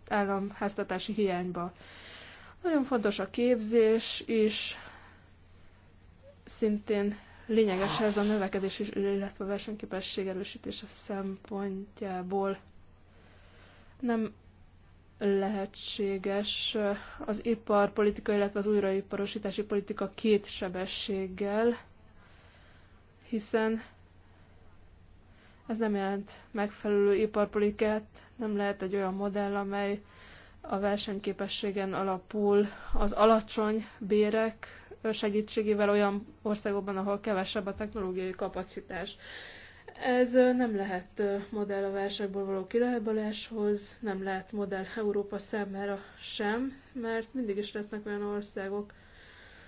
államháztatási hiányba. Nagyon fontos a képzés is, szintén lényeges ez a növekedés, is, illetve a versenyképesség erősítése szempontjából nem lehetséges az iparpolitika, illetve az újraiparosítási politika két sebességgel, hiszen ez nem jelent megfelelő iparpolitikát, nem lehet egy olyan modell, amely a versenyképességen alapul az alacsony bérek segítségével olyan országokban, ahol kevesebb a technológiai kapacitás. Ez nem lehet modell a válságból való kilábaláshoz, nem lehet modell Európa számára sem, mert mindig is lesznek olyan országok,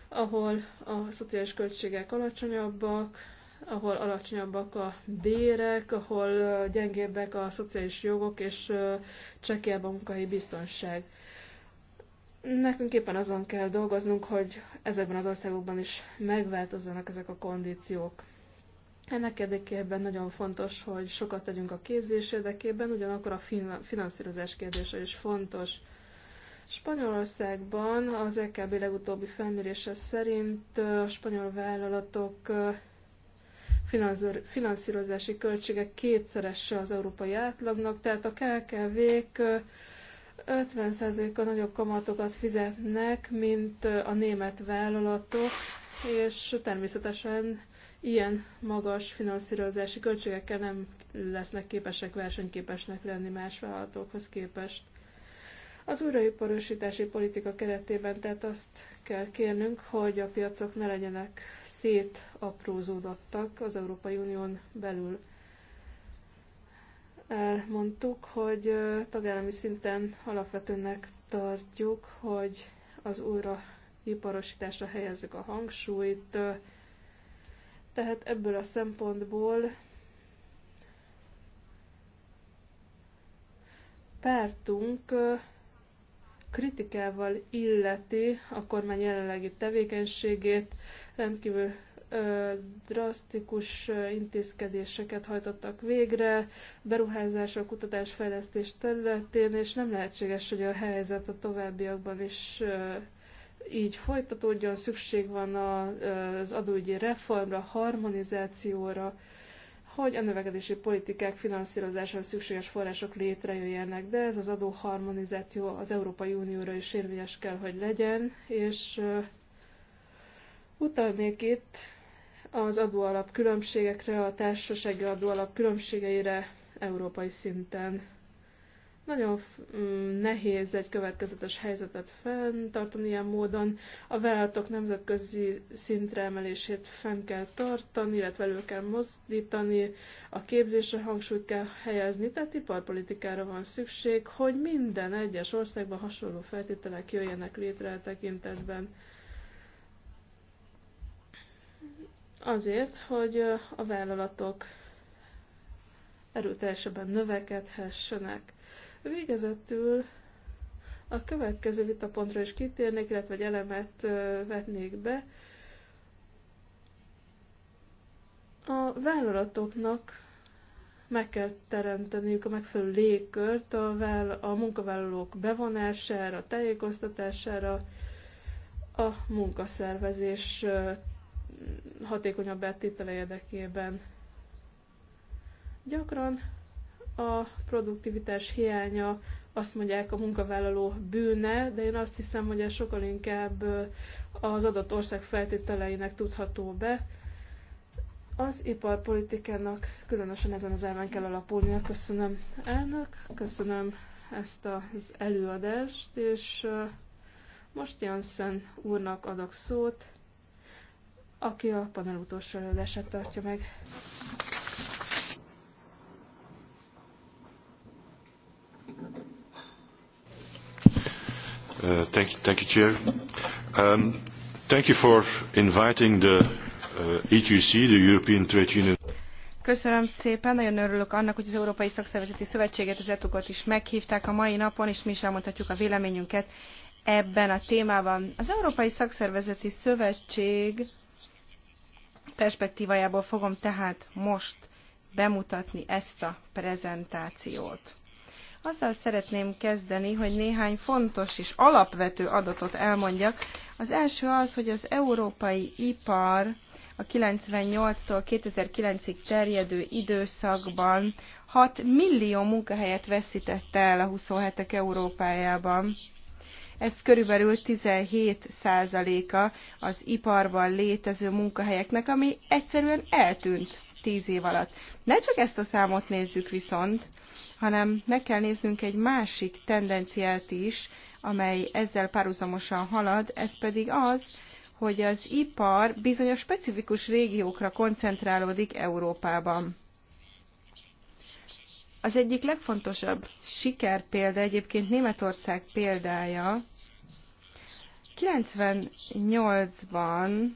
ahol a szociális költségek alacsonyabbak, ahol alacsonyabbak a bérek, ahol gyengébbek a szociális jogok, és csekélyebb a munkahelyi biztonság. Nekünk éppen azon kell dolgoznunk, hogy ezekben az országokban is megváltozzanak ezek a kondíciók. Ennek érdekében nagyon fontos, hogy sokat tegyünk a képzés érdekében, ugyanakkor a finanszírozás kérdése is fontos. Spanyolországban az EKB legutóbbi felmérése szerint a spanyol vállalatok finanszírozási költségek kétszerese az európai átlagnak, tehát a KKV-k 50%-a nagyobb kamatokat fizetnek, mint a német vállalatok, és természetesen ilyen magas finanszírozási költségekkel nem lesznek képesek versenyképesnek lenni más vállalatokhoz képest. Az újraiparosítási politika keretében tehát azt kell kérnünk, hogy a piacok ne legyenek szétaprózódottak az Európai Unión belül. Elmondtuk, hogy tagállami szinten alapvetőnek tartjuk, hogy az újra iparosításra helyezzük a hangsúlyt, tehát ebből a szempontból pártunk kritikával illeti a kormány jelenlegi tevékenységét, rendkívül ö, drasztikus intézkedéseket hajtottak végre, beruházások, kutatásfejlesztés területén, és nem lehetséges, hogy a helyzet a továbbiakban is ö, így folytatódjon, szükség van az adóügyi reformra, harmonizációra, hogy a növekedési politikák finanszírozására szükséges források létrejöjjenek, de ez az adóharmonizáció az Európai Unióra is érvényes kell, hogy legyen, és utalnék itt az adóalap különbségekre, a társasági adóalap különbségeire európai szinten. Nagyon mm, nehéz egy következetes helyzetet fenntartani ilyen módon. A vállalatok nemzetközi szintre emelését fenn kell tartani, illetve elő kell mozdítani, a képzésre hangsúlyt kell helyezni, tehát iparpolitikára van szükség, hogy minden egyes országban hasonló feltételek jöjjenek létre a tekintetben. Azért, hogy a vállalatok erőteljesebben növekedhessenek. Végezetül a következő vitapontra is kitérnék, illetve egy elemet vetnék be. A vállalatoknak meg kell teremteniük a megfelelő légkört a, vála- a munkavállalók bevonására, tájékoztatására, a munkaszervezés hatékonyabb tétele érdekében. Gyakran a produktivitás hiánya azt mondják a munkavállaló bűne, de én azt hiszem, hogy ez sokkal inkább az adott ország feltételeinek tudható be. Az iparpolitikának különösen ezen az elven kell alapulnia. Köszönöm elnök, köszönöm ezt az előadást, és most Janssen úrnak adok szót, aki a panel utolsó előadását tartja meg. Uh, thank you, Chair. Um, thank you for inviting the uh, ETC, the European Trade Union. Köszönöm szépen, nagyon örülök annak, hogy az Európai Szakszervezeti Szövetséget, az ETUKot is meghívták a mai napon, és mi is elmondhatjuk a véleményünket ebben a témában. Az Európai Szakszervezeti Szövetség perspektívájából fogom tehát most bemutatni ezt a prezentációt. Azzal szeretném kezdeni, hogy néhány fontos és alapvető adatot elmondjak. Az első az, hogy az európai ipar a 98-tól 2009-ig terjedő időszakban 6 millió munkahelyet veszített el a 27-ek Európájában. Ez körülbelül 17 százaléka az iparban létező munkahelyeknek, ami egyszerűen eltűnt 10 év alatt. Ne csak ezt a számot nézzük viszont, hanem meg kell néznünk egy másik tendenciát is, amely ezzel párhuzamosan halad, ez pedig az, hogy az ipar bizonyos specifikus régiókra koncentrálódik Európában. Az egyik legfontosabb sikerpélda egyébként Németország példája. 98-ban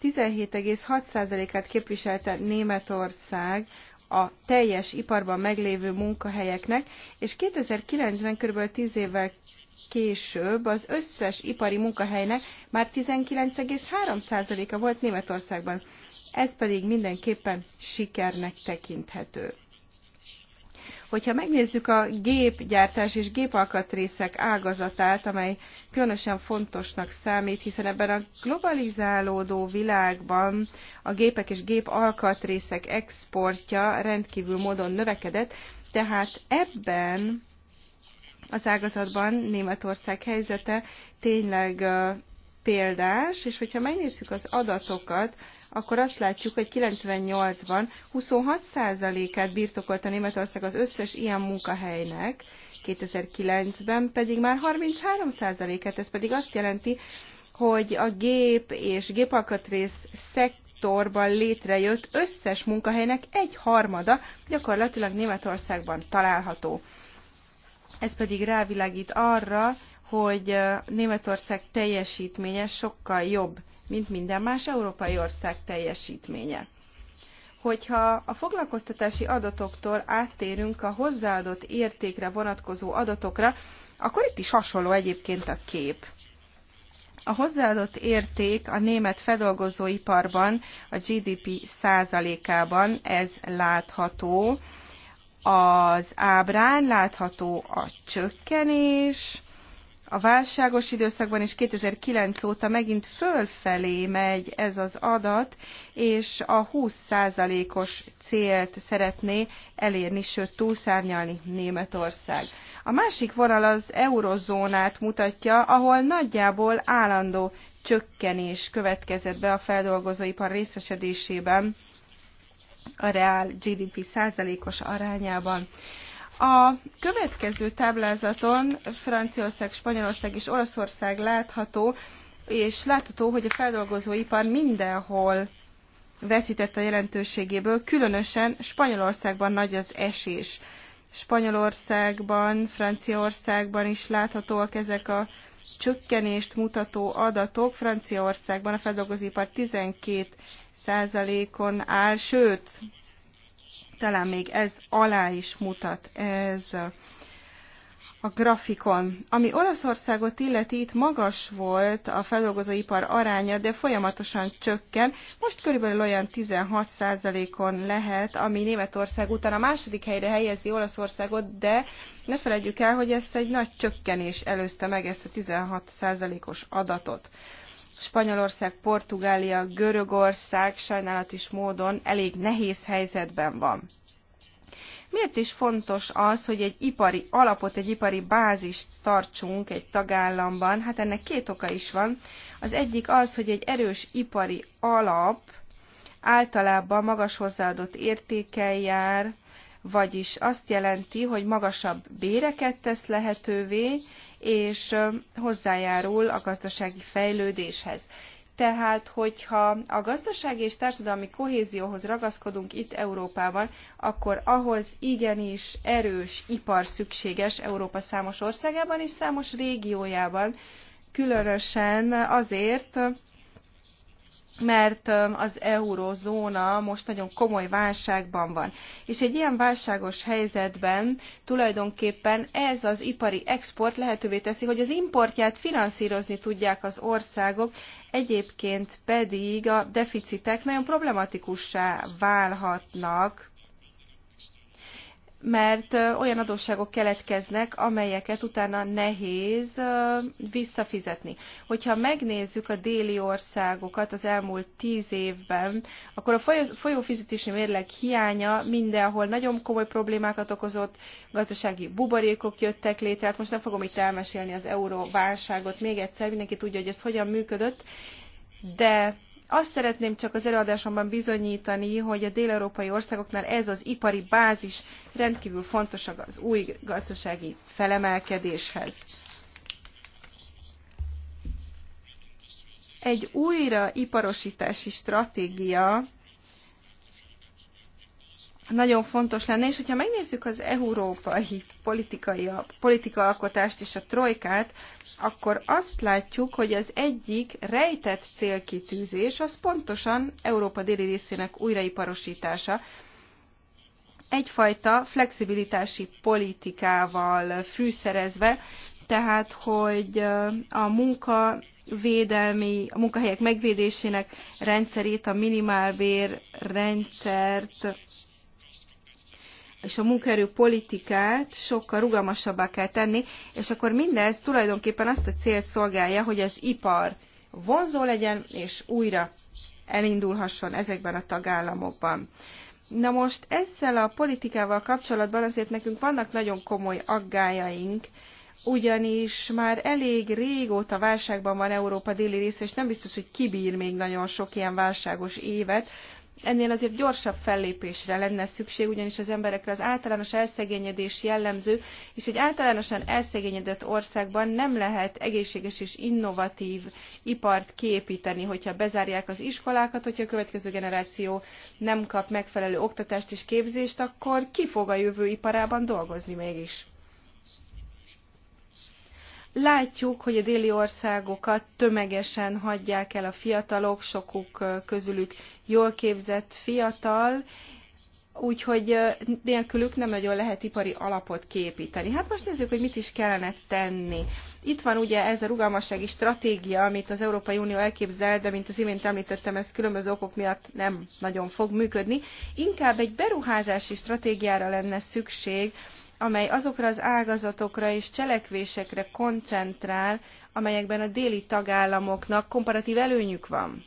17,6%-át képviselte Németország a teljes iparban meglévő munkahelyeknek, és 2009-ben kb. 10 évvel később az összes ipari munkahelynek már 19,3%-a volt Németországban. Ez pedig mindenképpen sikernek tekinthető. Hogyha megnézzük a gépgyártás és gépalkatrészek ágazatát, amely különösen fontosnak számít, hiszen ebben a globalizálódó világban a gépek és gépalkatrészek exportja rendkívül módon növekedett, tehát ebben az ágazatban Németország helyzete tényleg példás, és hogyha megnézzük az adatokat, akkor azt látjuk, hogy 98-ban 26%-át birtokolta Németország az összes ilyen munkahelynek, 2009-ben pedig már 33%-át, ez pedig azt jelenti, hogy a gép és gépalkatrész szektorban létrejött összes munkahelynek egy harmada gyakorlatilag Németországban található. Ez pedig rávilágít arra, hogy Németország teljesítménye sokkal jobb, mint minden más európai ország teljesítménye. Hogyha a foglalkoztatási adatoktól áttérünk a hozzáadott értékre vonatkozó adatokra, akkor itt is hasonló egyébként a kép. A hozzáadott érték a német feldolgozóiparban a GDP százalékában ez látható. Az ábrán látható a csökkenés, a válságos időszakban és 2009 óta megint fölfelé megy ez az adat, és a 20%-os célt szeretné elérni, sőt túlszárnyalni Németország. A másik vonal az eurozónát mutatja, ahol nagyjából állandó csökkenés következett be a feldolgozóipar részesedésében a reál GDP százalékos arányában. A következő táblázaton Franciaország, Spanyolország és Olaszország látható, és látható, hogy a feldolgozóipar mindenhol veszített a jelentőségéből, különösen Spanyolországban nagy az esés. Spanyolországban, Franciaországban is láthatóak ezek a csökkenést mutató adatok. Franciaországban a feldolgozóipar 12%-on áll, sőt, talán még ez alá is mutat ez a grafikon. Ami Olaszországot illeti, itt magas volt a feldolgozóipar aránya, de folyamatosan csökken. Most körülbelül olyan 16%-on lehet, ami Németország után a második helyre helyezi Olaszországot, de ne felejtjük el, hogy ez egy nagy csökkenés előzte meg ezt a 16%-os adatot. Spanyolország, Portugália, Görögország sajnálatos módon elég nehéz helyzetben van. Miért is fontos az, hogy egy ipari alapot, egy ipari bázist tartsunk egy tagállamban? Hát ennek két oka is van. Az egyik az, hogy egy erős ipari alap általában magas hozzáadott értékkel jár, vagyis azt jelenti, hogy magasabb béreket tesz lehetővé, és hozzájárul a gazdasági fejlődéshez. Tehát, hogyha a gazdasági és társadalmi kohézióhoz ragaszkodunk itt Európában, akkor ahhoz igenis erős ipar szükséges Európa számos országában és számos régiójában, különösen azért, mert az eurozóna most nagyon komoly válságban van. És egy ilyen válságos helyzetben tulajdonképpen ez az ipari export lehetővé teszi, hogy az importját finanszírozni tudják az országok, egyébként pedig a deficitek nagyon problematikussá válhatnak mert olyan adósságok keletkeznek, amelyeket utána nehéz visszafizetni. Hogyha megnézzük a déli országokat az elmúlt tíz évben, akkor a folyófizetési mérleg hiánya mindenhol nagyon komoly problémákat okozott, gazdasági buborékok jöttek létre, hát most nem fogom itt elmesélni az euróválságot még egyszer, mindenki tudja, hogy ez hogyan működött, de azt szeretném csak az előadásomban bizonyítani, hogy a dél-európai országoknál ez az ipari bázis rendkívül fontos az új gazdasági felemelkedéshez. Egy újraiparosítási stratégia nagyon fontos lenne, és hogyha megnézzük az európai politikai, politikaalkotást és a trojkát, akkor azt látjuk, hogy az egyik rejtett célkitűzés az pontosan Európa déli részének újraiparosítása. Egyfajta flexibilitási politikával fűszerezve, tehát hogy a munka védelmi, a munkahelyek megvédésének rendszerét, a minimálbér rendszert és a munkaerő politikát sokkal rugalmasabbá kell tenni, és akkor mindez tulajdonképpen azt a célt szolgálja, hogy az ipar vonzó legyen, és újra elindulhasson ezekben a tagállamokban. Na most ezzel a politikával kapcsolatban azért nekünk vannak nagyon komoly aggájaink, ugyanis már elég régóta válságban van Európa déli része, és nem biztos, hogy kibír még nagyon sok ilyen válságos évet, Ennél azért gyorsabb fellépésre lenne szükség, ugyanis az emberekre az általános elszegényedés jellemző, és egy általánosan elszegényedett országban nem lehet egészséges és innovatív ipart kiépíteni, hogyha bezárják az iskolákat, hogyha a következő generáció nem kap megfelelő oktatást és képzést, akkor ki fog a jövő iparában dolgozni mégis? Látjuk, hogy a déli országokat tömegesen hagyják el a fiatalok, sokuk közülük jól képzett fiatal, úgyhogy nélkülük nem nagyon lehet ipari alapot képíteni. Hát most nézzük, hogy mit is kellene tenni. Itt van ugye ez a rugalmassági stratégia, amit az Európai Unió elképzel, de mint az imént említettem, ez különböző okok miatt nem nagyon fog működni. Inkább egy beruházási stratégiára lenne szükség, amely azokra az ágazatokra és cselekvésekre koncentrál, amelyekben a déli tagállamoknak komparatív előnyük van.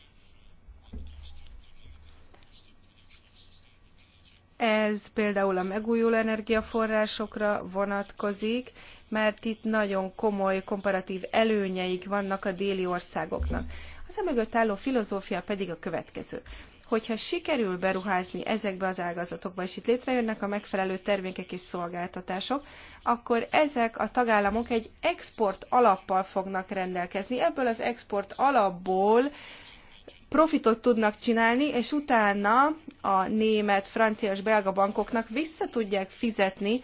Ez például a megújuló energiaforrásokra vonatkozik, mert itt nagyon komoly komparatív előnyeik vannak a déli országoknak. Az a mögött álló filozófia pedig a következő hogyha sikerül beruházni ezekbe az ágazatokba, és itt létrejönnek a megfelelő termékek és szolgáltatások, akkor ezek a tagállamok egy export alappal fognak rendelkezni. Ebből az export alapból profitot tudnak csinálni, és utána a német, francia és belga bankoknak vissza tudják fizetni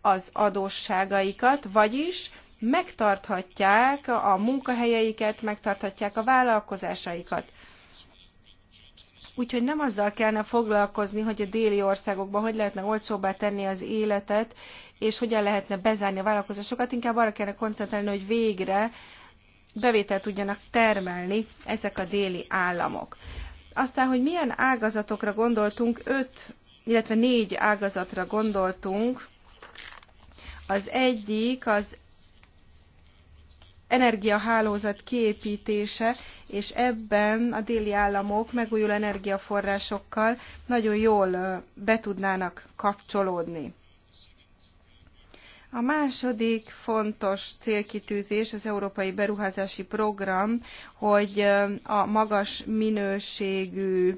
az adósságaikat, vagyis megtarthatják a munkahelyeiket, megtarthatják a vállalkozásaikat. Úgyhogy nem azzal kellene foglalkozni, hogy a déli országokban hogy lehetne olcsóbbá tenni az életet, és hogyan lehetne bezárni a vállalkozásokat, inkább arra kellene koncentrálni, hogy végre bevételt tudjanak termelni ezek a déli államok. Aztán, hogy milyen ágazatokra gondoltunk, öt, illetve négy ágazatra gondoltunk, az egyik az energiahálózat kiépítése, és ebben a déli államok megújuló energiaforrásokkal nagyon jól be tudnának kapcsolódni. A második fontos célkitűzés az Európai Beruházási Program, hogy a magas minőségű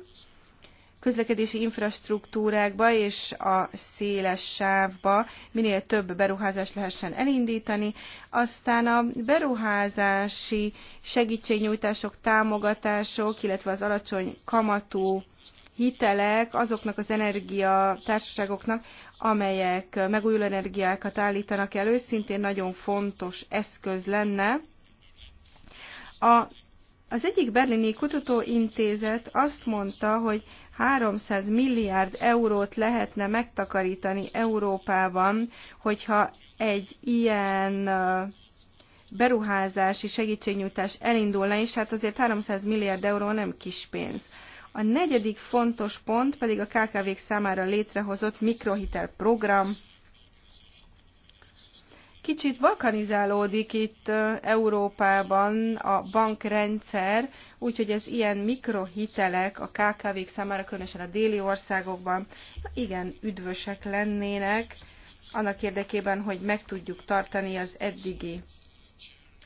közlekedési infrastruktúrákba és a széles sávba minél több beruházást lehessen elindítani. Aztán a beruházási segítségnyújtások, támogatások, illetve az alacsony kamatú hitelek azoknak az energiatársaságoknak, amelyek megújuló energiákat állítanak elő, szintén nagyon fontos eszköz lenne. A, az egyik berlini kutatóintézet azt mondta, hogy 300 milliárd eurót lehetne megtakarítani Európában, hogyha egy ilyen beruházási segítségnyújtás elindulna, és hát azért 300 milliárd euró nem kis pénz. A negyedik fontos pont pedig a KKV-k számára létrehozott mikrohitel program, Kicsit balkanizálódik itt Európában a bankrendszer, úgyhogy az ilyen mikrohitelek a KKV-k számára, különösen a déli országokban igen üdvösek lennének, annak érdekében, hogy meg tudjuk tartani az eddigi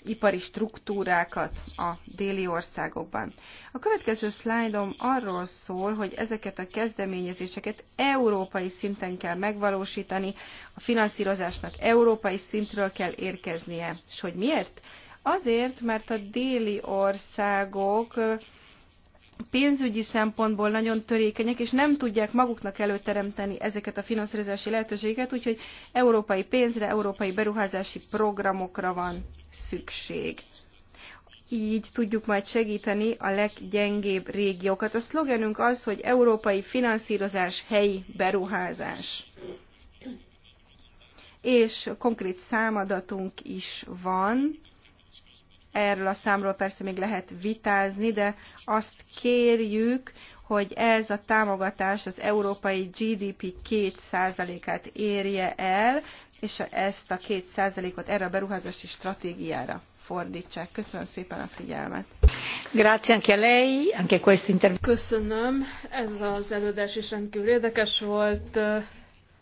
ipari struktúrákat a déli országokban. A következő szlájdom arról szól, hogy ezeket a kezdeményezéseket európai szinten kell megvalósítani, a finanszírozásnak európai szintről kell érkeznie. És hogy miért? Azért, mert a déli országok pénzügyi szempontból nagyon törékenyek, és nem tudják maguknak előteremteni ezeket a finanszírozási lehetőségeket, úgyhogy európai pénzre, európai beruházási programokra van szükség. Így tudjuk majd segíteni a leggyengébb régiókat. A szlogenünk az, hogy európai finanszírozás, helyi beruházás. És konkrét számadatunk is van. Erről a számról persze még lehet vitázni, de azt kérjük, hogy ez a támogatás az európai GDP 2%-át érje el, és ezt a két százalékot erre a beruházási stratégiára fordítsák. Köszönöm szépen a figyelmet. Grazie anche lei, anche questo intervento. Köszönöm, ez az előadás is rendkívül érdekes volt.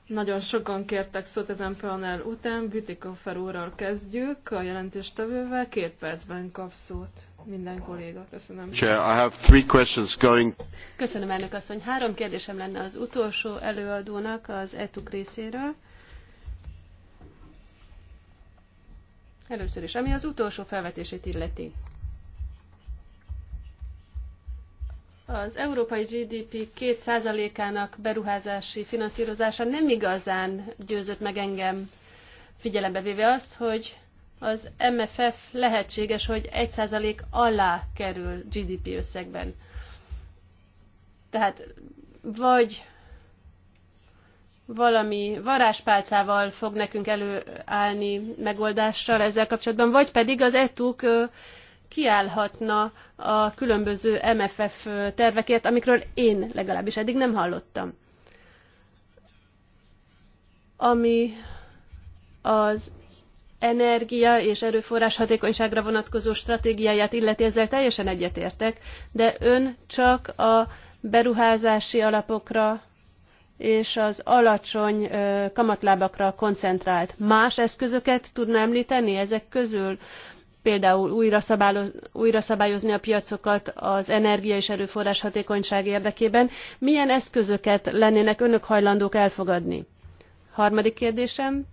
Nagyon sokan kértek szót ezen panel után. Bütikofer úrral kezdjük, a jelentéstevővel. Két percben kap szót minden kolléga. Köszönöm. I have three questions going. Köszönöm, elnök asszony. Három kérdésem lenne az utolsó előadónak az ETUK részéről. Először is, ami az utolsó felvetését illeti. Az európai GDP 2%-ának beruházási finanszírozása nem igazán győzött meg engem figyelembe véve azt, hogy az MFF lehetséges, hogy 1% alá kerül GDP összegben. Tehát vagy valami varázspálcával fog nekünk előállni megoldással ezzel kapcsolatban, vagy pedig az etuk kiállhatna a különböző MFF tervekért, amikről én legalábbis eddig nem hallottam. Ami az energia és erőforrás hatékonyságra vonatkozó stratégiáját illeti, ezzel teljesen egyetértek, de ön csak a beruházási alapokra és az alacsony kamatlábakra koncentrált. Más eszközöket tudna említeni ezek közül? Például újra, újra szabályozni a piacokat az energia és erőforrás hatékonyság érdekében. Milyen eszközöket lennének önök hajlandók elfogadni? Harmadik kérdésem.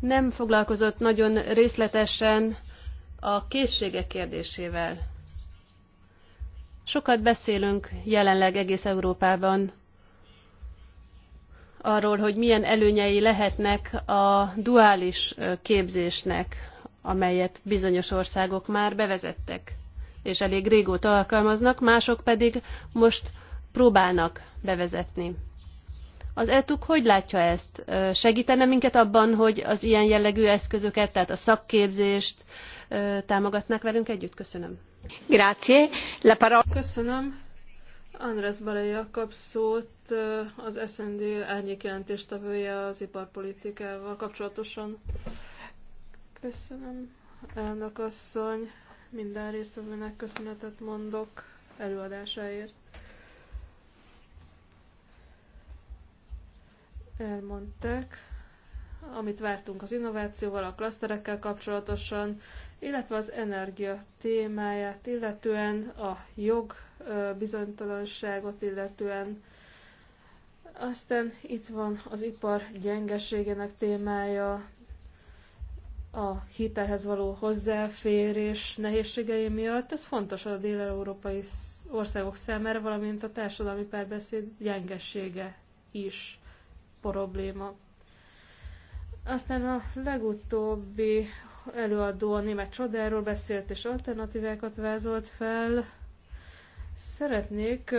Nem foglalkozott nagyon részletesen a készségek kérdésével. Sokat beszélünk jelenleg egész Európában arról, hogy milyen előnyei lehetnek a duális képzésnek, amelyet bizonyos országok már bevezettek, és elég régóta alkalmaznak, mások pedig most próbálnak bevezetni. Az ETUK hogy látja ezt? Segítene minket abban, hogy az ilyen jellegű eszközöket, tehát a szakképzést támogatnák velünk együtt? Köszönöm. Köszönöm. András Baleja kap szót, az SND árnyék jelentéstevője az iparpolitikával kapcsolatosan. Köszönöm, elnök asszony. Minden résztvevőnek köszönetet mondok előadásáért. Elmondták, amit vártunk az innovációval, a klaszterekkel kapcsolatosan, illetve az energia témáját, illetően a jog bizonytalanságot, illetően aztán itt van az ipar gyengeségének témája, a hitelhez való hozzáférés nehézségei miatt. Ez fontos a dél-európai országok számára, valamint a társadalmi párbeszéd gyengesége is probléma. Aztán a legutóbbi előadó a német csodáról beszélt és alternatívákat vázolt fel. Szeretnék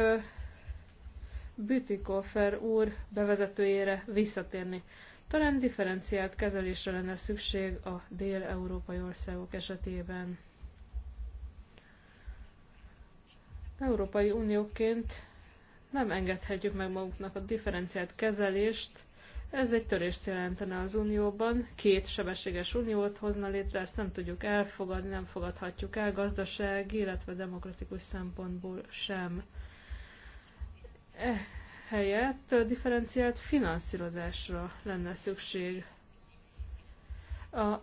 Bütikofer úr bevezetőjére visszatérni. Talán differenciált kezelésre lenne szükség a dél-európai országok esetében. Európai Unióként nem engedhetjük meg magunknak a differenciált kezelést, ez egy törést jelentene az unióban, két sebességes uniót hozna létre, ezt nem tudjuk elfogadni, nem fogadhatjuk el gazdaság, illetve demokratikus szempontból sem. E helyett differenciált finanszírozásra lenne szükség. A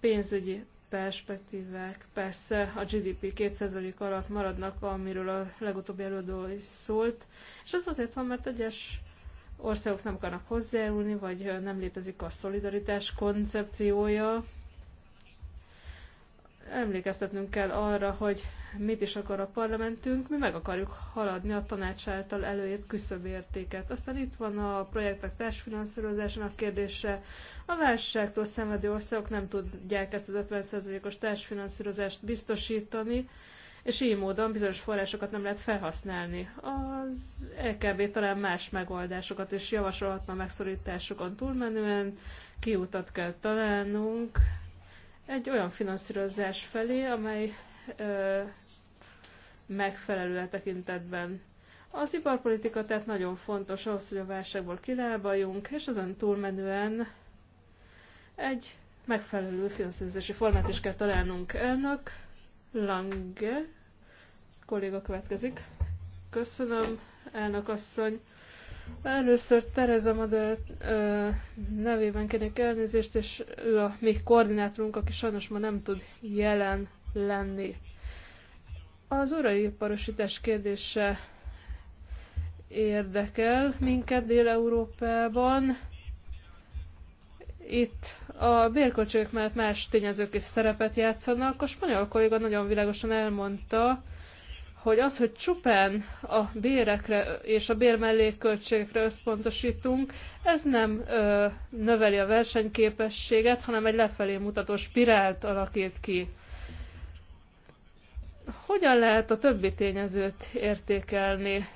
pénzügyi perspektívák persze a GDP 2% alatt maradnak, amiről a legutóbbi előadó is szólt, és ez azért van, mert egyes országok nem akarnak hozzájárulni, vagy nem létezik a szolidaritás koncepciója. Emlékeztetnünk kell arra, hogy mit is akar a parlamentünk, mi meg akarjuk haladni a tanács által előírt küszöbértéket. Aztán itt van a projektek társfinanszírozásának kérdése. A válságtól szenvedő országok nem tudják ezt az 50%-os társfinanszírozást biztosítani, és így módon bizonyos forrásokat nem lehet felhasználni. Az LKB e talán más megoldásokat is javasolhatna megszorításokon túlmenően, kiutat kell találnunk egy olyan finanszírozás felé, amely ö, megfelelő a e tekintetben. Az iparpolitika tehát nagyon fontos ahhoz, hogy a válságból kilábaljunk, és azon túlmenően egy megfelelő finanszírozási formát is kell találnunk elnök. Lange kolléga következik. Köszönöm, elnök asszony. Először Tereza Madör nevében kérnék elnézést, és ő a mi koordinátorunk, aki sajnos ma nem tud jelen lenni. Az parosítás kérdése érdekel minket Dél-Európában itt a bérköltségek mellett más tényezők is szerepet játszanak. A spanyol kolléga nagyon világosan elmondta, hogy az, hogy csupán a bérekre és a bérmellékköltségekre összpontosítunk, ez nem ö, növeli a versenyképességet, hanem egy lefelé mutató spirált alakít ki. Hogyan lehet a többi tényezőt értékelni?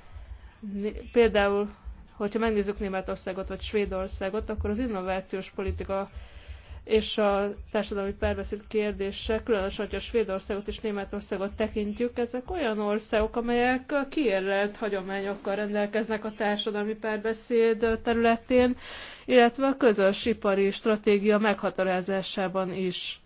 Például hogyha megnézzük Németországot vagy Svédországot, akkor az innovációs politika és a társadalmi párbeszéd kérdése, különösen, hogyha Svédországot és Németországot tekintjük, ezek olyan országok, amelyek kiérlelt hagyományokkal rendelkeznek a társadalmi párbeszéd területén, illetve a közös ipari stratégia meghatározásában is.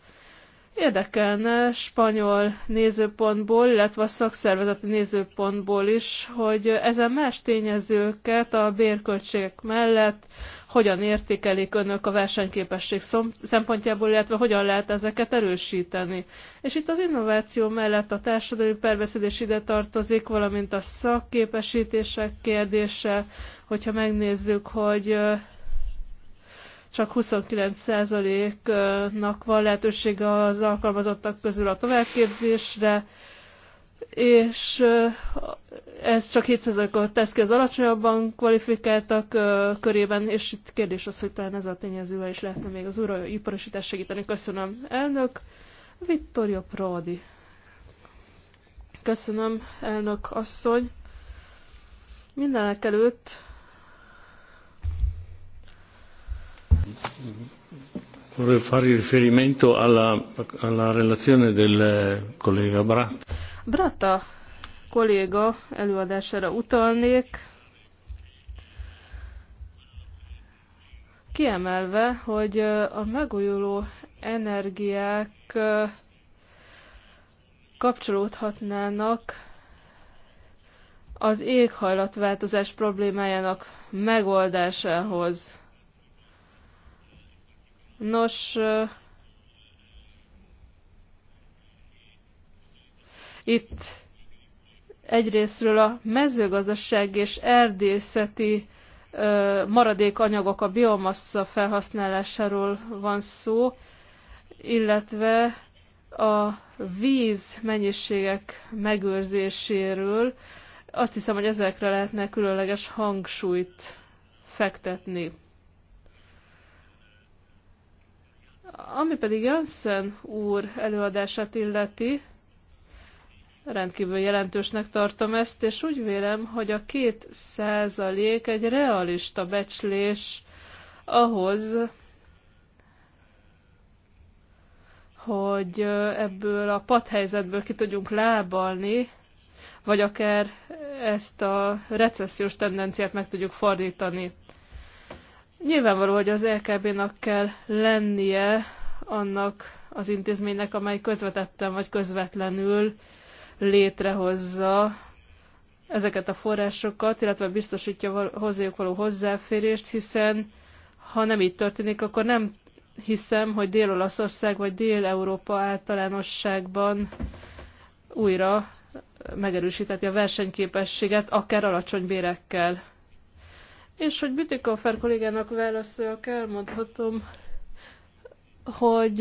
Érdekelne spanyol nézőpontból, illetve a szakszervezeti nézőpontból is, hogy ezen más tényezőket a bérköltségek mellett hogyan értékelik önök a versenyképesség szempontjából, illetve hogyan lehet ezeket erősíteni. És itt az innováció mellett a társadalmi perbeszédés ide tartozik, valamint a szakképesítések kérdése, hogyha megnézzük, hogy csak 29%-nak van lehetősége az alkalmazottak közül a továbbképzésre, és eh, ez csak 700 ot tesz ki az alacsonyabban kvalifikáltak eh, körében, és itt kérdés az, hogy talán ez a tényezővel is lehetne még az újraiparosítás segíteni. Köszönöm, elnök. Vittoria Prodi. Köszönöm, elnök asszony. Mindenek előtt Vorrei fare riferimento alla, alla relazione del collega Bratta Bratta kolléga előadására utalnék, kiemelve, hogy a megújuló energiák kapcsolódhatnának az éghajlatváltozás problémájának megoldásához. Nos, itt egyrésztről a mezőgazdaság és erdészeti maradékanyagok a biomassa felhasználásáról van szó, illetve a víz mennyiségek megőrzéséről. Azt hiszem, hogy ezekre lehetne különleges hangsúlyt fektetni. Ami pedig Janssen úr előadását illeti, rendkívül jelentősnek tartom ezt, és úgy vélem, hogy a két százalék egy realista becslés ahhoz, hogy ebből a padhelyzetből ki tudjunk lábalni, vagy akár ezt a recessziós tendenciát meg tudjuk fordítani. Nyilvánvaló, hogy az LKB-nak e kell lennie annak az intézménynek, amely közvetetten vagy közvetlenül létrehozza ezeket a forrásokat, illetve biztosítja hozzájuk való hozzáférést, hiszen ha nem így történik, akkor nem hiszem, hogy Dél-Olaszország vagy Dél-Európa általánosságban újra megerősítheti a versenyképességet, akár alacsony bérekkel. És hogy Bütikofer kollégának válaszoljak, elmondhatom, hogy,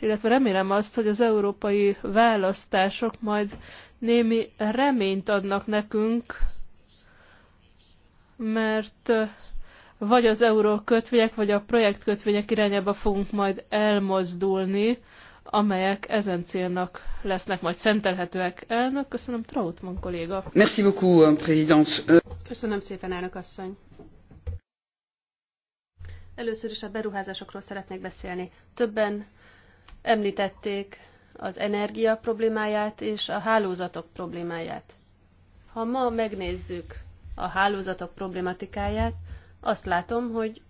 illetve remélem azt, hogy az európai választások majd némi reményt adnak nekünk, mert vagy az euró kötvények, vagy a projekt kötvények irányába fogunk majd elmozdulni, amelyek ezen célnak lesznek majd szentelhetőek. Elnök, köszönöm, Trautmann kolléga. Merci beaucoup, euh, président. Euh, köszönöm szépen, elnök asszony. Először is a beruházásokról szeretnék beszélni. Többen említették az energia problémáját és a hálózatok problémáját. Ha ma megnézzük a hálózatok problématikáját, azt látom, hogy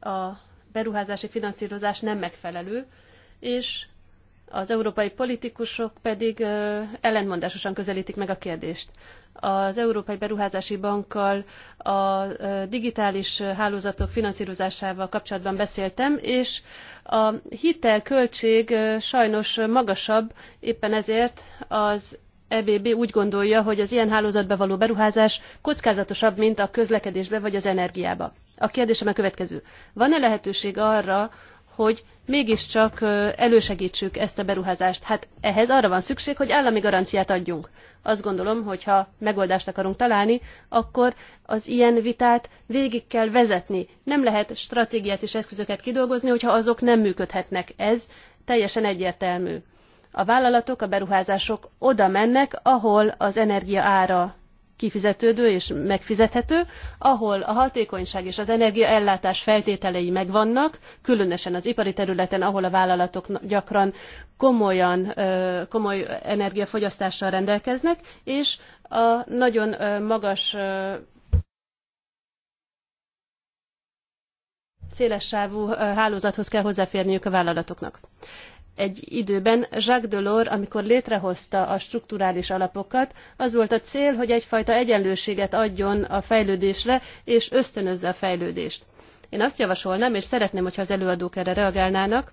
a beruházási finanszírozás nem megfelelő, és az európai politikusok pedig ellentmondásosan közelítik meg a kérdést. Az Európai Beruházási Bankkal a digitális hálózatok finanszírozásával kapcsolatban beszéltem, és a hitelköltség sajnos magasabb, éppen ezért az EBB úgy gondolja, hogy az ilyen hálózatba való beruházás kockázatosabb, mint a közlekedésbe vagy az energiába. A kérdésem a következő. Van-e lehetőség arra, hogy mégiscsak elősegítsük ezt a beruházást. Hát ehhez arra van szükség, hogy állami garanciát adjunk. Azt gondolom, hogy ha megoldást akarunk találni, akkor az ilyen vitát végig kell vezetni. Nem lehet stratégiát és eszközöket kidolgozni, hogyha azok nem működhetnek. Ez teljesen egyértelmű. A vállalatok, a beruházások oda mennek, ahol az energia ára kifizetődő és megfizethető, ahol a hatékonyság és az energiaellátás feltételei megvannak, különösen az ipari területen, ahol a vállalatok gyakran komolyan, komoly energiafogyasztással rendelkeznek, és a nagyon magas szélessávú hálózathoz kell hozzáférniük a vállalatoknak egy időben Jacques Delors, amikor létrehozta a strukturális alapokat, az volt a cél, hogy egyfajta egyenlőséget adjon a fejlődésre, és ösztönözze a fejlődést. Én azt javasolnám, és szeretném, hogyha az előadók erre reagálnának,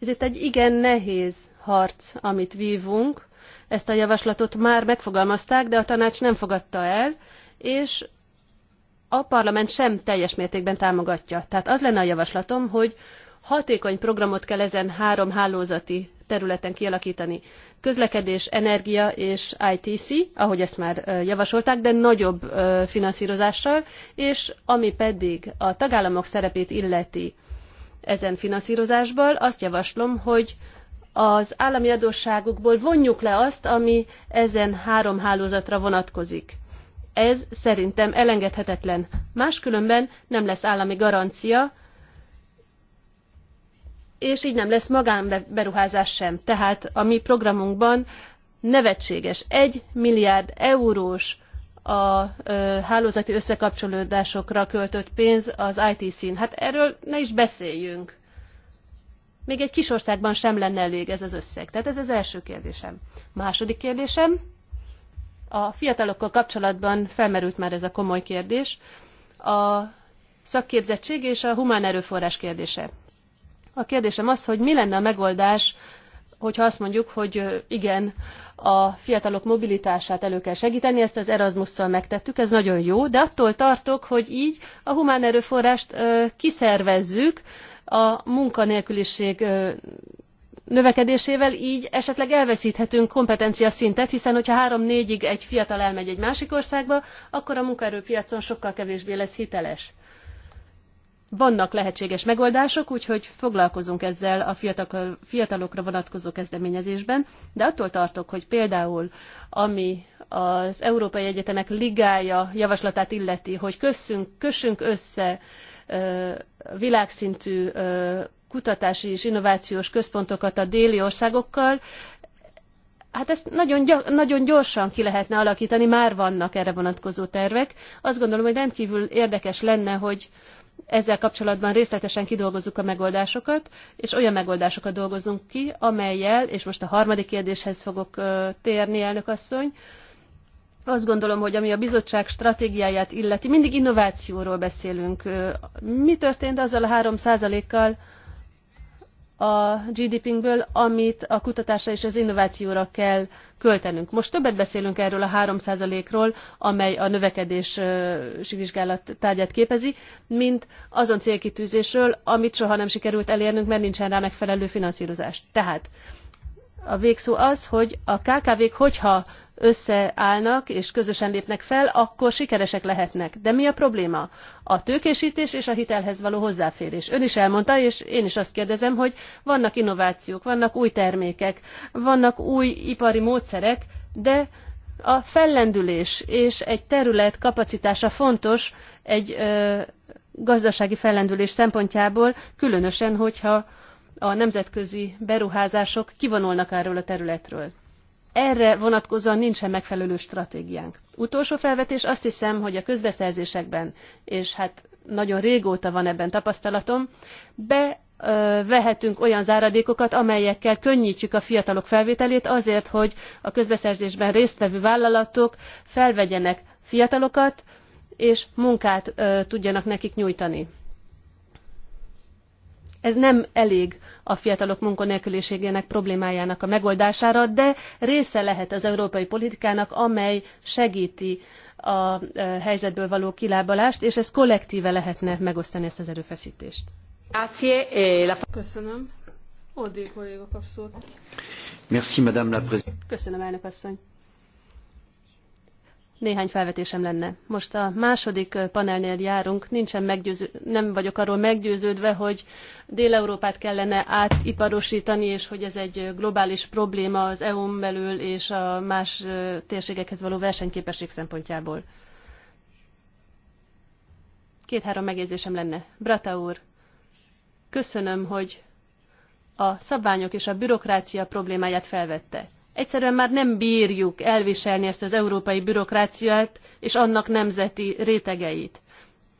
ez itt egy igen nehéz harc, amit vívunk. Ezt a javaslatot már megfogalmazták, de a tanács nem fogadta el, és a parlament sem teljes mértékben támogatja. Tehát az lenne a javaslatom, hogy Hatékony programot kell ezen három hálózati területen kialakítani. Közlekedés, energia és ITC, ahogy ezt már javasolták, de nagyobb finanszírozással, és ami pedig a tagállamok szerepét illeti ezen finanszírozásból, azt javaslom, hogy az állami adósságukból vonjuk le azt, ami ezen három hálózatra vonatkozik. Ez szerintem elengedhetetlen. Máskülönben nem lesz állami garancia, és így nem lesz magánberuházás sem. Tehát a mi programunkban nevetséges, egy milliárd eurós a ö, hálózati összekapcsolódásokra költött pénz az IT-szín. Hát erről ne is beszéljünk. Még egy kis országban sem lenne elég ez az összeg. Tehát ez az első kérdésem. Második kérdésem, a fiatalokkal kapcsolatban felmerült már ez a komoly kérdés, a szakképzettség és a humán erőforrás kérdése. A kérdésem az, hogy mi lenne a megoldás, hogyha azt mondjuk, hogy igen, a fiatalok mobilitását elő kell segíteni, ezt az Erasmusszal megtettük, ez nagyon jó, de attól tartok, hogy így a humán erőforrást kiszervezzük a munkanélküliség növekedésével, így esetleg elveszíthetünk kompetencia szintet, hiszen hogyha három-négyig egy fiatal elmegy egy másik országba, akkor a munkaerőpiacon sokkal kevésbé lesz hiteles vannak lehetséges megoldások, úgyhogy foglalkozunk ezzel a fiatalokra vonatkozó kezdeményezésben, de attól tartok, hogy például ami az Európai Egyetemek ligája javaslatát illeti, hogy kössünk, kössünk össze ö, világszintű ö, kutatási és innovációs központokat a déli országokkal, hát ezt nagyon, nagyon gyorsan ki lehetne alakítani, már vannak erre vonatkozó tervek. Azt gondolom, hogy rendkívül érdekes lenne, hogy ezzel kapcsolatban részletesen kidolgozzuk a megoldásokat, és olyan megoldásokat dolgozunk ki, amelyel, és most a harmadik kérdéshez fogok térni, elnök asszony, azt gondolom, hogy ami a bizottság stratégiáját illeti, mindig innovációról beszélünk. Mi történt azzal a három százalékkal, a GDP-nkből, amit a kutatásra és az innovációra kell költenünk. Most többet beszélünk erről a 3%-ról, amely a növekedési vizsgálat tárgyát képezi, mint azon célkitűzésről, amit soha nem sikerült elérnünk, mert nincsen rá megfelelő finanszírozás. Tehát a végszó az, hogy a KKV-k, hogyha összeállnak és közösen lépnek fel, akkor sikeresek lehetnek. De mi a probléma? A tőkésítés és a hitelhez való hozzáférés. Ön is elmondta, és én is azt kérdezem, hogy vannak innovációk, vannak új termékek, vannak új ipari módszerek, de a fellendülés és egy terület kapacitása fontos egy ö, gazdasági fellendülés szempontjából, különösen, hogyha a nemzetközi beruházások kivonulnak erről a területről erre vonatkozóan nincsen megfelelő stratégiánk. Utolsó felvetés, azt hiszem, hogy a közbeszerzésekben, és hát nagyon régóta van ebben tapasztalatom, be vehetünk olyan záradékokat, amelyekkel könnyítjük a fiatalok felvételét azért, hogy a közbeszerzésben résztvevő vállalatok felvegyenek fiatalokat, és munkát tudjanak nekik nyújtani. Ez nem elég a fiatalok munkanélküliségének problémájának a megoldására, de része lehet az európai politikának, amely segíti a e, helyzetből való kilábalást, és ez kollektíve lehetne megosztani ezt az erőfeszítést. E, Köszönöm. Odi kolléga kap szót. Merci, Madame la Présidente. Köszönöm, elnök asszony. Néhány felvetésem lenne. Most a második panelnél járunk, nincsen meggyőző, nem vagyok arról meggyőződve, hogy Dél-Európát kellene átiparosítani, és hogy ez egy globális probléma az EU-n belül és a más térségekhez való versenyképesség szempontjából. Két-három megjegyzésem lenne. Brata úr, köszönöm, hogy a szabványok és a bürokrácia problémáját felvette Egyszerűen már nem bírjuk elviselni ezt az európai bürokráciát és annak nemzeti rétegeit.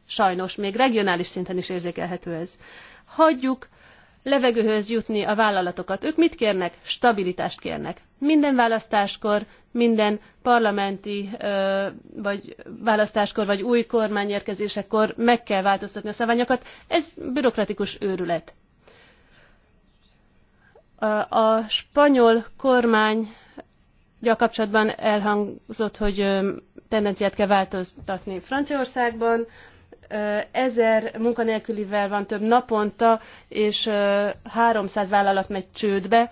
Sajnos még regionális szinten is érzékelhető ez. Hagyjuk levegőhöz jutni a vállalatokat. Ők mit kérnek? Stabilitást kérnek. Minden választáskor, minden parlamenti vagy választáskor, vagy új érkezésekor meg kell változtatni a szabványokat. Ez bürokratikus őrület. A spanyol kormány kapcsolatban elhangzott, hogy tendenciát kell változtatni Franciaországban. Ezer munkanélkülivel van több naponta, és 300 vállalat megy csődbe.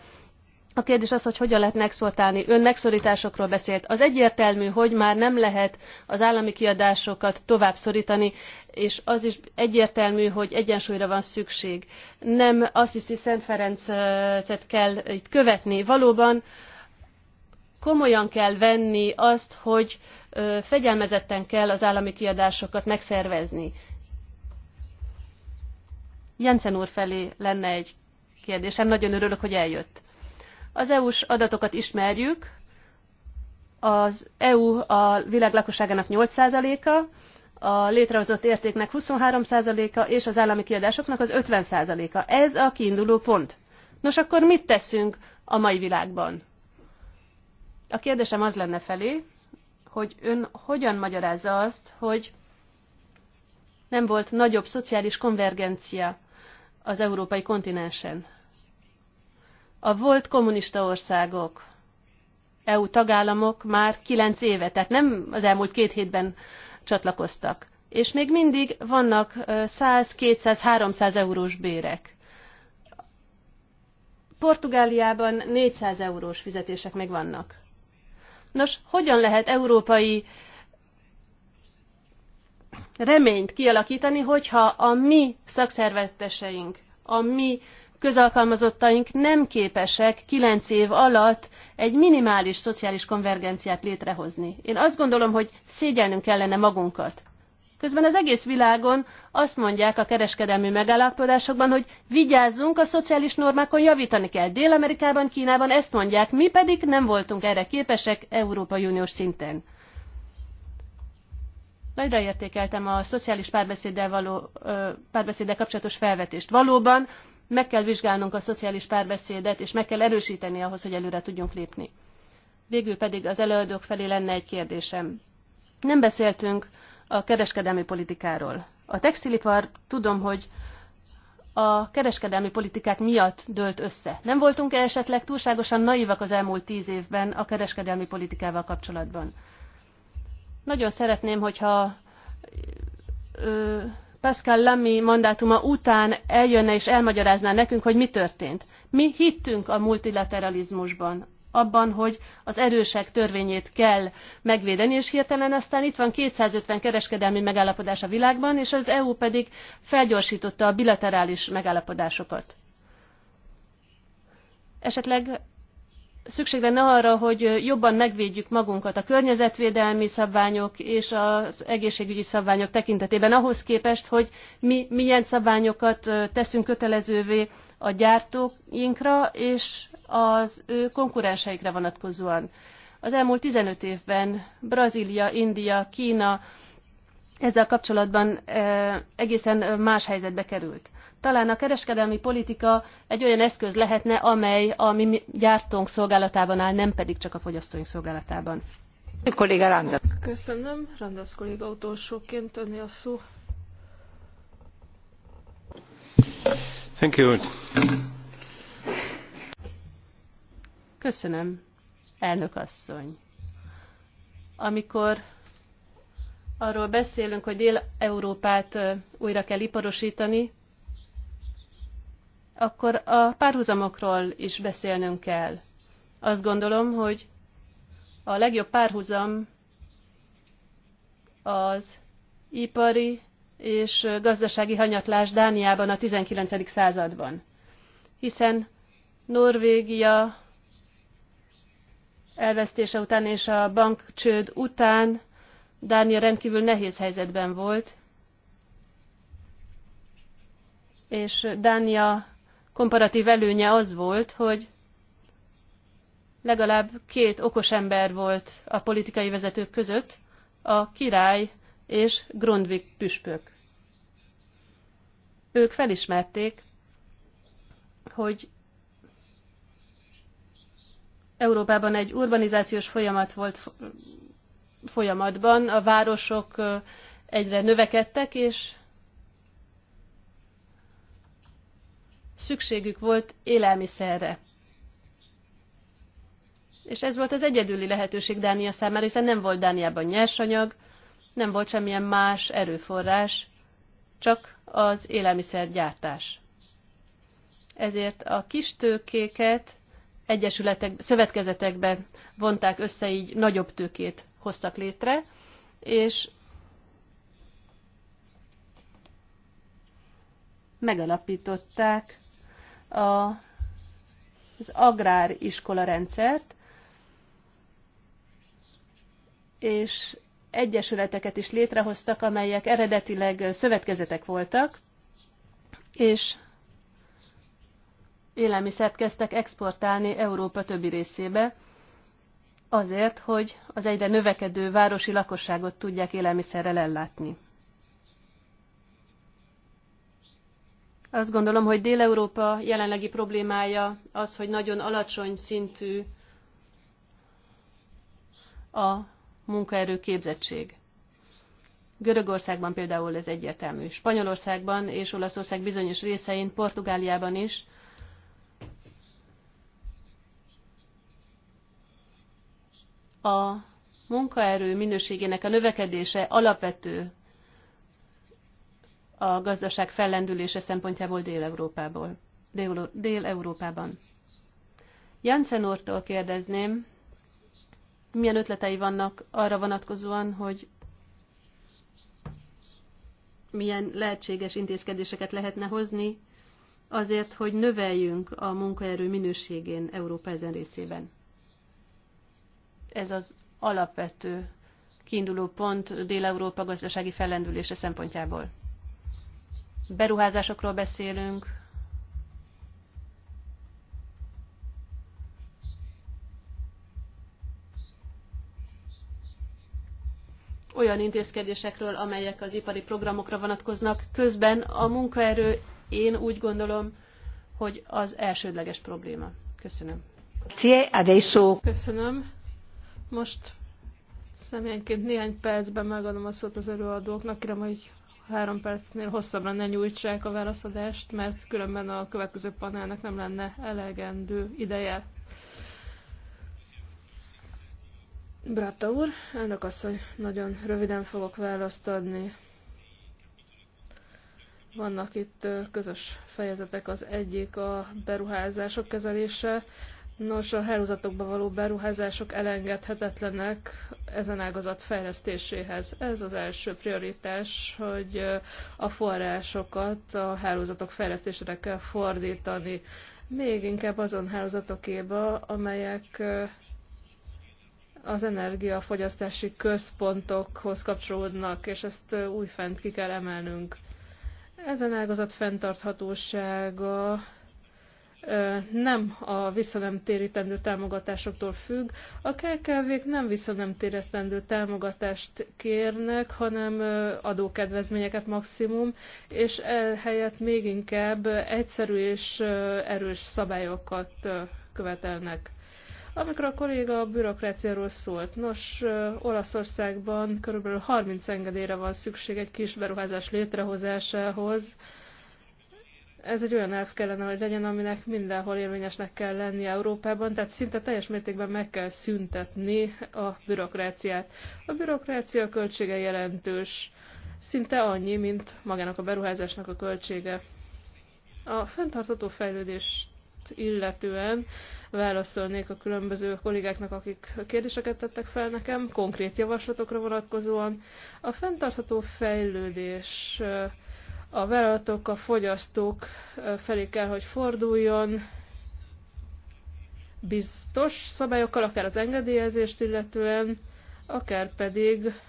A kérdés az, hogy hogyan lehetne exportálni. Ön megszorításokról beszélt. Az egyértelmű, hogy már nem lehet az állami kiadásokat tovább szorítani, és az is egyértelmű, hogy egyensúlyra van szükség. Nem hiszi Szent Ferencet kell itt követni. Valóban komolyan kell venni azt, hogy fegyelmezetten kell az állami kiadásokat megszervezni. Jensen úr felé lenne egy kérdésem, nagyon örülök, hogy eljött. Az EU-s adatokat ismerjük, az EU a világ lakosságának 8%-a, a létrehozott értéknek 23%-a és az állami kiadásoknak az 50%-a. Ez a kiinduló pont. Nos, akkor mit teszünk a mai világban? A kérdésem az lenne felé, hogy ön hogyan magyarázza azt, hogy nem volt nagyobb szociális konvergencia az európai kontinensen. A volt kommunista országok, EU tagállamok már kilenc éve, tehát nem az elmúlt két hétben csatlakoztak. És még mindig vannak 100, 200, 300 eurós bérek. Portugáliában 400 eurós fizetések még vannak. Nos, hogyan lehet európai reményt kialakítani, hogyha a mi szakszerveteseink, a mi közalkalmazottaink nem képesek kilenc év alatt egy minimális szociális konvergenciát létrehozni. Én azt gondolom, hogy szégyelnünk kellene magunkat. Közben az egész világon azt mondják a kereskedelmi megállapodásokban, hogy vigyázzunk, a szociális normákon javítani kell. Dél-Amerikában, Kínában ezt mondják, mi pedig nem voltunk erre képesek Európai Uniós szinten. Nagyra értékeltem a szociális párbeszéddel, való, párbeszéddel kapcsolatos felvetést. Valóban meg kell vizsgálnunk a szociális párbeszédet, és meg kell erősíteni ahhoz, hogy előre tudjunk lépni. Végül pedig az előadók felé lenne egy kérdésem. Nem beszéltünk a kereskedelmi politikáról. A textilipar tudom, hogy a kereskedelmi politikák miatt dölt össze. Nem voltunk-e esetleg túlságosan naivak az elmúlt tíz évben a kereskedelmi politikával kapcsolatban? Nagyon szeretném, hogyha ö, Pascal Lamy mandátuma után eljönne és elmagyarázná nekünk, hogy mi történt. Mi hittünk a multilateralizmusban, abban, hogy az erősek törvényét kell megvédeni, és hirtelen aztán itt van 250 kereskedelmi megállapodás a világban, és az EU pedig felgyorsította a bilaterális megállapodásokat. Esetleg szükség lenne arra, hogy jobban megvédjük magunkat a környezetvédelmi szabványok és az egészségügyi szabványok tekintetében, ahhoz képest, hogy mi milyen szabványokat teszünk kötelezővé a gyártóinkra és az ő konkurenseikre vonatkozóan. Az elmúlt 15 évben Brazília, India, Kína ezzel kapcsolatban egészen más helyzetbe került. Talán a kereskedelmi politika egy olyan eszköz lehetne, amely a mi gyártónk szolgálatában áll, nem pedig csak a fogyasztóink szolgálatában. Kolléga Randasz. Köszönöm. Randasz kolléga utolsóként önni a szó. Thank you. Köszönöm, elnök asszony. Amikor arról beszélünk, hogy Dél-Európát újra kell iparosítani, akkor a párhuzamokról is beszélnünk kell. Azt gondolom, hogy a legjobb párhuzam az ipari és gazdasági hanyatlás Dániában a 19. században. Hiszen Norvégia elvesztése után és a bankcsőd után Dánia rendkívül nehéz helyzetben volt, és Dánia komparatív előnye az volt, hogy legalább két okos ember volt a politikai vezetők között, a király és Grundvik püspök. Ők felismerték, hogy Európában egy urbanizációs folyamat volt folyamatban, a városok egyre növekedtek, és szükségük volt élelmiszerre. És ez volt az egyedüli lehetőség Dánia számára, hiszen nem volt Dániában nyersanyag, nem volt semmilyen más erőforrás, csak az élelmiszergyártás. Ezért a kis tőkéket egyesületek, szövetkezetekbe vonták össze, így nagyobb tőkét hoztak létre, és megalapították a, az agráriskola rendszert, és egyesületeket is létrehoztak, amelyek eredetileg szövetkezetek voltak, és élelmiszert kezdtek exportálni Európa többi részébe, azért, hogy az egyre növekedő városi lakosságot tudják élelmiszerrel ellátni. Azt gondolom, hogy Dél-Európa jelenlegi problémája az, hogy nagyon alacsony szintű a munkaerő képzettség. Görögországban például ez egyértelmű. Spanyolországban és Olaszország bizonyos részein, Portugáliában is. A munkaerő minőségének a növekedése alapvető a gazdaság fellendülése szempontjából Dél-Európából, Dél-Európában. Jansen úrtól kérdezném, milyen ötletei vannak arra vonatkozóan, hogy milyen lehetséges intézkedéseket lehetne hozni azért, hogy növeljünk a munkaerő minőségén Európa ezen részében. Ez az alapvető kiinduló pont Dél-Európa gazdasági fellendülése szempontjából beruházásokról beszélünk, olyan intézkedésekről, amelyek az ipari programokra vonatkoznak. Közben a munkaerő, én úgy gondolom, hogy az elsődleges probléma. Köszönöm. Köszönöm. Most személyenként néhány percben megadom a szót az előadóknak, kérem, hogy három percnél hosszabbra ne nyújtsák a válaszadást, mert különben a következő panelnek nem lenne elegendő ideje. Bratta úr, elnök asszony, nagyon röviden fogok választ adni. Vannak itt közös fejezetek, az egyik a beruházások kezelése, Nos, a hálózatokba való beruházások elengedhetetlenek ezen ágazat fejlesztéséhez. Ez az első prioritás, hogy a forrásokat a hálózatok fejlesztésére kell fordítani. Még inkább azon hálózatokéba, amelyek az energiafogyasztási központokhoz kapcsolódnak, és ezt újfent ki kell emelnünk. Ezen ágazat fenntarthatósága nem a visszanemtérítendő támogatásoktól függ. A KKV-k nem visszanemtérítendő támogatást kérnek, hanem adókedvezményeket maximum, és helyett még inkább egyszerű és erős szabályokat követelnek. Amikor a kolléga a bürokráciáról szólt, nos, Olaszországban körülbelül 30 engedélyre van szükség egy kis beruházás létrehozásához, ez egy olyan elv kellene, hogy legyen, aminek mindenhol érvényesnek kell lenni Európában, tehát szinte teljes mértékben meg kell szüntetni a bürokráciát. A bürokrácia költsége jelentős, szinte annyi, mint magának a beruházásnak a költsége. A fenntartató fejlődést illetően válaszolnék a különböző kollégáknak, akik kérdéseket tettek fel nekem, konkrét javaslatokra vonatkozóan. A fenntartható fejlődés a vállalatok, a fogyasztók felé kell, hogy forduljon biztos szabályokkal, akár az engedélyezést illetően, akár pedig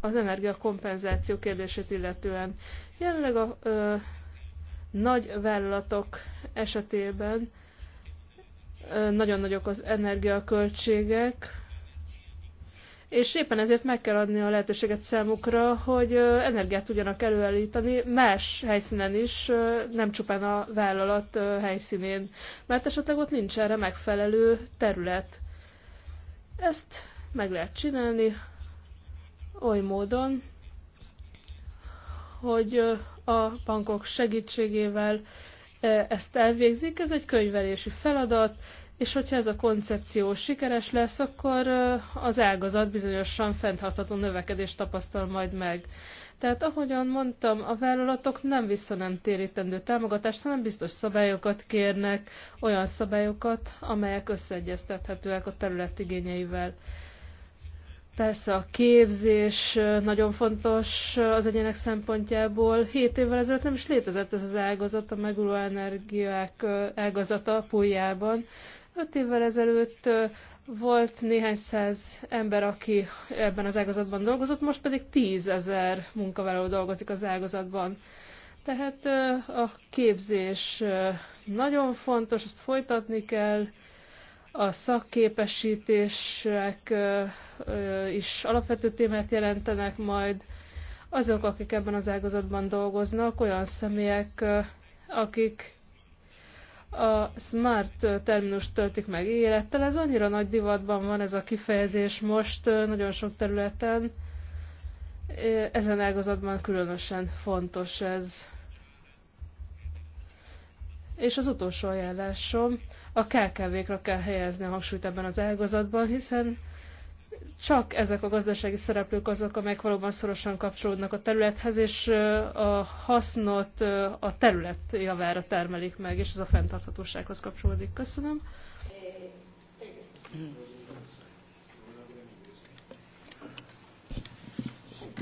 az energiakompenzáció kérdését illetően. Jelenleg a ö, nagy vállalatok esetében ö, nagyon nagyok az energiaköltségek, és éppen ezért meg kell adni a lehetőséget számukra, hogy energiát tudjanak előállítani más helyszínen is, nem csupán a vállalat helyszínén, mert esetleg ott nincs erre megfelelő terület. Ezt meg lehet csinálni oly módon, hogy a bankok segítségével ezt elvégzik. Ez egy könyvelési feladat, és hogyha ez a koncepció sikeres lesz, akkor az ágazat bizonyosan fenntartható növekedést tapasztal majd meg. Tehát ahogyan mondtam, a vállalatok nem térítendő támogatást, hanem biztos szabályokat kérnek, olyan szabályokat, amelyek összeegyeztethetőek a terület igényeivel. Persze a képzés nagyon fontos az egyének szempontjából. Hét évvel ezelőtt nem is létezett ez az ágazat, a megújuló energiák ágazata Puljában. Öt évvel ezelőtt volt néhány száz ember, aki ebben az ágazatban dolgozott, most pedig tízezer munkavállaló dolgozik az ágazatban. Tehát a képzés nagyon fontos, ezt folytatni kell, a szakképesítések is alapvető témát jelentenek majd. Azok, akik ebben az ágazatban dolgoznak, olyan személyek, akik a smart terminus töltik meg élettel. Ez annyira nagy divatban van ez a kifejezés most nagyon sok területen. Ezen ágazatban különösen fontos ez. És az utolsó ajánlásom, a KKV-kra kell helyezni a hangsúlyt ebben az ágazatban, hiszen csak ezek a gazdasági szereplők azok, amelyek valóban szorosan kapcsolódnak a területhez, és a hasznot a terület javára termelik meg, és ez a fenntarthatósághoz kapcsolódik. Köszönöm.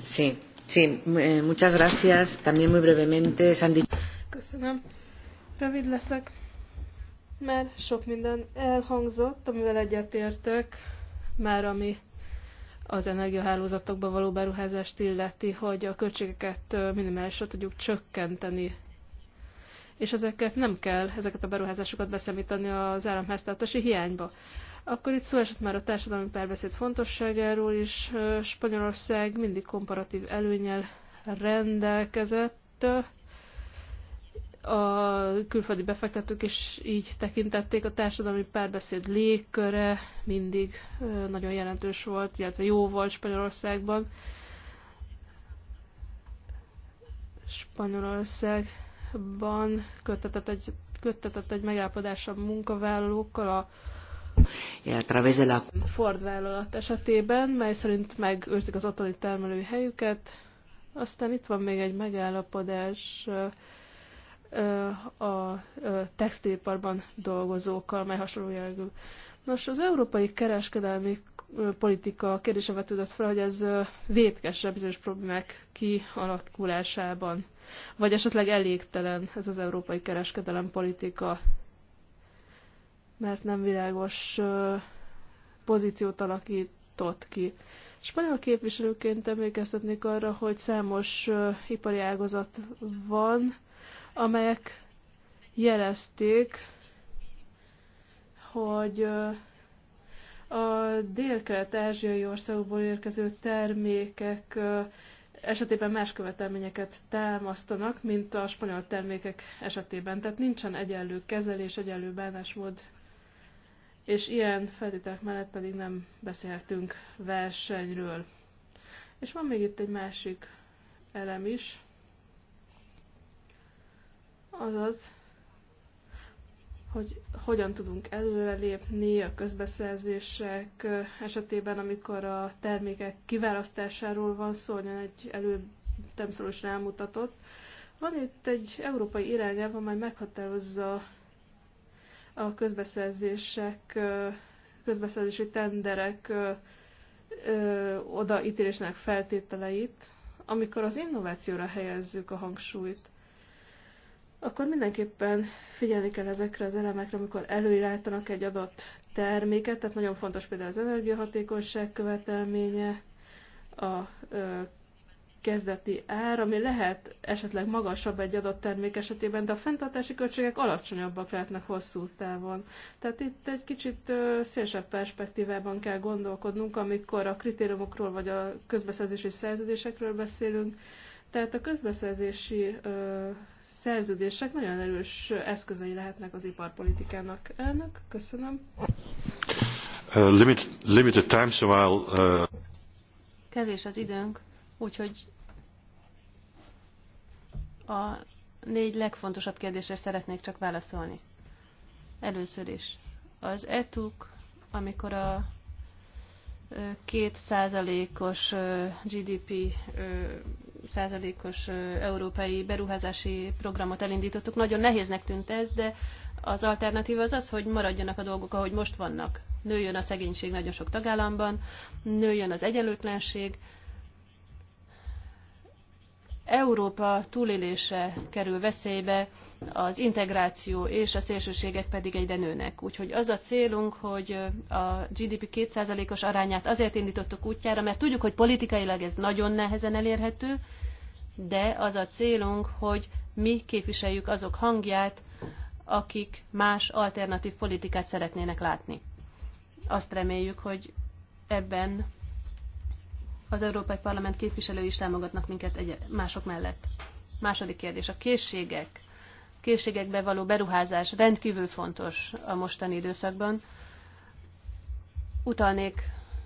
Sí, sí, muchas gracias. También muy brevemente, Sandy. Köszönöm. Rövid leszek, mert sok minden elhangzott, amivel egyetértek, már ami az energiahálózatokba való beruházást illeti, hogy a költségeket minimálisra tudjuk csökkenteni. És ezeket nem kell, ezeket a beruházásokat beszámítani az államháztartási hiányba. Akkor itt szó esett már a társadalmi párbeszéd fontosságáról is. Spanyolország mindig komparatív előnyel rendelkezett a külföldi befektetők is így tekintették, a társadalmi párbeszéd légköre mindig nagyon jelentős volt, illetve jó volt Spanyolországban. Spanyolországban köttetett egy, köttetett egy megállapodás a munkavállalókkal a Ford vállalat esetében, mely szerint megőrzik az otthoni termelői helyüket. Aztán itt van még egy megállapodás a textiliparban dolgozókkal, mely hasonló jellegű. Nos, az európai kereskedelmi politika kérdése vetődött fel, hogy ez vétkesre bizonyos problémák kialakulásában, vagy esetleg elégtelen ez az európai kereskedelem politika, mert nem világos pozíciót alakított ki. Spanyol képviselőként emlékeztetnék arra, hogy számos ipari ágazat van, amelyek jelezték, hogy a dél-kelet-ázsiai országokból érkező termékek esetében más követelményeket támasztanak, mint a spanyol termékek esetében. Tehát nincsen egyenlő kezelés, egyenlő bánásmód, és ilyen feltételek mellett pedig nem beszélhetünk versenyről. És van még itt egy másik elem is, azaz, hogy hogyan tudunk előrelépni a közbeszerzések esetében, amikor a termékek kiválasztásáról van szó, ahogyan egy előttem szól rámutatott. Van itt egy európai irányelv, amely meghatározza a közbeszerzések, közbeszerzési tenderek odaítélésnek feltételeit, amikor az innovációra helyezzük a hangsúlyt akkor mindenképpen figyelni kell ezekre az elemekre, amikor előirányítanak egy adott terméket, tehát nagyon fontos például az energiahatékonyság követelménye, a ö, kezdeti ár, ami lehet esetleg magasabb egy adott termék esetében, de a fenntartási költségek alacsonyabbak lehetnek hosszú távon. Tehát itt egy kicsit szélesebb perspektívában kell gondolkodnunk, amikor a kritériumokról vagy a közbeszerzési szerződésekről beszélünk. Tehát a közbeszerzési ö, szerződések nagyon erős eszközei lehetnek az iparpolitikának. Elnök, köszönöm. Uh, limit, limited time, so I'll, uh... Kevés az időnk, úgyhogy a négy legfontosabb kérdésre szeretnék csak válaszolni. Először is. Az ETUK, amikor a 2%-os GDP százalékos európai beruházási programot elindítottuk. Nagyon nehéznek tűnt ez, de az alternatíva az az, hogy maradjanak a dolgok, ahogy most vannak. Nőjön a szegénység nagyon sok tagállamban, nőjön az egyenlőtlenség, Európa túlélése kerül veszélybe, az integráció és a szélsőségek pedig egyre nőnek. Úgyhogy az a célunk, hogy a GDP 2%-os arányát azért indítottuk útjára, mert tudjuk, hogy politikailag ez nagyon nehezen elérhető, de az a célunk, hogy mi képviseljük azok hangját, akik más alternatív politikát szeretnének látni. Azt reméljük, hogy ebben az Európai Parlament képviselői is támogatnak minket egy, mások mellett. Második kérdés, a készségek, készségekbe való beruházás rendkívül fontos a mostani időszakban. Utalnék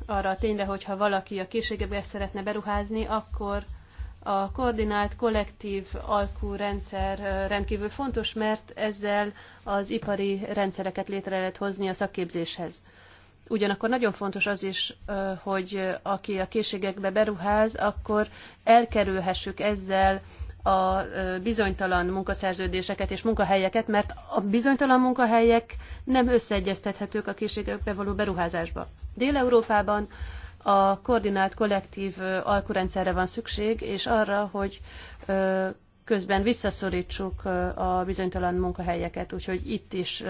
arra a tényre, hogyha valaki a készségekbe szeretne beruházni, akkor a koordinált kollektív alkú rendszer rendkívül fontos, mert ezzel az ipari rendszereket létre lehet hozni a szakképzéshez. Ugyanakkor nagyon fontos az is, hogy aki a készségekbe beruház, akkor elkerülhessük ezzel a bizonytalan munkaszerződéseket és munkahelyeket, mert a bizonytalan munkahelyek nem összeegyeztethetők a készségekbe való beruházásba. Dél-Európában a koordinált kollektív alkurendszerre van szükség, és arra, hogy közben visszaszorítsuk a bizonytalan munkahelyeket, úgyhogy itt is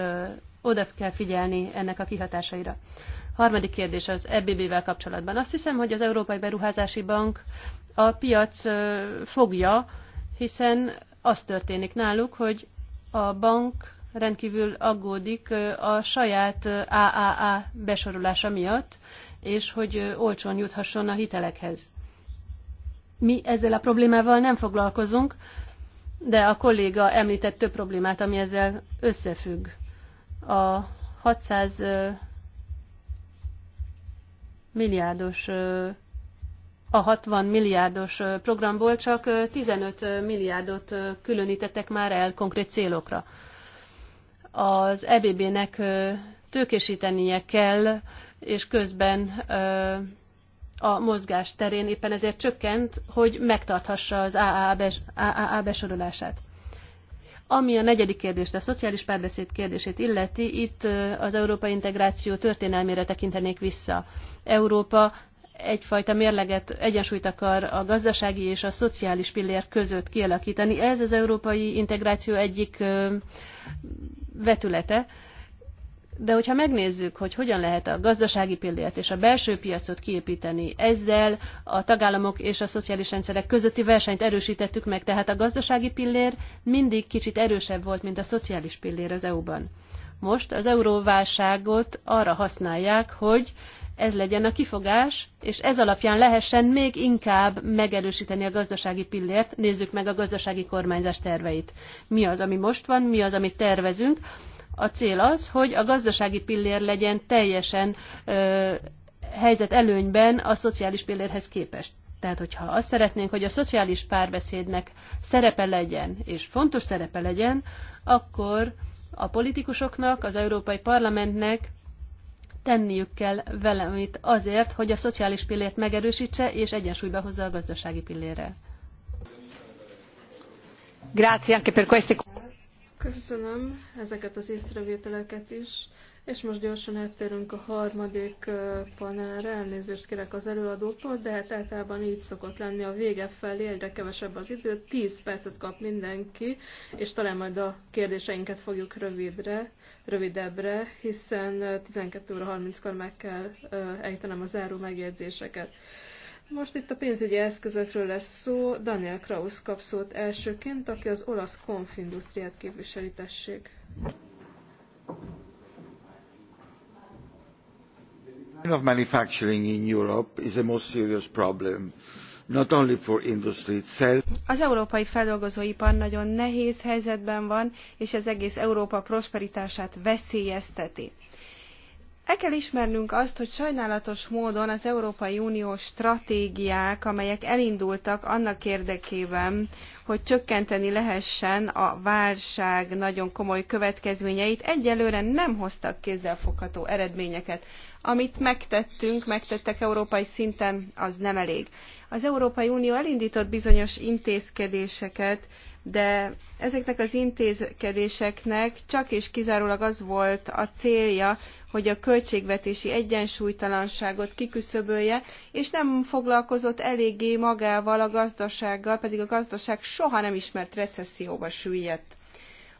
oda kell figyelni ennek a kihatásaira. Harmadik kérdés az EBB-vel kapcsolatban. Azt hiszem, hogy az Európai Beruházási Bank a piac fogja, hiszen az történik náluk, hogy a bank rendkívül aggódik a saját AAA besorolása miatt, és hogy olcsón juthasson a hitelekhez. Mi ezzel a problémával nem foglalkozunk, de a kolléga említett több problémát, ami ezzel összefügg a 600 milliárdos a 60 milliárdos programból csak 15 milliárdot különítettek már el konkrét célokra. Az EBB-nek tőkésítenie kell, és közben a mozgás terén éppen ezért csökkent, hogy megtarthassa az AAA besorolását. Ami a negyedik kérdést, a szociális párbeszéd kérdését illeti, itt az európai integráció történelmére tekintenék vissza. Európa egyfajta mérleget, egyensúlyt akar a gazdasági és a szociális pillér között kialakítani. Ez az európai integráció egyik vetülete. De hogyha megnézzük, hogy hogyan lehet a gazdasági példát és a belső piacot kiépíteni, ezzel a tagállamok és a szociális rendszerek közötti versenyt erősítettük meg, tehát a gazdasági pillér mindig kicsit erősebb volt, mint a szociális pillér az EU-ban. Most az euróválságot arra használják, hogy ez legyen a kifogás, és ez alapján lehessen még inkább megerősíteni a gazdasági pillért. Nézzük meg a gazdasági kormányzás terveit. Mi az, ami most van, mi az, amit tervezünk, a cél az, hogy a gazdasági pillér legyen teljesen ö, helyzet előnyben a szociális pillérhez képest. Tehát, hogyha azt szeretnénk, hogy a szociális párbeszédnek szerepe legyen, és fontos szerepe legyen, akkor a politikusoknak, az Európai Parlamentnek tenniük kell velemit azért, hogy a szociális pillért megerősítse és egyensúlyba hozza a gazdasági pillérrel. Grazie anche per queste... Köszönöm ezeket az észrevételeket is, és most gyorsan áttérünk a harmadik panelre, elnézést kérek az előadótól, de hát általában így szokott lenni a vége felé, egyre kevesebb az idő, 10 percet kap mindenki, és talán majd a kérdéseinket fogjuk rövidre, rövidebbre, hiszen 12 óra 30-kor meg kell ejtenem a záró megjegyzéseket. Most itt a pénzügyi eszközökről lesz szó. Daniel Kraus kap szót elsőként, aki az olasz konfindusztriát képviseli, tessék. of manufacturing in Europe is a most serious problem. Not only for industry itself. Az európai feldolgozóipar nagyon nehéz helyzetben van, és ez egész Európa prosperitását veszélyezteti. El kell ismernünk azt, hogy sajnálatos módon az Európai Unió stratégiák, amelyek elindultak annak érdekében, hogy csökkenteni lehessen a válság nagyon komoly következményeit, egyelőre nem hoztak kézzelfogható eredményeket. Amit megtettünk, megtettek európai szinten, az nem elég. Az Európai Unió elindított bizonyos intézkedéseket, de ezeknek az intézkedéseknek csak és kizárólag az volt a célja, hogy a költségvetési egyensúlytalanságot kiküszöbölje, és nem foglalkozott eléggé magával a gazdasággal, pedig a gazdaság soha nem ismert recesszióba süllyedt.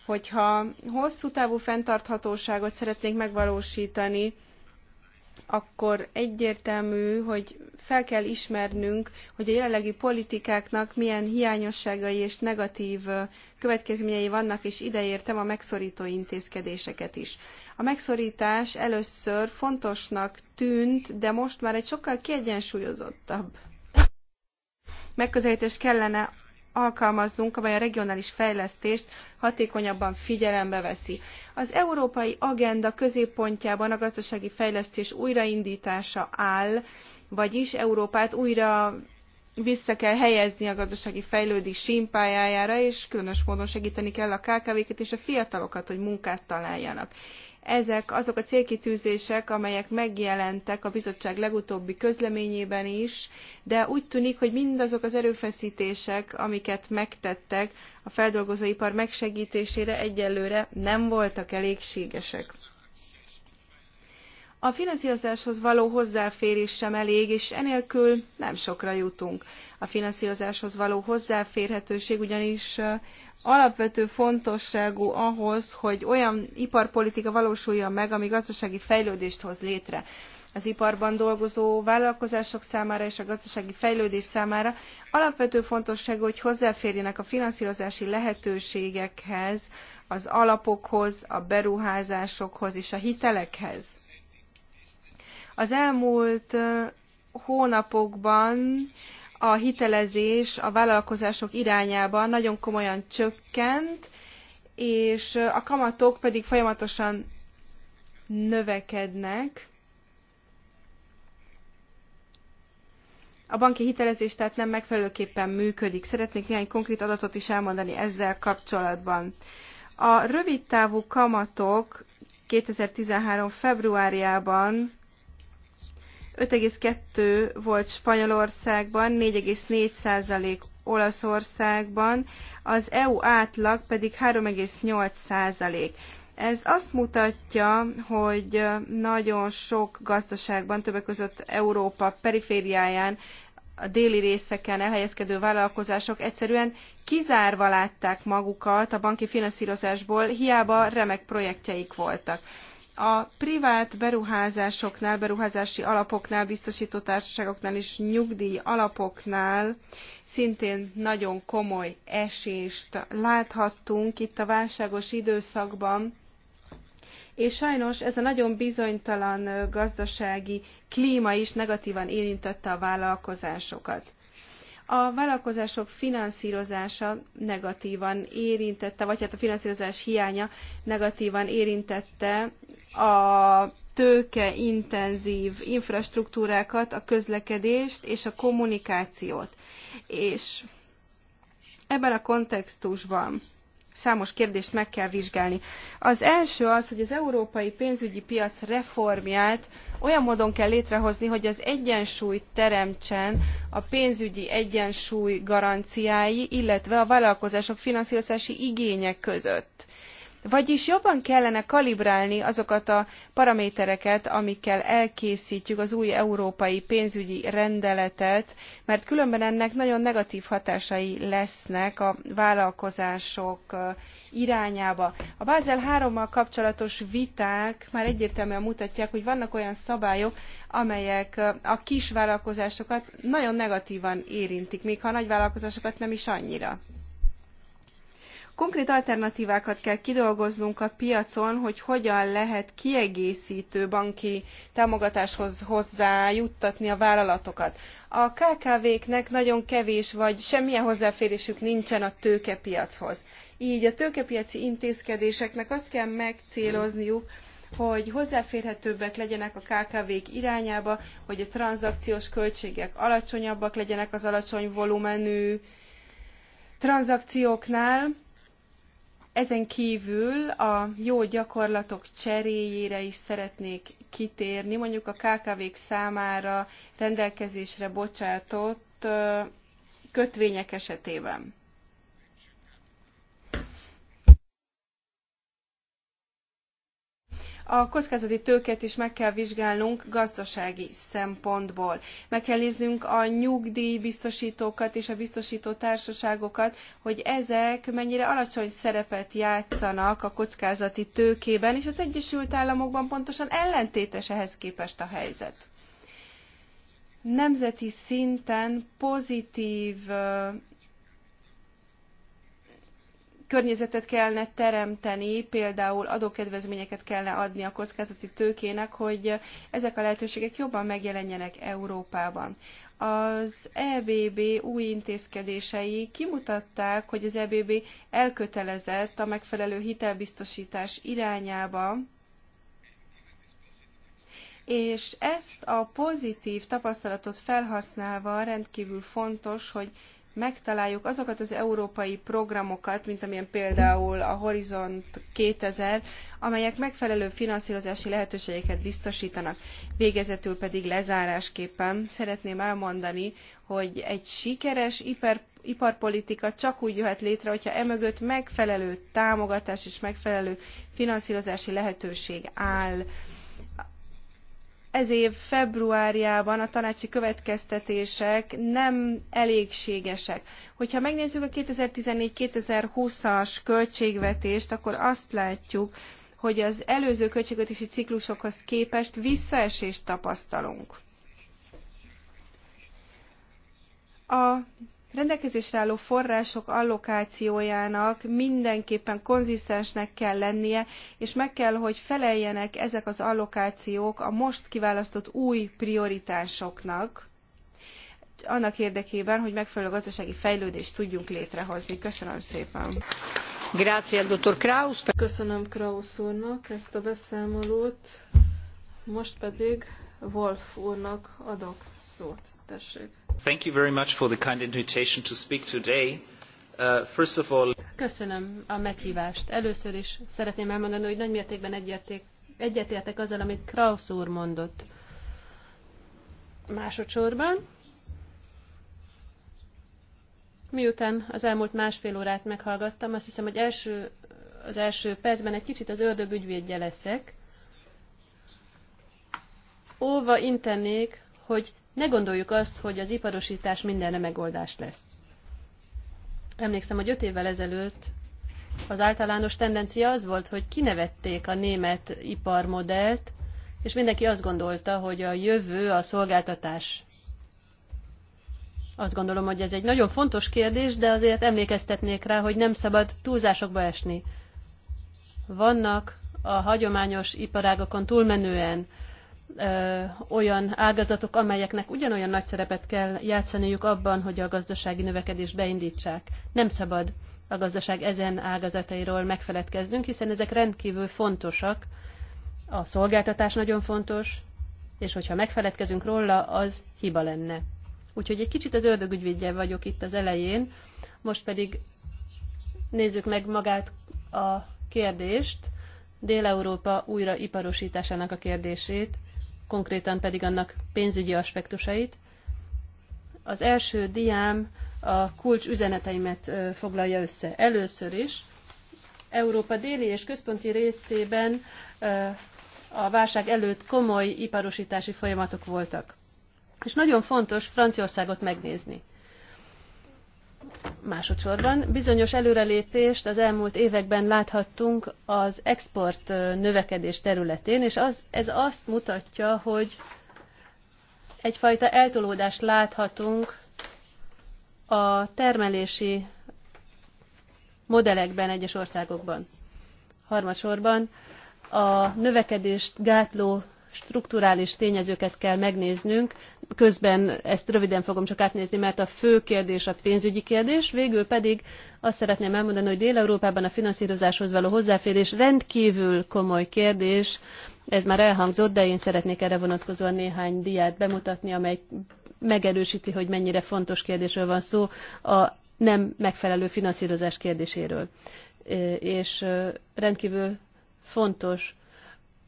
Hogyha hosszú távú fenntarthatóságot szeretnénk megvalósítani, akkor egyértelmű, hogy fel kell ismernünk, hogy a jelenlegi politikáknak milyen hiányosságai és negatív következményei vannak, és ideértem a megszorító intézkedéseket is. A megszorítás először fontosnak tűnt, de most már egy sokkal kiegyensúlyozottabb megközelítés kellene alkalmaznunk, amely a regionális fejlesztést hatékonyabban figyelembe veszi. Az európai agenda középpontjában a gazdasági fejlesztés újraindítása áll, vagyis Európát újra vissza kell helyezni a gazdasági fejlődés sínpályájára, és különös módon segteni kell a KKV-ket és a fiatalokat, hogy munkát találjanak. Ezek azok a célkitűzések, amelyek megjelentek a bizottság legutóbbi közleményében is, de úgy tűnik, hogy mindazok az erőfeszítések, amiket megtettek a feldolgozóipar megsegítésére egyelőre nem voltak elégségesek a finanszírozáshoz való hozzáférés sem elég, és enélkül nem sokra jutunk. A finanszírozáshoz való hozzáférhetőség ugyanis alapvető fontosságú ahhoz, hogy olyan iparpolitika valósuljon meg, ami gazdasági fejlődést hoz létre. Az iparban dolgozó vállalkozások számára és a gazdasági fejlődés számára alapvető fontosságú, hogy hozzáférjenek a finanszírozási lehetőségekhez, az alapokhoz, a beruházásokhoz és a hitelekhez az elmúlt hónapokban a hitelezés a vállalkozások irányában nagyon komolyan csökkent, és a kamatok pedig folyamatosan növekednek. A banki hitelezés tehát nem megfelelőképpen működik. Szeretnék néhány konkrét adatot is elmondani ezzel kapcsolatban. A rövidtávú kamatok 2013. februárjában 5,2 volt Spanyolországban, 4,4 Olaszországban, az EU átlag pedig 3,8 százalék. Ez azt mutatja, hogy nagyon sok gazdaságban, többek között Európa perifériáján, a déli részeken elhelyezkedő vállalkozások egyszerűen kizárva látták magukat a banki finanszírozásból, hiába remek projektjeik voltak a privát beruházásoknál, beruházási alapoknál, biztosító társaságoknál és nyugdíj alapoknál szintén nagyon komoly esést láthattunk itt a válságos időszakban, és sajnos ez a nagyon bizonytalan gazdasági klíma is negatívan érintette a vállalkozásokat. A vállalkozások finanszírozása negatívan érintette, vagy hát a finanszírozás hiánya negatívan érintette a tőkeintenzív infrastruktúrákat, a közlekedést és a kommunikációt. És ebben a kontextusban számos kérdést meg kell vizsgálni. Az első az, hogy az európai pénzügyi piac reformját olyan módon kell létrehozni, hogy az egyensúly teremtsen a pénzügyi egyensúly garanciái, illetve a vállalkozások finanszírozási igények között vagyis jobban kellene kalibrálni azokat a paramétereket, amikkel elkészítjük az új európai pénzügyi rendeletet, mert különben ennek nagyon negatív hatásai lesznek a vállalkozások irányába. A Basel 3-mal kapcsolatos viták már egyértelműen mutatják, hogy vannak olyan szabályok, amelyek a kisvállalkozásokat nagyon negatívan érintik, még ha a nagyvállalkozásokat nem is annyira. Konkrét alternatívákat kell kidolgoznunk a piacon, hogy hogyan lehet kiegészítő banki támogatáshoz hozzájuttatni a vállalatokat. A KKV-knek nagyon kevés vagy semmilyen hozzáférésük nincsen a tőkepiachoz. Így a tőkepiaci intézkedéseknek azt kell megcélozniuk, hogy hozzáférhetőbbek legyenek a KKV-k irányába, hogy a tranzakciós költségek alacsonyabbak legyenek az alacsony volumenű tranzakcióknál, ezen kívül a jó gyakorlatok cseréjére is szeretnék kitérni, mondjuk a KKV-k számára rendelkezésre bocsátott kötvények esetében. a kockázati tőket is meg kell vizsgálnunk gazdasági szempontból. Meg kell néznünk a nyugdíjbiztosítókat és a biztosító társaságokat, hogy ezek mennyire alacsony szerepet játszanak a kockázati tőkében, és az Egyesült Államokban pontosan ellentétes ehhez képest a helyzet. Nemzeti szinten pozitív környezetet kellene teremteni, például adókedvezményeket kellene adni a kockázati tőkének, hogy ezek a lehetőségek jobban megjelenjenek Európában. Az EBB új intézkedései kimutatták, hogy az EBB elkötelezett a megfelelő hitelbiztosítás irányába, és ezt a pozitív tapasztalatot felhasználva rendkívül fontos, hogy megtaláljuk azokat az európai programokat, mint amilyen például a Horizont 2000, amelyek megfelelő finanszírozási lehetőségeket biztosítanak. Végezetül pedig lezárásképpen szeretném elmondani, hogy egy sikeres iper, iparpolitika csak úgy jöhet létre, hogyha emögött megfelelő támogatás és megfelelő finanszírozási lehetőség áll ez év februárjában a tanácsi következtetések nem elégségesek. Hogyha megnézzük a 2014-2020-as költségvetést, akkor azt látjuk, hogy az előző költségvetési ciklusokhoz képest visszaesést tapasztalunk. A rendelkezésre álló források allokációjának mindenképpen konzisztensnek kell lennie, és meg kell, hogy feleljenek ezek az allokációk a most kiválasztott új prioritásoknak, annak érdekében, hogy megfelelő gazdasági fejlődést tudjunk létrehozni. Köszönöm szépen! Grazie, dr. Kraus. Köszönöm Kraus úrnak ezt a beszámolót. Most pedig Wolf úrnak adok szót. Tessék! Köszönöm a meghívást. Először is szeretném elmondani, hogy nagy mértékben egyetértek, azzal, amit kraus úr mondott. Másodszorban, miután az elmúlt másfél órát meghallgattam, azt hiszem, hogy első, az első percben egy kicsit az ördög ügyvédje leszek. Óva intennék hogy ne gondoljuk azt, hogy az iparosítás mindenre megoldás lesz. Emlékszem, hogy öt évvel ezelőtt az általános tendencia az volt, hogy kinevették a német iparmodellt, és mindenki azt gondolta, hogy a jövő a szolgáltatás. Azt gondolom, hogy ez egy nagyon fontos kérdés, de azért emlékeztetnék rá, hogy nem szabad túlzásokba esni. Vannak a hagyományos iparágokon túlmenően olyan ágazatok, amelyeknek ugyanolyan nagy szerepet kell játszaniuk abban, hogy a gazdasági növekedést beindítsák. Nem szabad a gazdaság ezen ágazatairól megfeledkeznünk, hiszen ezek rendkívül fontosak. A szolgáltatás nagyon fontos, és hogyha megfeledkezünk róla, az hiba lenne. Úgyhogy egy kicsit az ördögügyvédje vagyok itt az elején, most pedig nézzük meg magát a kérdést, Dél-Európa újraiparosításának a kérdését, konkrétan pedig annak pénzügyi aspektusait. Az első diám a kulcs üzeneteimet foglalja össze. Először is Európa déli és központi részében a válság előtt komoly iparosítási folyamatok voltak. És nagyon fontos Franciaországot megnézni. Másodszorban bizonyos előrelépést az elmúlt években láthattunk az export növekedés területén, és az, ez azt mutatja, hogy egyfajta eltolódást láthatunk a termelési modellekben egyes országokban. Harmadsorban a növekedést gátló strukturális tényezőket kell megnéznünk, közben ezt röviden fogom csak átnézni, mert a fő kérdés a pénzügyi kérdés. Végül pedig azt szeretném elmondani, hogy Dél-Európában a finanszírozáshoz való hozzáférés rendkívül komoly kérdés. Ez már elhangzott, de én szeretnék erre vonatkozóan néhány diát bemutatni, amely megerősíti, hogy mennyire fontos kérdésről van szó, a nem megfelelő finanszírozás kérdéséről. És rendkívül fontos,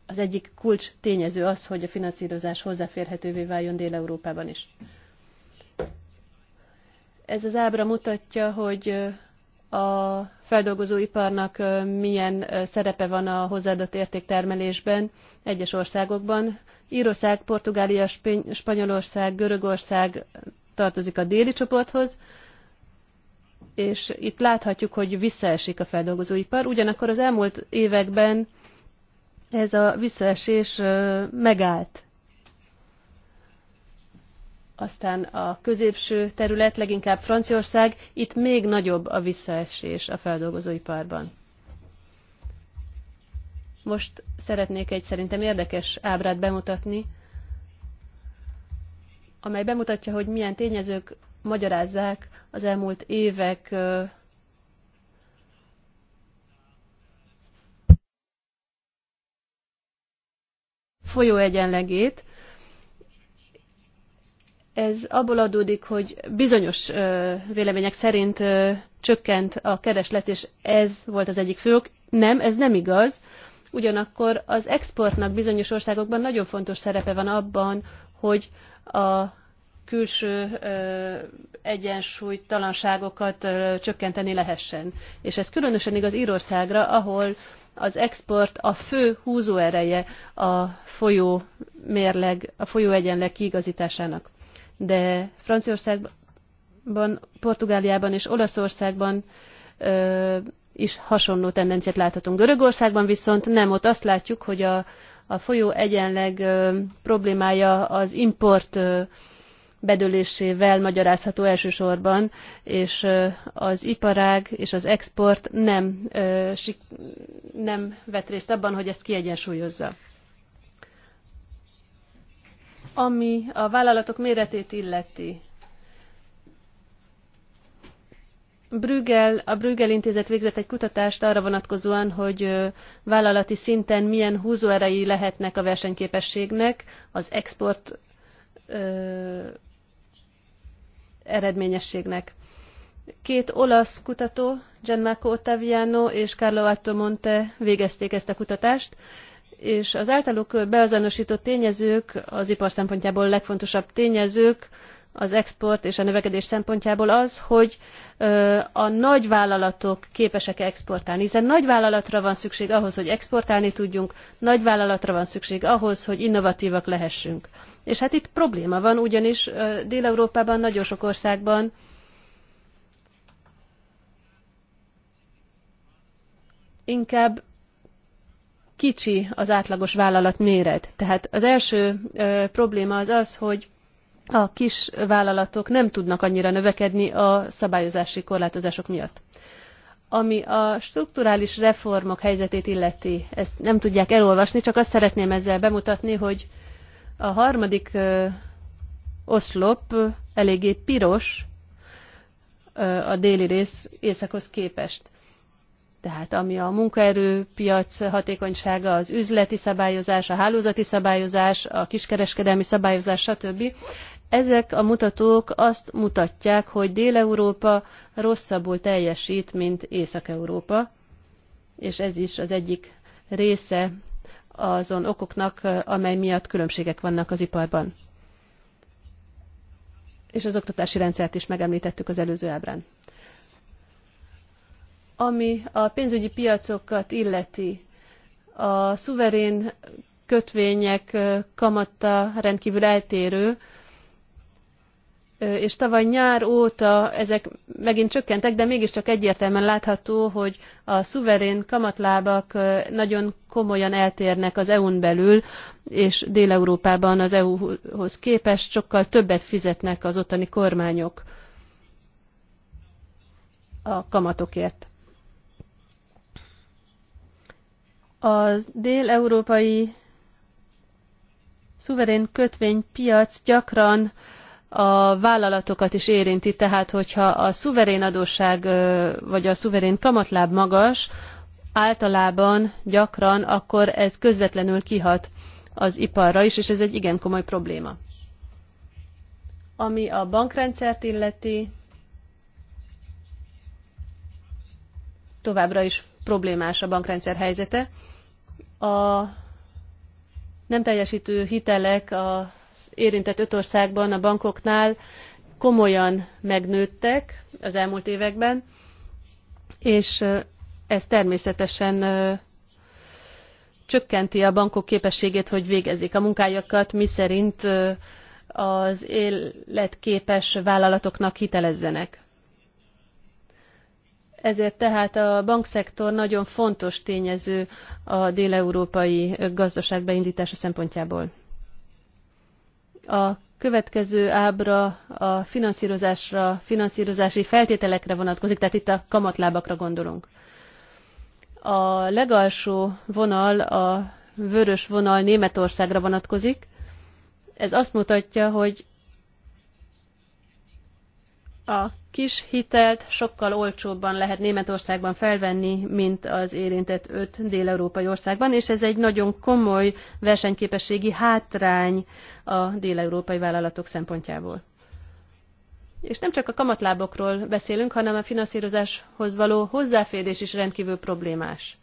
az egyik kulcs tényező az, hogy a finanszírozás hozzáférhetővé váljon Dél-Európában is. Ez az ábra mutatja, hogy a feldolgozóiparnak milyen szerepe van a hozzáadott értéktermelésben egyes országokban. Írország, Portugália, Spanyolország, Görögország tartozik a déli csoporthoz, és itt láthatjuk, hogy visszaesik a feldolgozóipar. Ugyanakkor az elmúlt években ez a visszaesés megállt. Aztán a középső terület, leginkább Franciaország, itt még nagyobb a visszaesés a feldolgozóiparban. Most szeretnék egy szerintem érdekes ábrát bemutatni, amely bemutatja, hogy milyen tényezők magyarázzák az elmúlt évek folyó egyenlegét. Ez abból adódik, hogy bizonyos vélemények szerint csökkent a kereslet, és ez volt az egyik fő. Nem, ez nem igaz. Ugyanakkor az exportnak bizonyos országokban nagyon fontos szerepe van abban, hogy a külső egyensúlytalanságokat csökkenteni lehessen. És ez különösen igaz Írországra, ahol az export a fő húzóereje a folyó mérleg, a folyó egyenleg kiigazításának. De Franciaországban, Portugáliában és Olaszországban ö, is hasonló tendenciát láthatunk. Görögországban viszont nem, ott azt látjuk, hogy a, a folyó egyenleg ö, problémája az import ö, bedőlésével magyarázható elsősorban, és az iparág és az export nem, nem vett részt abban, hogy ezt kiegyensúlyozza. Ami a vállalatok méretét illeti, Brüggel, a Brüggel intézet végzett egy kutatást arra vonatkozóan, hogy vállalati szinten milyen húzóerei lehetnek a versenyképességnek az export eredményességnek. Két olasz kutató, Gianmarco Ottaviano és Carlo Attomonte végezték ezt a kutatást, és az általuk beazonosított tényezők, az ipar szempontjából legfontosabb tényezők, az export és a növekedés szempontjából az, hogy a nagyvállalatok képesek -e exportálni, hiszen nagyvállalatra van szükség ahhoz, hogy exportálni tudjunk, nagyvállalatra van szükség ahhoz, hogy innovatívak lehessünk. És hát itt probléma van, ugyanis Dél-Európában nagyon sok országban inkább kicsi az átlagos vállalat méret. Tehát az első ö, probléma az az, hogy a kis vállalatok nem tudnak annyira növekedni a szabályozási korlátozások miatt. Ami a strukturális reformok helyzetét illeti, ezt nem tudják elolvasni, csak azt szeretném ezzel bemutatni, hogy a harmadik oszlop eléggé piros a déli rész északhoz képest. Tehát ami a munkaerőpiac hatékonysága, az üzleti szabályozás, a hálózati szabályozás, a kiskereskedelmi szabályozás, stb. Ezek a mutatók azt mutatják, hogy Dél-Európa rosszabbul teljesít, mint Észak-Európa, és ez is az egyik része azon okoknak, amely miatt különbségek vannak az iparban. És az oktatási rendszert is megemlítettük az előző ábrán. Ami a pénzügyi piacokat illeti, a szuverén kötvények kamata rendkívül eltérő, és tavaly nyár óta ezek megint csökkentek, de mégiscsak egyértelműen látható, hogy a szuverén kamatlábak nagyon komolyan eltérnek az EU-n belül, és Dél-Európában az EU-hoz képest sokkal többet fizetnek az ottani kormányok a kamatokért. A dél-európai szuverén kötvénypiac gyakran a vállalatokat is érinti, tehát hogyha a szuverén adósság vagy a szuverén kamatláb magas, általában, gyakran, akkor ez közvetlenül kihat az iparra is, és ez egy igen komoly probléma. Ami a bankrendszert illeti, továbbra is problémás a bankrendszer helyzete. A nem teljesítő hitelek a érintett öt országban a bankoknál komolyan megnőttek az elmúlt években, és ez természetesen csökkenti a bankok képességét, hogy végezzék a munkájukat, miszerint az életképes vállalatoknak hitelezzenek. Ezért tehát a bankszektor nagyon fontos tényező a déleurópai gazdaság beindítása szempontjából. A következő ábra a finanszírozásra, finanszírozási feltételekre vonatkozik, tehát itt a kamatlábakra gondolunk. A legalsó vonal, a vörös vonal Németországra vonatkozik. Ez azt mutatja, hogy a kis hitelt sokkal olcsóbban lehet Németországban felvenni, mint az érintett öt dél-európai országban, és ez egy nagyon komoly versenyképességi hátrány a dél-európai vállalatok szempontjából. És nem csak a kamatlábokról beszélünk, hanem a finanszírozáshoz való hozzáférés is rendkívül problémás.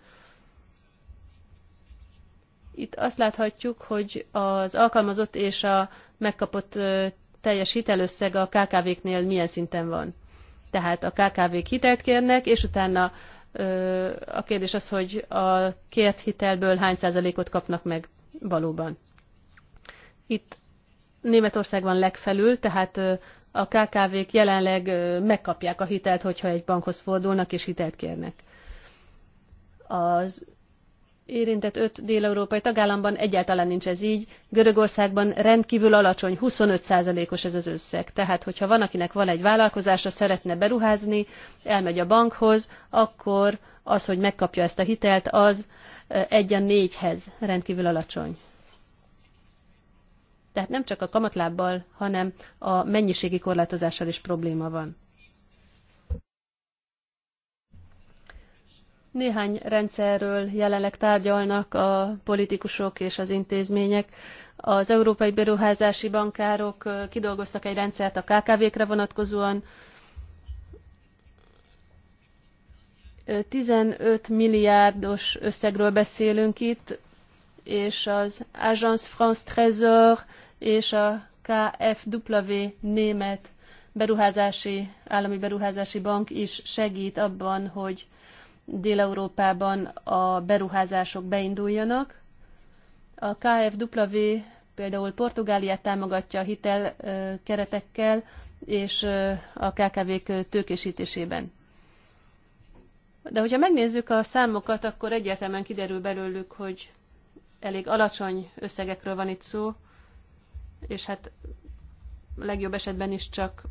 Itt azt láthatjuk, hogy az alkalmazott és a megkapott teljes hitelösszeg a KKV-knél milyen szinten van. Tehát a KKV-k hitelt kérnek, és utána a kérdés az, hogy a kért hitelből hány százalékot kapnak meg valóban. Itt Németországban legfelül, tehát a KKV-k jelenleg megkapják a hitelt, hogyha egy bankhoz fordulnak és hitelt kérnek. Az érintett öt dél-európai tagállamban egyáltalán nincs ez így. Görögországban rendkívül alacsony, 25%-os ez az összeg. Tehát, hogyha van, akinek van egy vállalkozása, szeretne beruházni, elmegy a bankhoz, akkor az, hogy megkapja ezt a hitelt, az egy a négyhez rendkívül alacsony. Tehát nem csak a kamatlábbal, hanem a mennyiségi korlátozással is probléma van. Néhány rendszerről jelenleg tárgyalnak a politikusok és az intézmények. Az Európai Beruházási Bankárok kidolgoztak egy rendszert a KKV-kre vonatkozóan. 15 milliárdos összegről beszélünk itt, és az Agence France Trésor és a KFW német beruházási, állami beruházási bank is segít abban, hogy Dél-Európában a beruházások beinduljanak. A KFW például Portugáliát támogatja a hitel keretekkel és a KKV-k tőkésítésében. De hogyha megnézzük a számokat, akkor egyértelműen kiderül belőlük, hogy elég alacsony összegekről van itt szó, és hát legjobb esetben is csak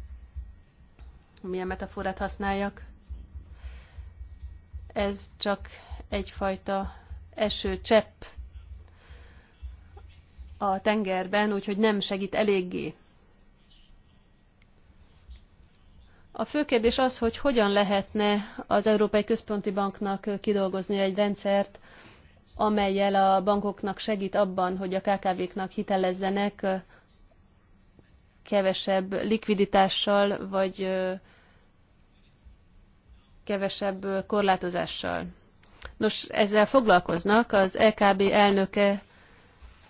milyen metaforát használjak, ez csak egyfajta eső csepp a tengerben, úgyhogy nem segít eléggé. A fő kérdés az, hogy hogyan lehetne az Európai Központi Banknak kidolgozni egy rendszert, amelyel a bankoknak segít abban, hogy a KKV-knak hitelezzenek kevesebb likviditással vagy kevesebb korlátozással. Nos, ezzel foglalkoznak, az LKB e elnöke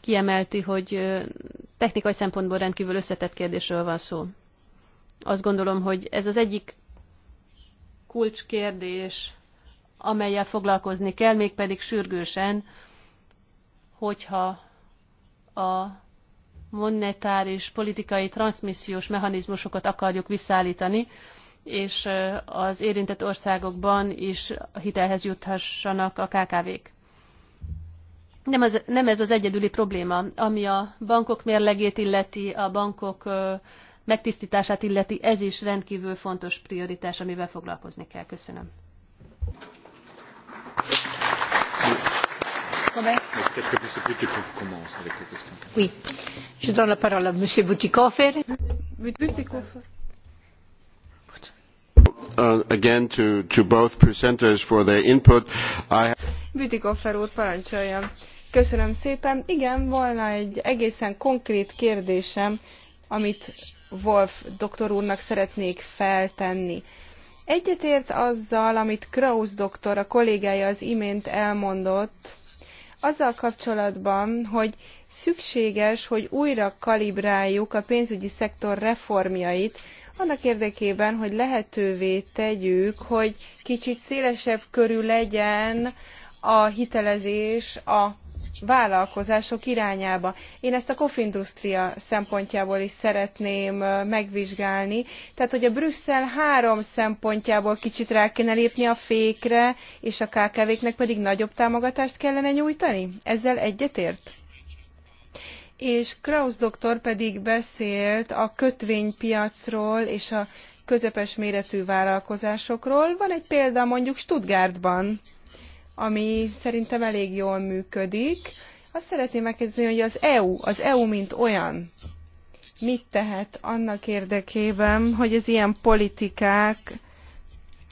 kiemelti, hogy technikai szempontból rendkívül összetett kérdésről van szó. Azt gondolom, hogy ez az egyik kulcskérdés, amelyel foglalkozni kell, mégpedig sürgősen, hogyha a monetáris politikai transmissziós mechanizmusokat akarjuk visszaállítani, és az érintett országokban is hitelhez juthassanak a KKV-k. Nem, az, nem ez az egyedüli probléma, ami a bankok mérlegét illeti, a bankok megtisztítását illeti, ez is rendkívül fontos prioritás, amivel foglalkozni kell. Köszönöm. Oui. Je donne la parole à M. Boutikofer. Boutikofer. Uh, again to, to both presenters for their input. I... Bütikoffer úr, parancsolja. Köszönöm szépen. Igen, volna egy egészen konkrét kérdésem, amit Wolf doktor úrnak szeretnék feltenni. Egyetért azzal, amit Kraus doktor, a kollégája az imént elmondott, azzal kapcsolatban, hogy szükséges, hogy újra kalibráljuk a pénzügyi szektor reformjait, annak érdekében, hogy lehetővé tegyük, hogy kicsit szélesebb körű legyen a hitelezés a vállalkozások irányába. Én ezt a kofindustria szempontjából is szeretném megvizsgálni. Tehát, hogy a Brüsszel három szempontjából kicsit rá kéne lépni a fékre, és a KKV-knek pedig nagyobb támogatást kellene nyújtani? Ezzel egyetért? és Kraus doktor pedig beszélt a kötvénypiacról és a közepes méretű vállalkozásokról. Van egy példa mondjuk Stuttgartban, ami szerintem elég jól működik. Azt szeretném megkérdezni, hogy az EU, az EU mint olyan, mit tehet annak érdekében, hogy az ilyen politikák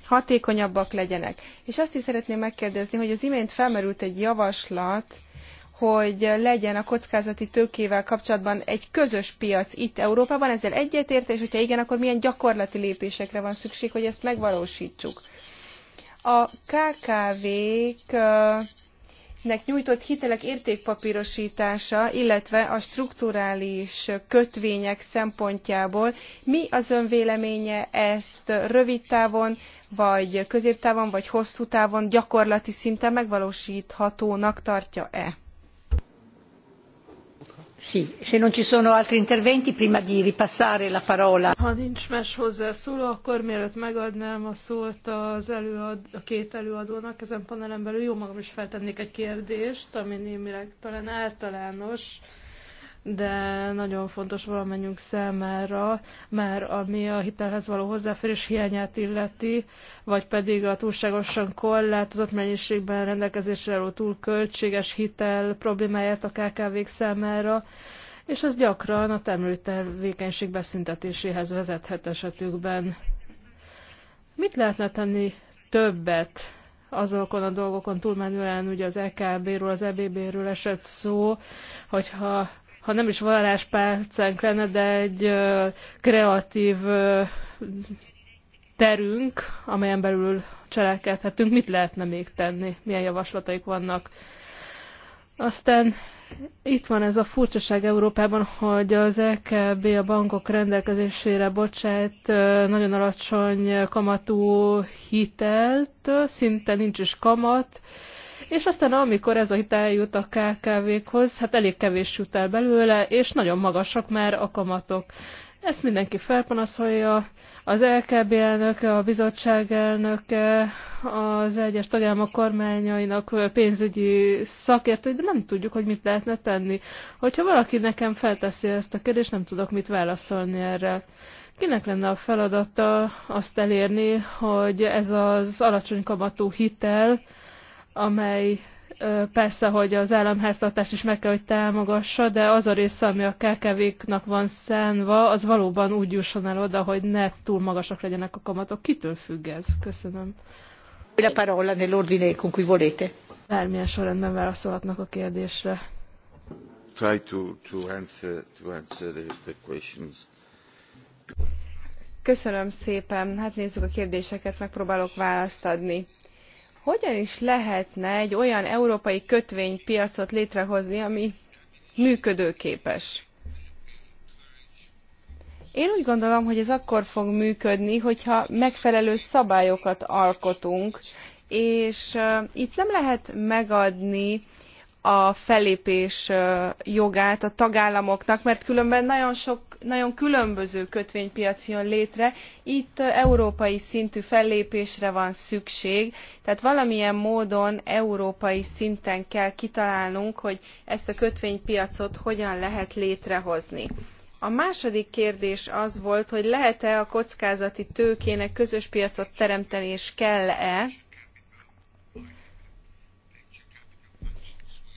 hatékonyabbak legyenek. És azt is szeretném megkérdezni, hogy az imént felmerült egy javaslat hogy legyen a kockázati tőkével kapcsolatban egy közös piac itt Európában, ezzel egyetért, és hogyha igen, akkor milyen gyakorlati lépésekre van szükség, hogy ezt megvalósítsuk. A KKV-k nek nyújtott hitelek értékpapírosítása, illetve a strukturális kötvények szempontjából mi az ön véleménye ezt rövid távon, vagy középtávon, vagy hosszú távon gyakorlati szinten megvalósíthatónak tartja-e? ha nincs más hozzászóló akkor mielőtt megadnám a szót az előad, a két előadónak ezen panelen belül jómagam is feltennék egy kérdést ami némileg talán általános de nagyon fontos valamennyünk számára, már ami a hitelhez való hozzáférés hiányát illeti, vagy pedig a túlságosan korlátozott mennyiségben rendelkezésre álló túl költséges hitel problémáját a KKV-k számára, és ez gyakran a termelőtervékenység beszüntetéséhez vezethet esetükben. Mit lehetne tenni többet azokon a dolgokon túlmenően, ugye az EKB-ről, az EBB-ről esett szó, hogyha ha nem is varázspálcánk lenne, de egy kreatív terünk, amelyen belül cselekedhetünk, mit lehetne még tenni, milyen javaslataik vannak. Aztán itt van ez a furcsaság Európában, hogy az EKB a bankok rendelkezésére bocsát nagyon alacsony kamatú hitelt, szinte nincs is kamat, és aztán amikor ez a hitel eljut a KKV-khoz, hát elég kevés jut el belőle, és nagyon magasak már a kamatok. Ezt mindenki felpanaszolja, az LKB elnöke, a bizottság elnöke, az egyes tagállamok kormányainak pénzügyi szakértői, de nem tudjuk, hogy mit lehetne tenni. Hogyha valaki nekem felteszi ezt a kérdést, nem tudok mit válaszolni erre. Kinek lenne a feladata azt elérni, hogy ez az alacsony kamatú hitel, amely persze, hogy az államháztartást is meg kell, hogy támogassa, de az a része, ami a KKV-knak van szánva, az valóban úgy jusson el oda, hogy ne túl magasak legyenek a kamatok. Kitől függ ez? Köszönöm. La parola nell'ordine con cui volete. Bármilyen sorrendben válaszolhatnak a kérdésre. Try to, to answer, to answer the, the questions. Köszönöm szépen. Hát nézzük a kérdéseket, megpróbálok választ adni hogyan is lehetne egy olyan európai kötvénypiacot létrehozni, ami működőképes. Én úgy gondolom, hogy ez akkor fog működni, hogyha megfelelő szabályokat alkotunk, és itt nem lehet megadni a felépés jogát a tagállamoknak, mert különben nagyon sok, nagyon különböző kötvénypiac jön létre. Itt európai szintű fellépésre van szükség, tehát valamilyen módon európai szinten kell kitalálnunk, hogy ezt a kötvénypiacot hogyan lehet létrehozni. A második kérdés az volt, hogy lehet-e a kockázati tőkének közös piacot teremteni, és kell-e?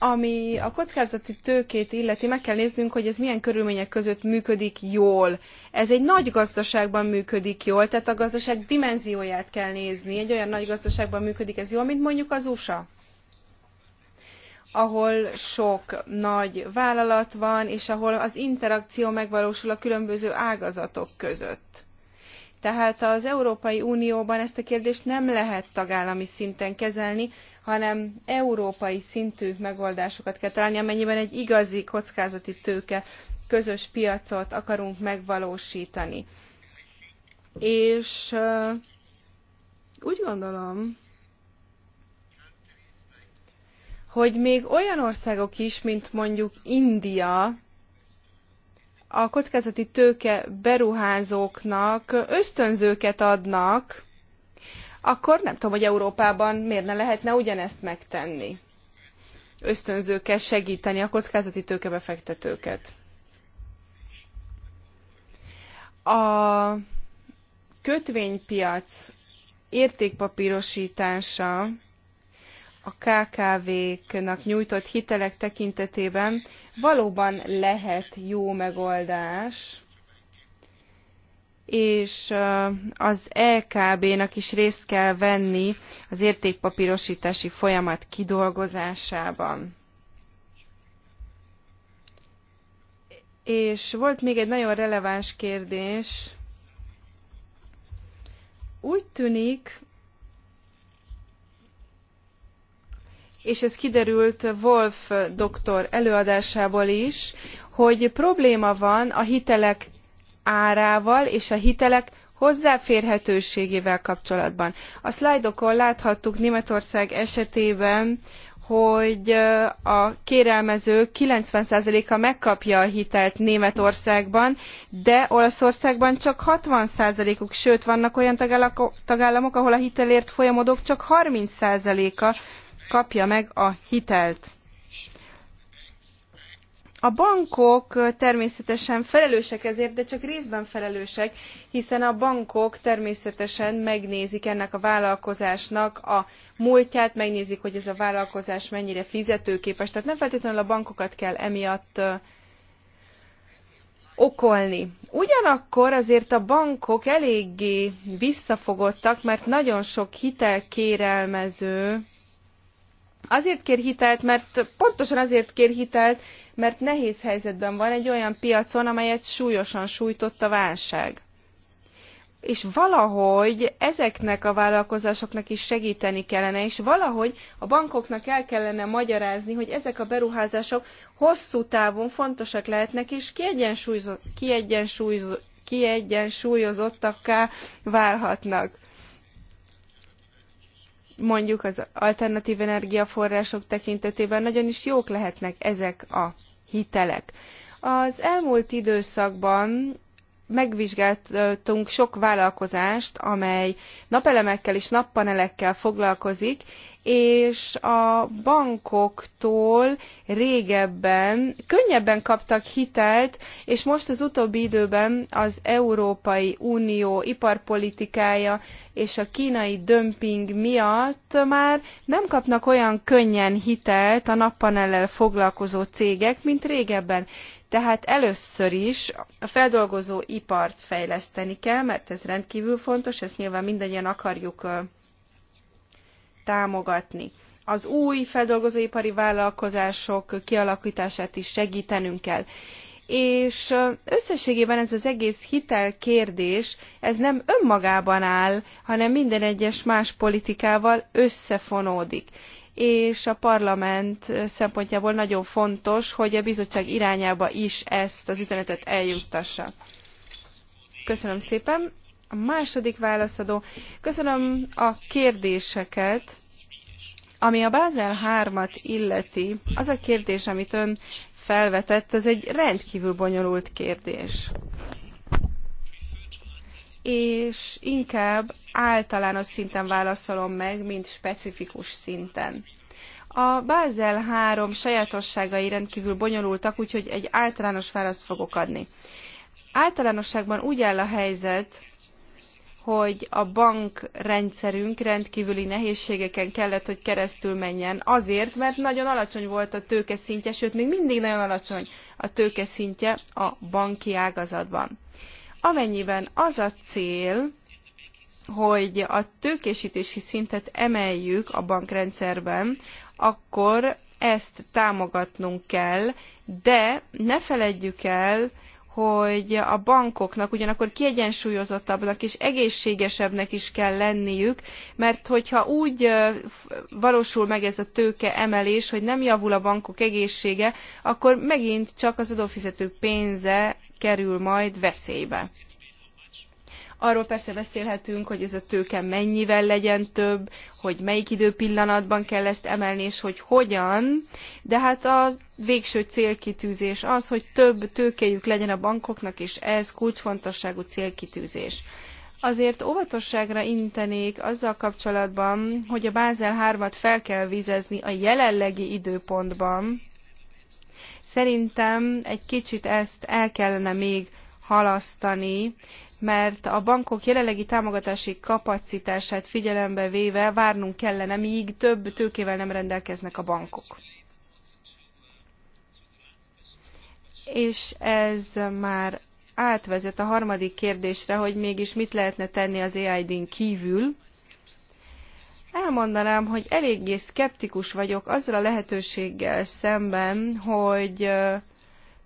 Ami a kockázati tőkét illeti, meg kell néznünk, hogy ez milyen körülmények között működik jól. Ez egy nagy gazdaságban működik jól, tehát a gazdaság dimenzióját kell nézni. Egy olyan nagy gazdaságban működik ez jól, mint mondjuk az USA ahol sok nagy vállalat van, és ahol az interakció megvalósul a különböző ágazatok között. Tehát az Európai Unióban ezt a kérdést nem lehet tagállami szinten kezelni, hanem európai szintű megoldásokat kell találni, amennyiben egy igazi kockázati tőke közös piacot akarunk megvalósítani. És úgy gondolom, hogy még olyan országok is, mint mondjuk India, a kockázati tőke beruházóknak ösztönzőket adnak, akkor nem tudom, hogy Európában miért ne lehetne ugyanezt megtenni. Ösztönzőkkel segíteni a kockázati tőkebefektetőket. A kötvénypiac értékpapírosítása a KKV-knak nyújtott hitelek tekintetében valóban lehet jó megoldás, és az LKB-nak e is részt kell venni az értékpapírosítási folyamat kidolgozásában. És volt még egy nagyon releváns kérdés. Úgy tűnik, és ez kiderült Wolf doktor előadásából is, hogy probléma van a hitelek árával és a hitelek hozzáférhetőségével kapcsolatban. A szlájdokon láthattuk Németország esetében, hogy a kérelmező 90%-a megkapja a hitelt Németországban, de Olaszországban csak 60%-uk, sőt vannak olyan tagállamok, ahol a hitelért folyamodók csak 30%-a kapja meg a hitelt. A bankok természetesen felelősek ezért, de csak részben felelősek, hiszen a bankok természetesen megnézik ennek a vállalkozásnak a múltját, megnézik, hogy ez a vállalkozás mennyire fizetőképes. Tehát nem feltétlenül a bankokat kell emiatt okolni. Ugyanakkor azért a bankok eléggé visszafogottak, mert nagyon sok hitelkérelmező Azért kér hitelt, mert pontosan azért kér hitelt, mert nehéz helyzetben van egy olyan piacon, amelyet súlyosan sújtott a válság. És valahogy ezeknek a vállalkozásoknak is segíteni kellene, és valahogy a bankoknak el kellene magyarázni, hogy ezek a beruházások hosszú távon fontosak lehetnek, és kiegyensúlyozottakká válhatnak mondjuk az alternatív energiaforrások tekintetében nagyon is jók lehetnek ezek a hitelek. Az elmúlt időszakban megvizsgáltunk sok vállalkozást, amely napelemekkel és nappanelekkel foglalkozik, és a bankoktól régebben könnyebben kaptak hitelt, és most az utóbbi időben az Európai Unió iparpolitikája és a kínai dömping miatt már nem kapnak olyan könnyen hitelt a nappanellel foglalkozó cégek, mint régebben. Tehát először is a feldolgozó ipart fejleszteni kell, mert ez rendkívül fontos, ezt nyilván mindannyian akarjuk támogatni. Az új feldolgozóipari vállalkozások kialakítását is segítenünk kell. És összességében ez az egész hitelkérdés, ez nem önmagában áll, hanem minden egyes más politikával összefonódik és a parlament szempontjából nagyon fontos, hogy a bizottság irányába is ezt az üzenetet eljuttassa. Köszönöm szépen a második válaszadó. Köszönöm a kérdéseket. Ami a Bázel 3-at illeti, az a kérdés, amit ön felvetett, ez egy rendkívül bonyolult kérdés. És inkább általános szinten válaszolom meg, mint specifikus szinten. A Bázel 3 sajátosságai rendkívül bonyolultak, úgyhogy egy általános választ fogok adni. Általánosságban úgy áll a helyzet, hogy a bankrendszerünk rendkívüli nehézségeken kellett, hogy keresztül menjen. Azért, mert nagyon alacsony volt a tőke szintje, sőt, még mindig nagyon alacsony a tőke szintje a banki ágazatban. Amennyiben az a cél, hogy a tőkésítési szintet emeljük a bankrendszerben, akkor ezt támogatnunk kell, de ne feledjük el, hogy a bankoknak ugyanakkor kiegyensúlyozottabbnak és egészségesebbnek is kell lenniük, mert hogyha úgy valósul meg ez a tőke emelés, hogy nem javul a bankok egészsége, akkor megint csak az adófizetők pénze kerül majd veszélybe. Arról persze beszélhetünk, hogy ez a tőke mennyivel legyen több, hogy melyik időpillanatban kell ezt emelni, és hogy hogyan, de hát a végső célkitűzés az, hogy több tőkejük legyen a bankoknak, és ez kulcsfontosságú célkitűzés. Azért óvatosságra intenék azzal kapcsolatban, hogy a Bázel 3-at fel kell vizezni a jelenlegi időpontban. Szerintem egy kicsit ezt el kellene még halasztani, mert a bankok jelenlegi támogatási kapacitását figyelembe véve várnunk kellene, míg több tőkével nem rendelkeznek a bankok. És ez már átvezet a harmadik kérdésre, hogy mégis mit lehetne tenni az EID-n kívül. Elmondanám, hogy eléggé szkeptikus vagyok azzal a lehetőséggel szemben, hogy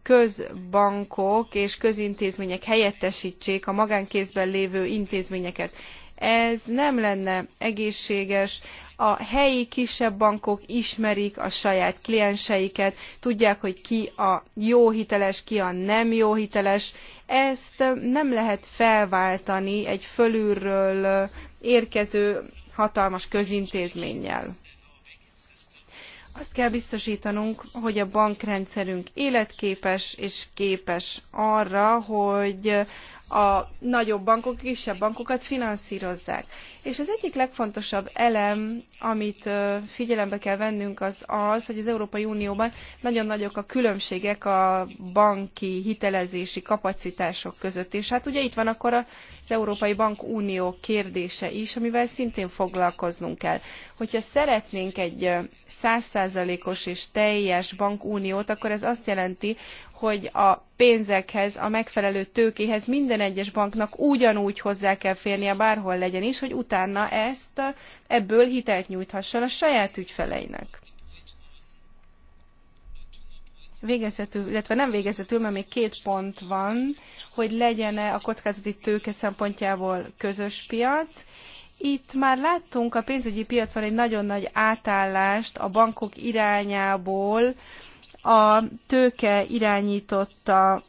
közbankok és közintézmények helyettesítsék a magánkézben lévő intézményeket. Ez nem lenne egészséges, a helyi kisebb bankok ismerik a saját klienseiket, tudják, hogy ki a jó hiteles, ki a nem jó hiteles. Ezt nem lehet felváltani egy fölülről érkező hatalmas közintézménnyel. Azt kell biztosítanunk, hogy a bankrendszerünk életképes és képes arra, hogy a nagyobb bankok, kisebb bankokat finanszírozzák. És az egyik legfontosabb elem, amit figyelembe kell vennünk, az az, hogy az Európai Unióban nagyon nagyok a különbségek a banki hitelezési kapacitások között. És hát ugye itt van akkor az Európai Bank Unió kérdése is, amivel szintén foglalkoznunk kell. Hogyha szeretnénk egy százszázalékos és teljes bankuniót, akkor ez azt jelenti, hogy a pénzekhez, a megfelelő tőkéhez minden egyes banknak ugyanúgy hozzá kell férnie, bárhol legyen is, hogy utána ezt ebből hitelt nyújthasson a saját ügyfeleinek. Végezetül, illetve nem végezetül, mert még két pont van, hogy legyen-e a kockázati tőke szempontjából közös piac, itt már láttunk a pénzügyi piacon egy nagyon nagy átállást a bankok irányából, a tőke irányította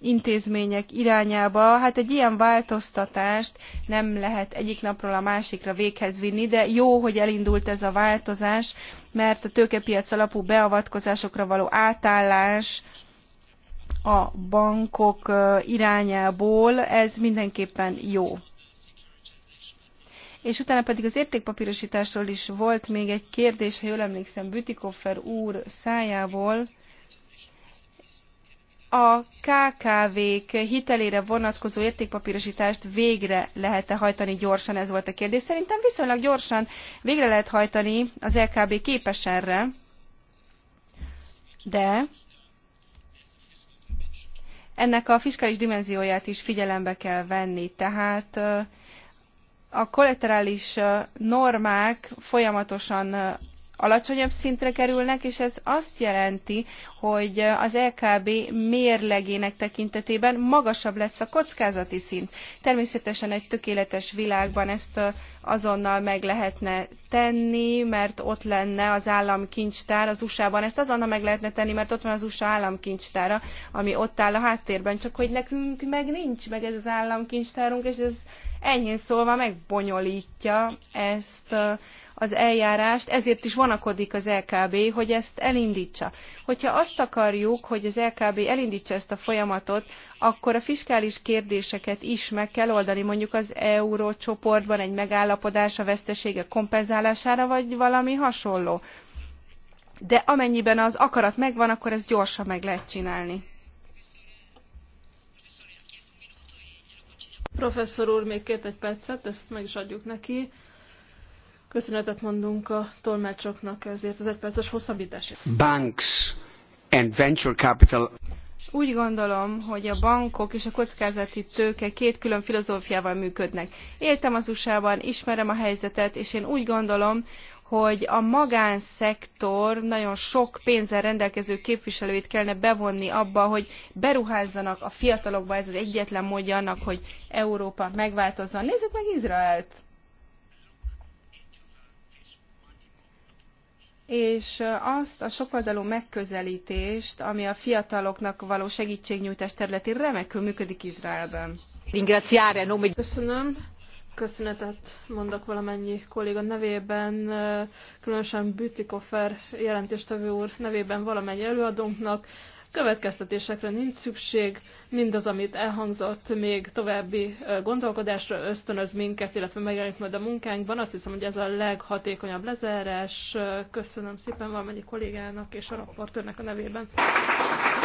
intézmények irányába. Hát egy ilyen változtatást nem lehet egyik napról a másikra véghez vinni, de jó, hogy elindult ez a változás, mert a tőkepiac alapú beavatkozásokra való átállás a bankok irányából, ez mindenképpen jó. És utána pedig az értékpapírosításról is volt még egy kérdés, ha jól emlékszem, Bütikoffer úr szájából. A KKV-k hitelére vonatkozó értékpapírosítást végre lehet-e hajtani gyorsan? Ez volt a kérdés. Szerintem viszonylag gyorsan végre lehet hajtani, az LKB képes erre, de ennek a fiskális dimenzióját is figyelembe kell venni. Tehát a kollaterális normák folyamatosan alacsonyabb szintre kerülnek, és ez azt jelenti, hogy az LKB mérlegének tekintetében magasabb lesz a kockázati szint. Természetesen egy tökéletes világban ezt azonnal meg lehetne tenni, mert ott lenne az államkincstár az USA-ban. Ezt azonnal meg lehetne tenni, mert ott van az USA államkincstára, ami ott áll a háttérben, csak hogy nekünk meg nincs meg ez az államkincstárunk, és ez enyhén szólva megbonyolítja ezt az eljárást, ezért is vonakodik az LKB, hogy ezt elindítsa. Hogyha azt akarjuk, hogy az LKB elindítsa ezt a folyamatot, akkor a fiskális kérdéseket is meg kell oldani, mondjuk az eurócsoportban egy megállapodás a vesztesége kompenzálására, vagy valami hasonló. De amennyiben az akarat megvan, akkor ezt gyorsan meg lehet csinálni. Professzor úr, még két egy percet, ezt meg is adjuk neki. Köszönetet mondunk a tolmácsoknak ezért az egyperces hosszabbításért. Banks and venture capital. Úgy gondolom, hogy a bankok és a kockázati tőke két külön filozófiával működnek. Éltem az USA-ban, ismerem a helyzetet, és én úgy gondolom, hogy a magánszektor nagyon sok pénzzel rendelkező képviselőit kellene bevonni abba, hogy beruházzanak a fiatalokba, ez az egyetlen módja annak, hogy Európa megváltozzon. Nézzük meg Izraelt! és azt a sokoldalú megközelítést, ami a fiataloknak való segítségnyújtás területén remekül működik Izraelben. Köszönöm. Köszönetet mondok valamennyi kolléga nevében, különösen Bütikofer jelentéstevő úr nevében valamennyi előadónknak, Következtetésekre nincs szükség, mindaz, amit elhangzott, még további gondolkodásra ösztönöz minket, illetve megjelenik majd a munkánkban. Azt hiszem, hogy ez a leghatékonyabb lezárás. Köszönöm szépen valamennyi kollégának és a raportőrnek a nevében.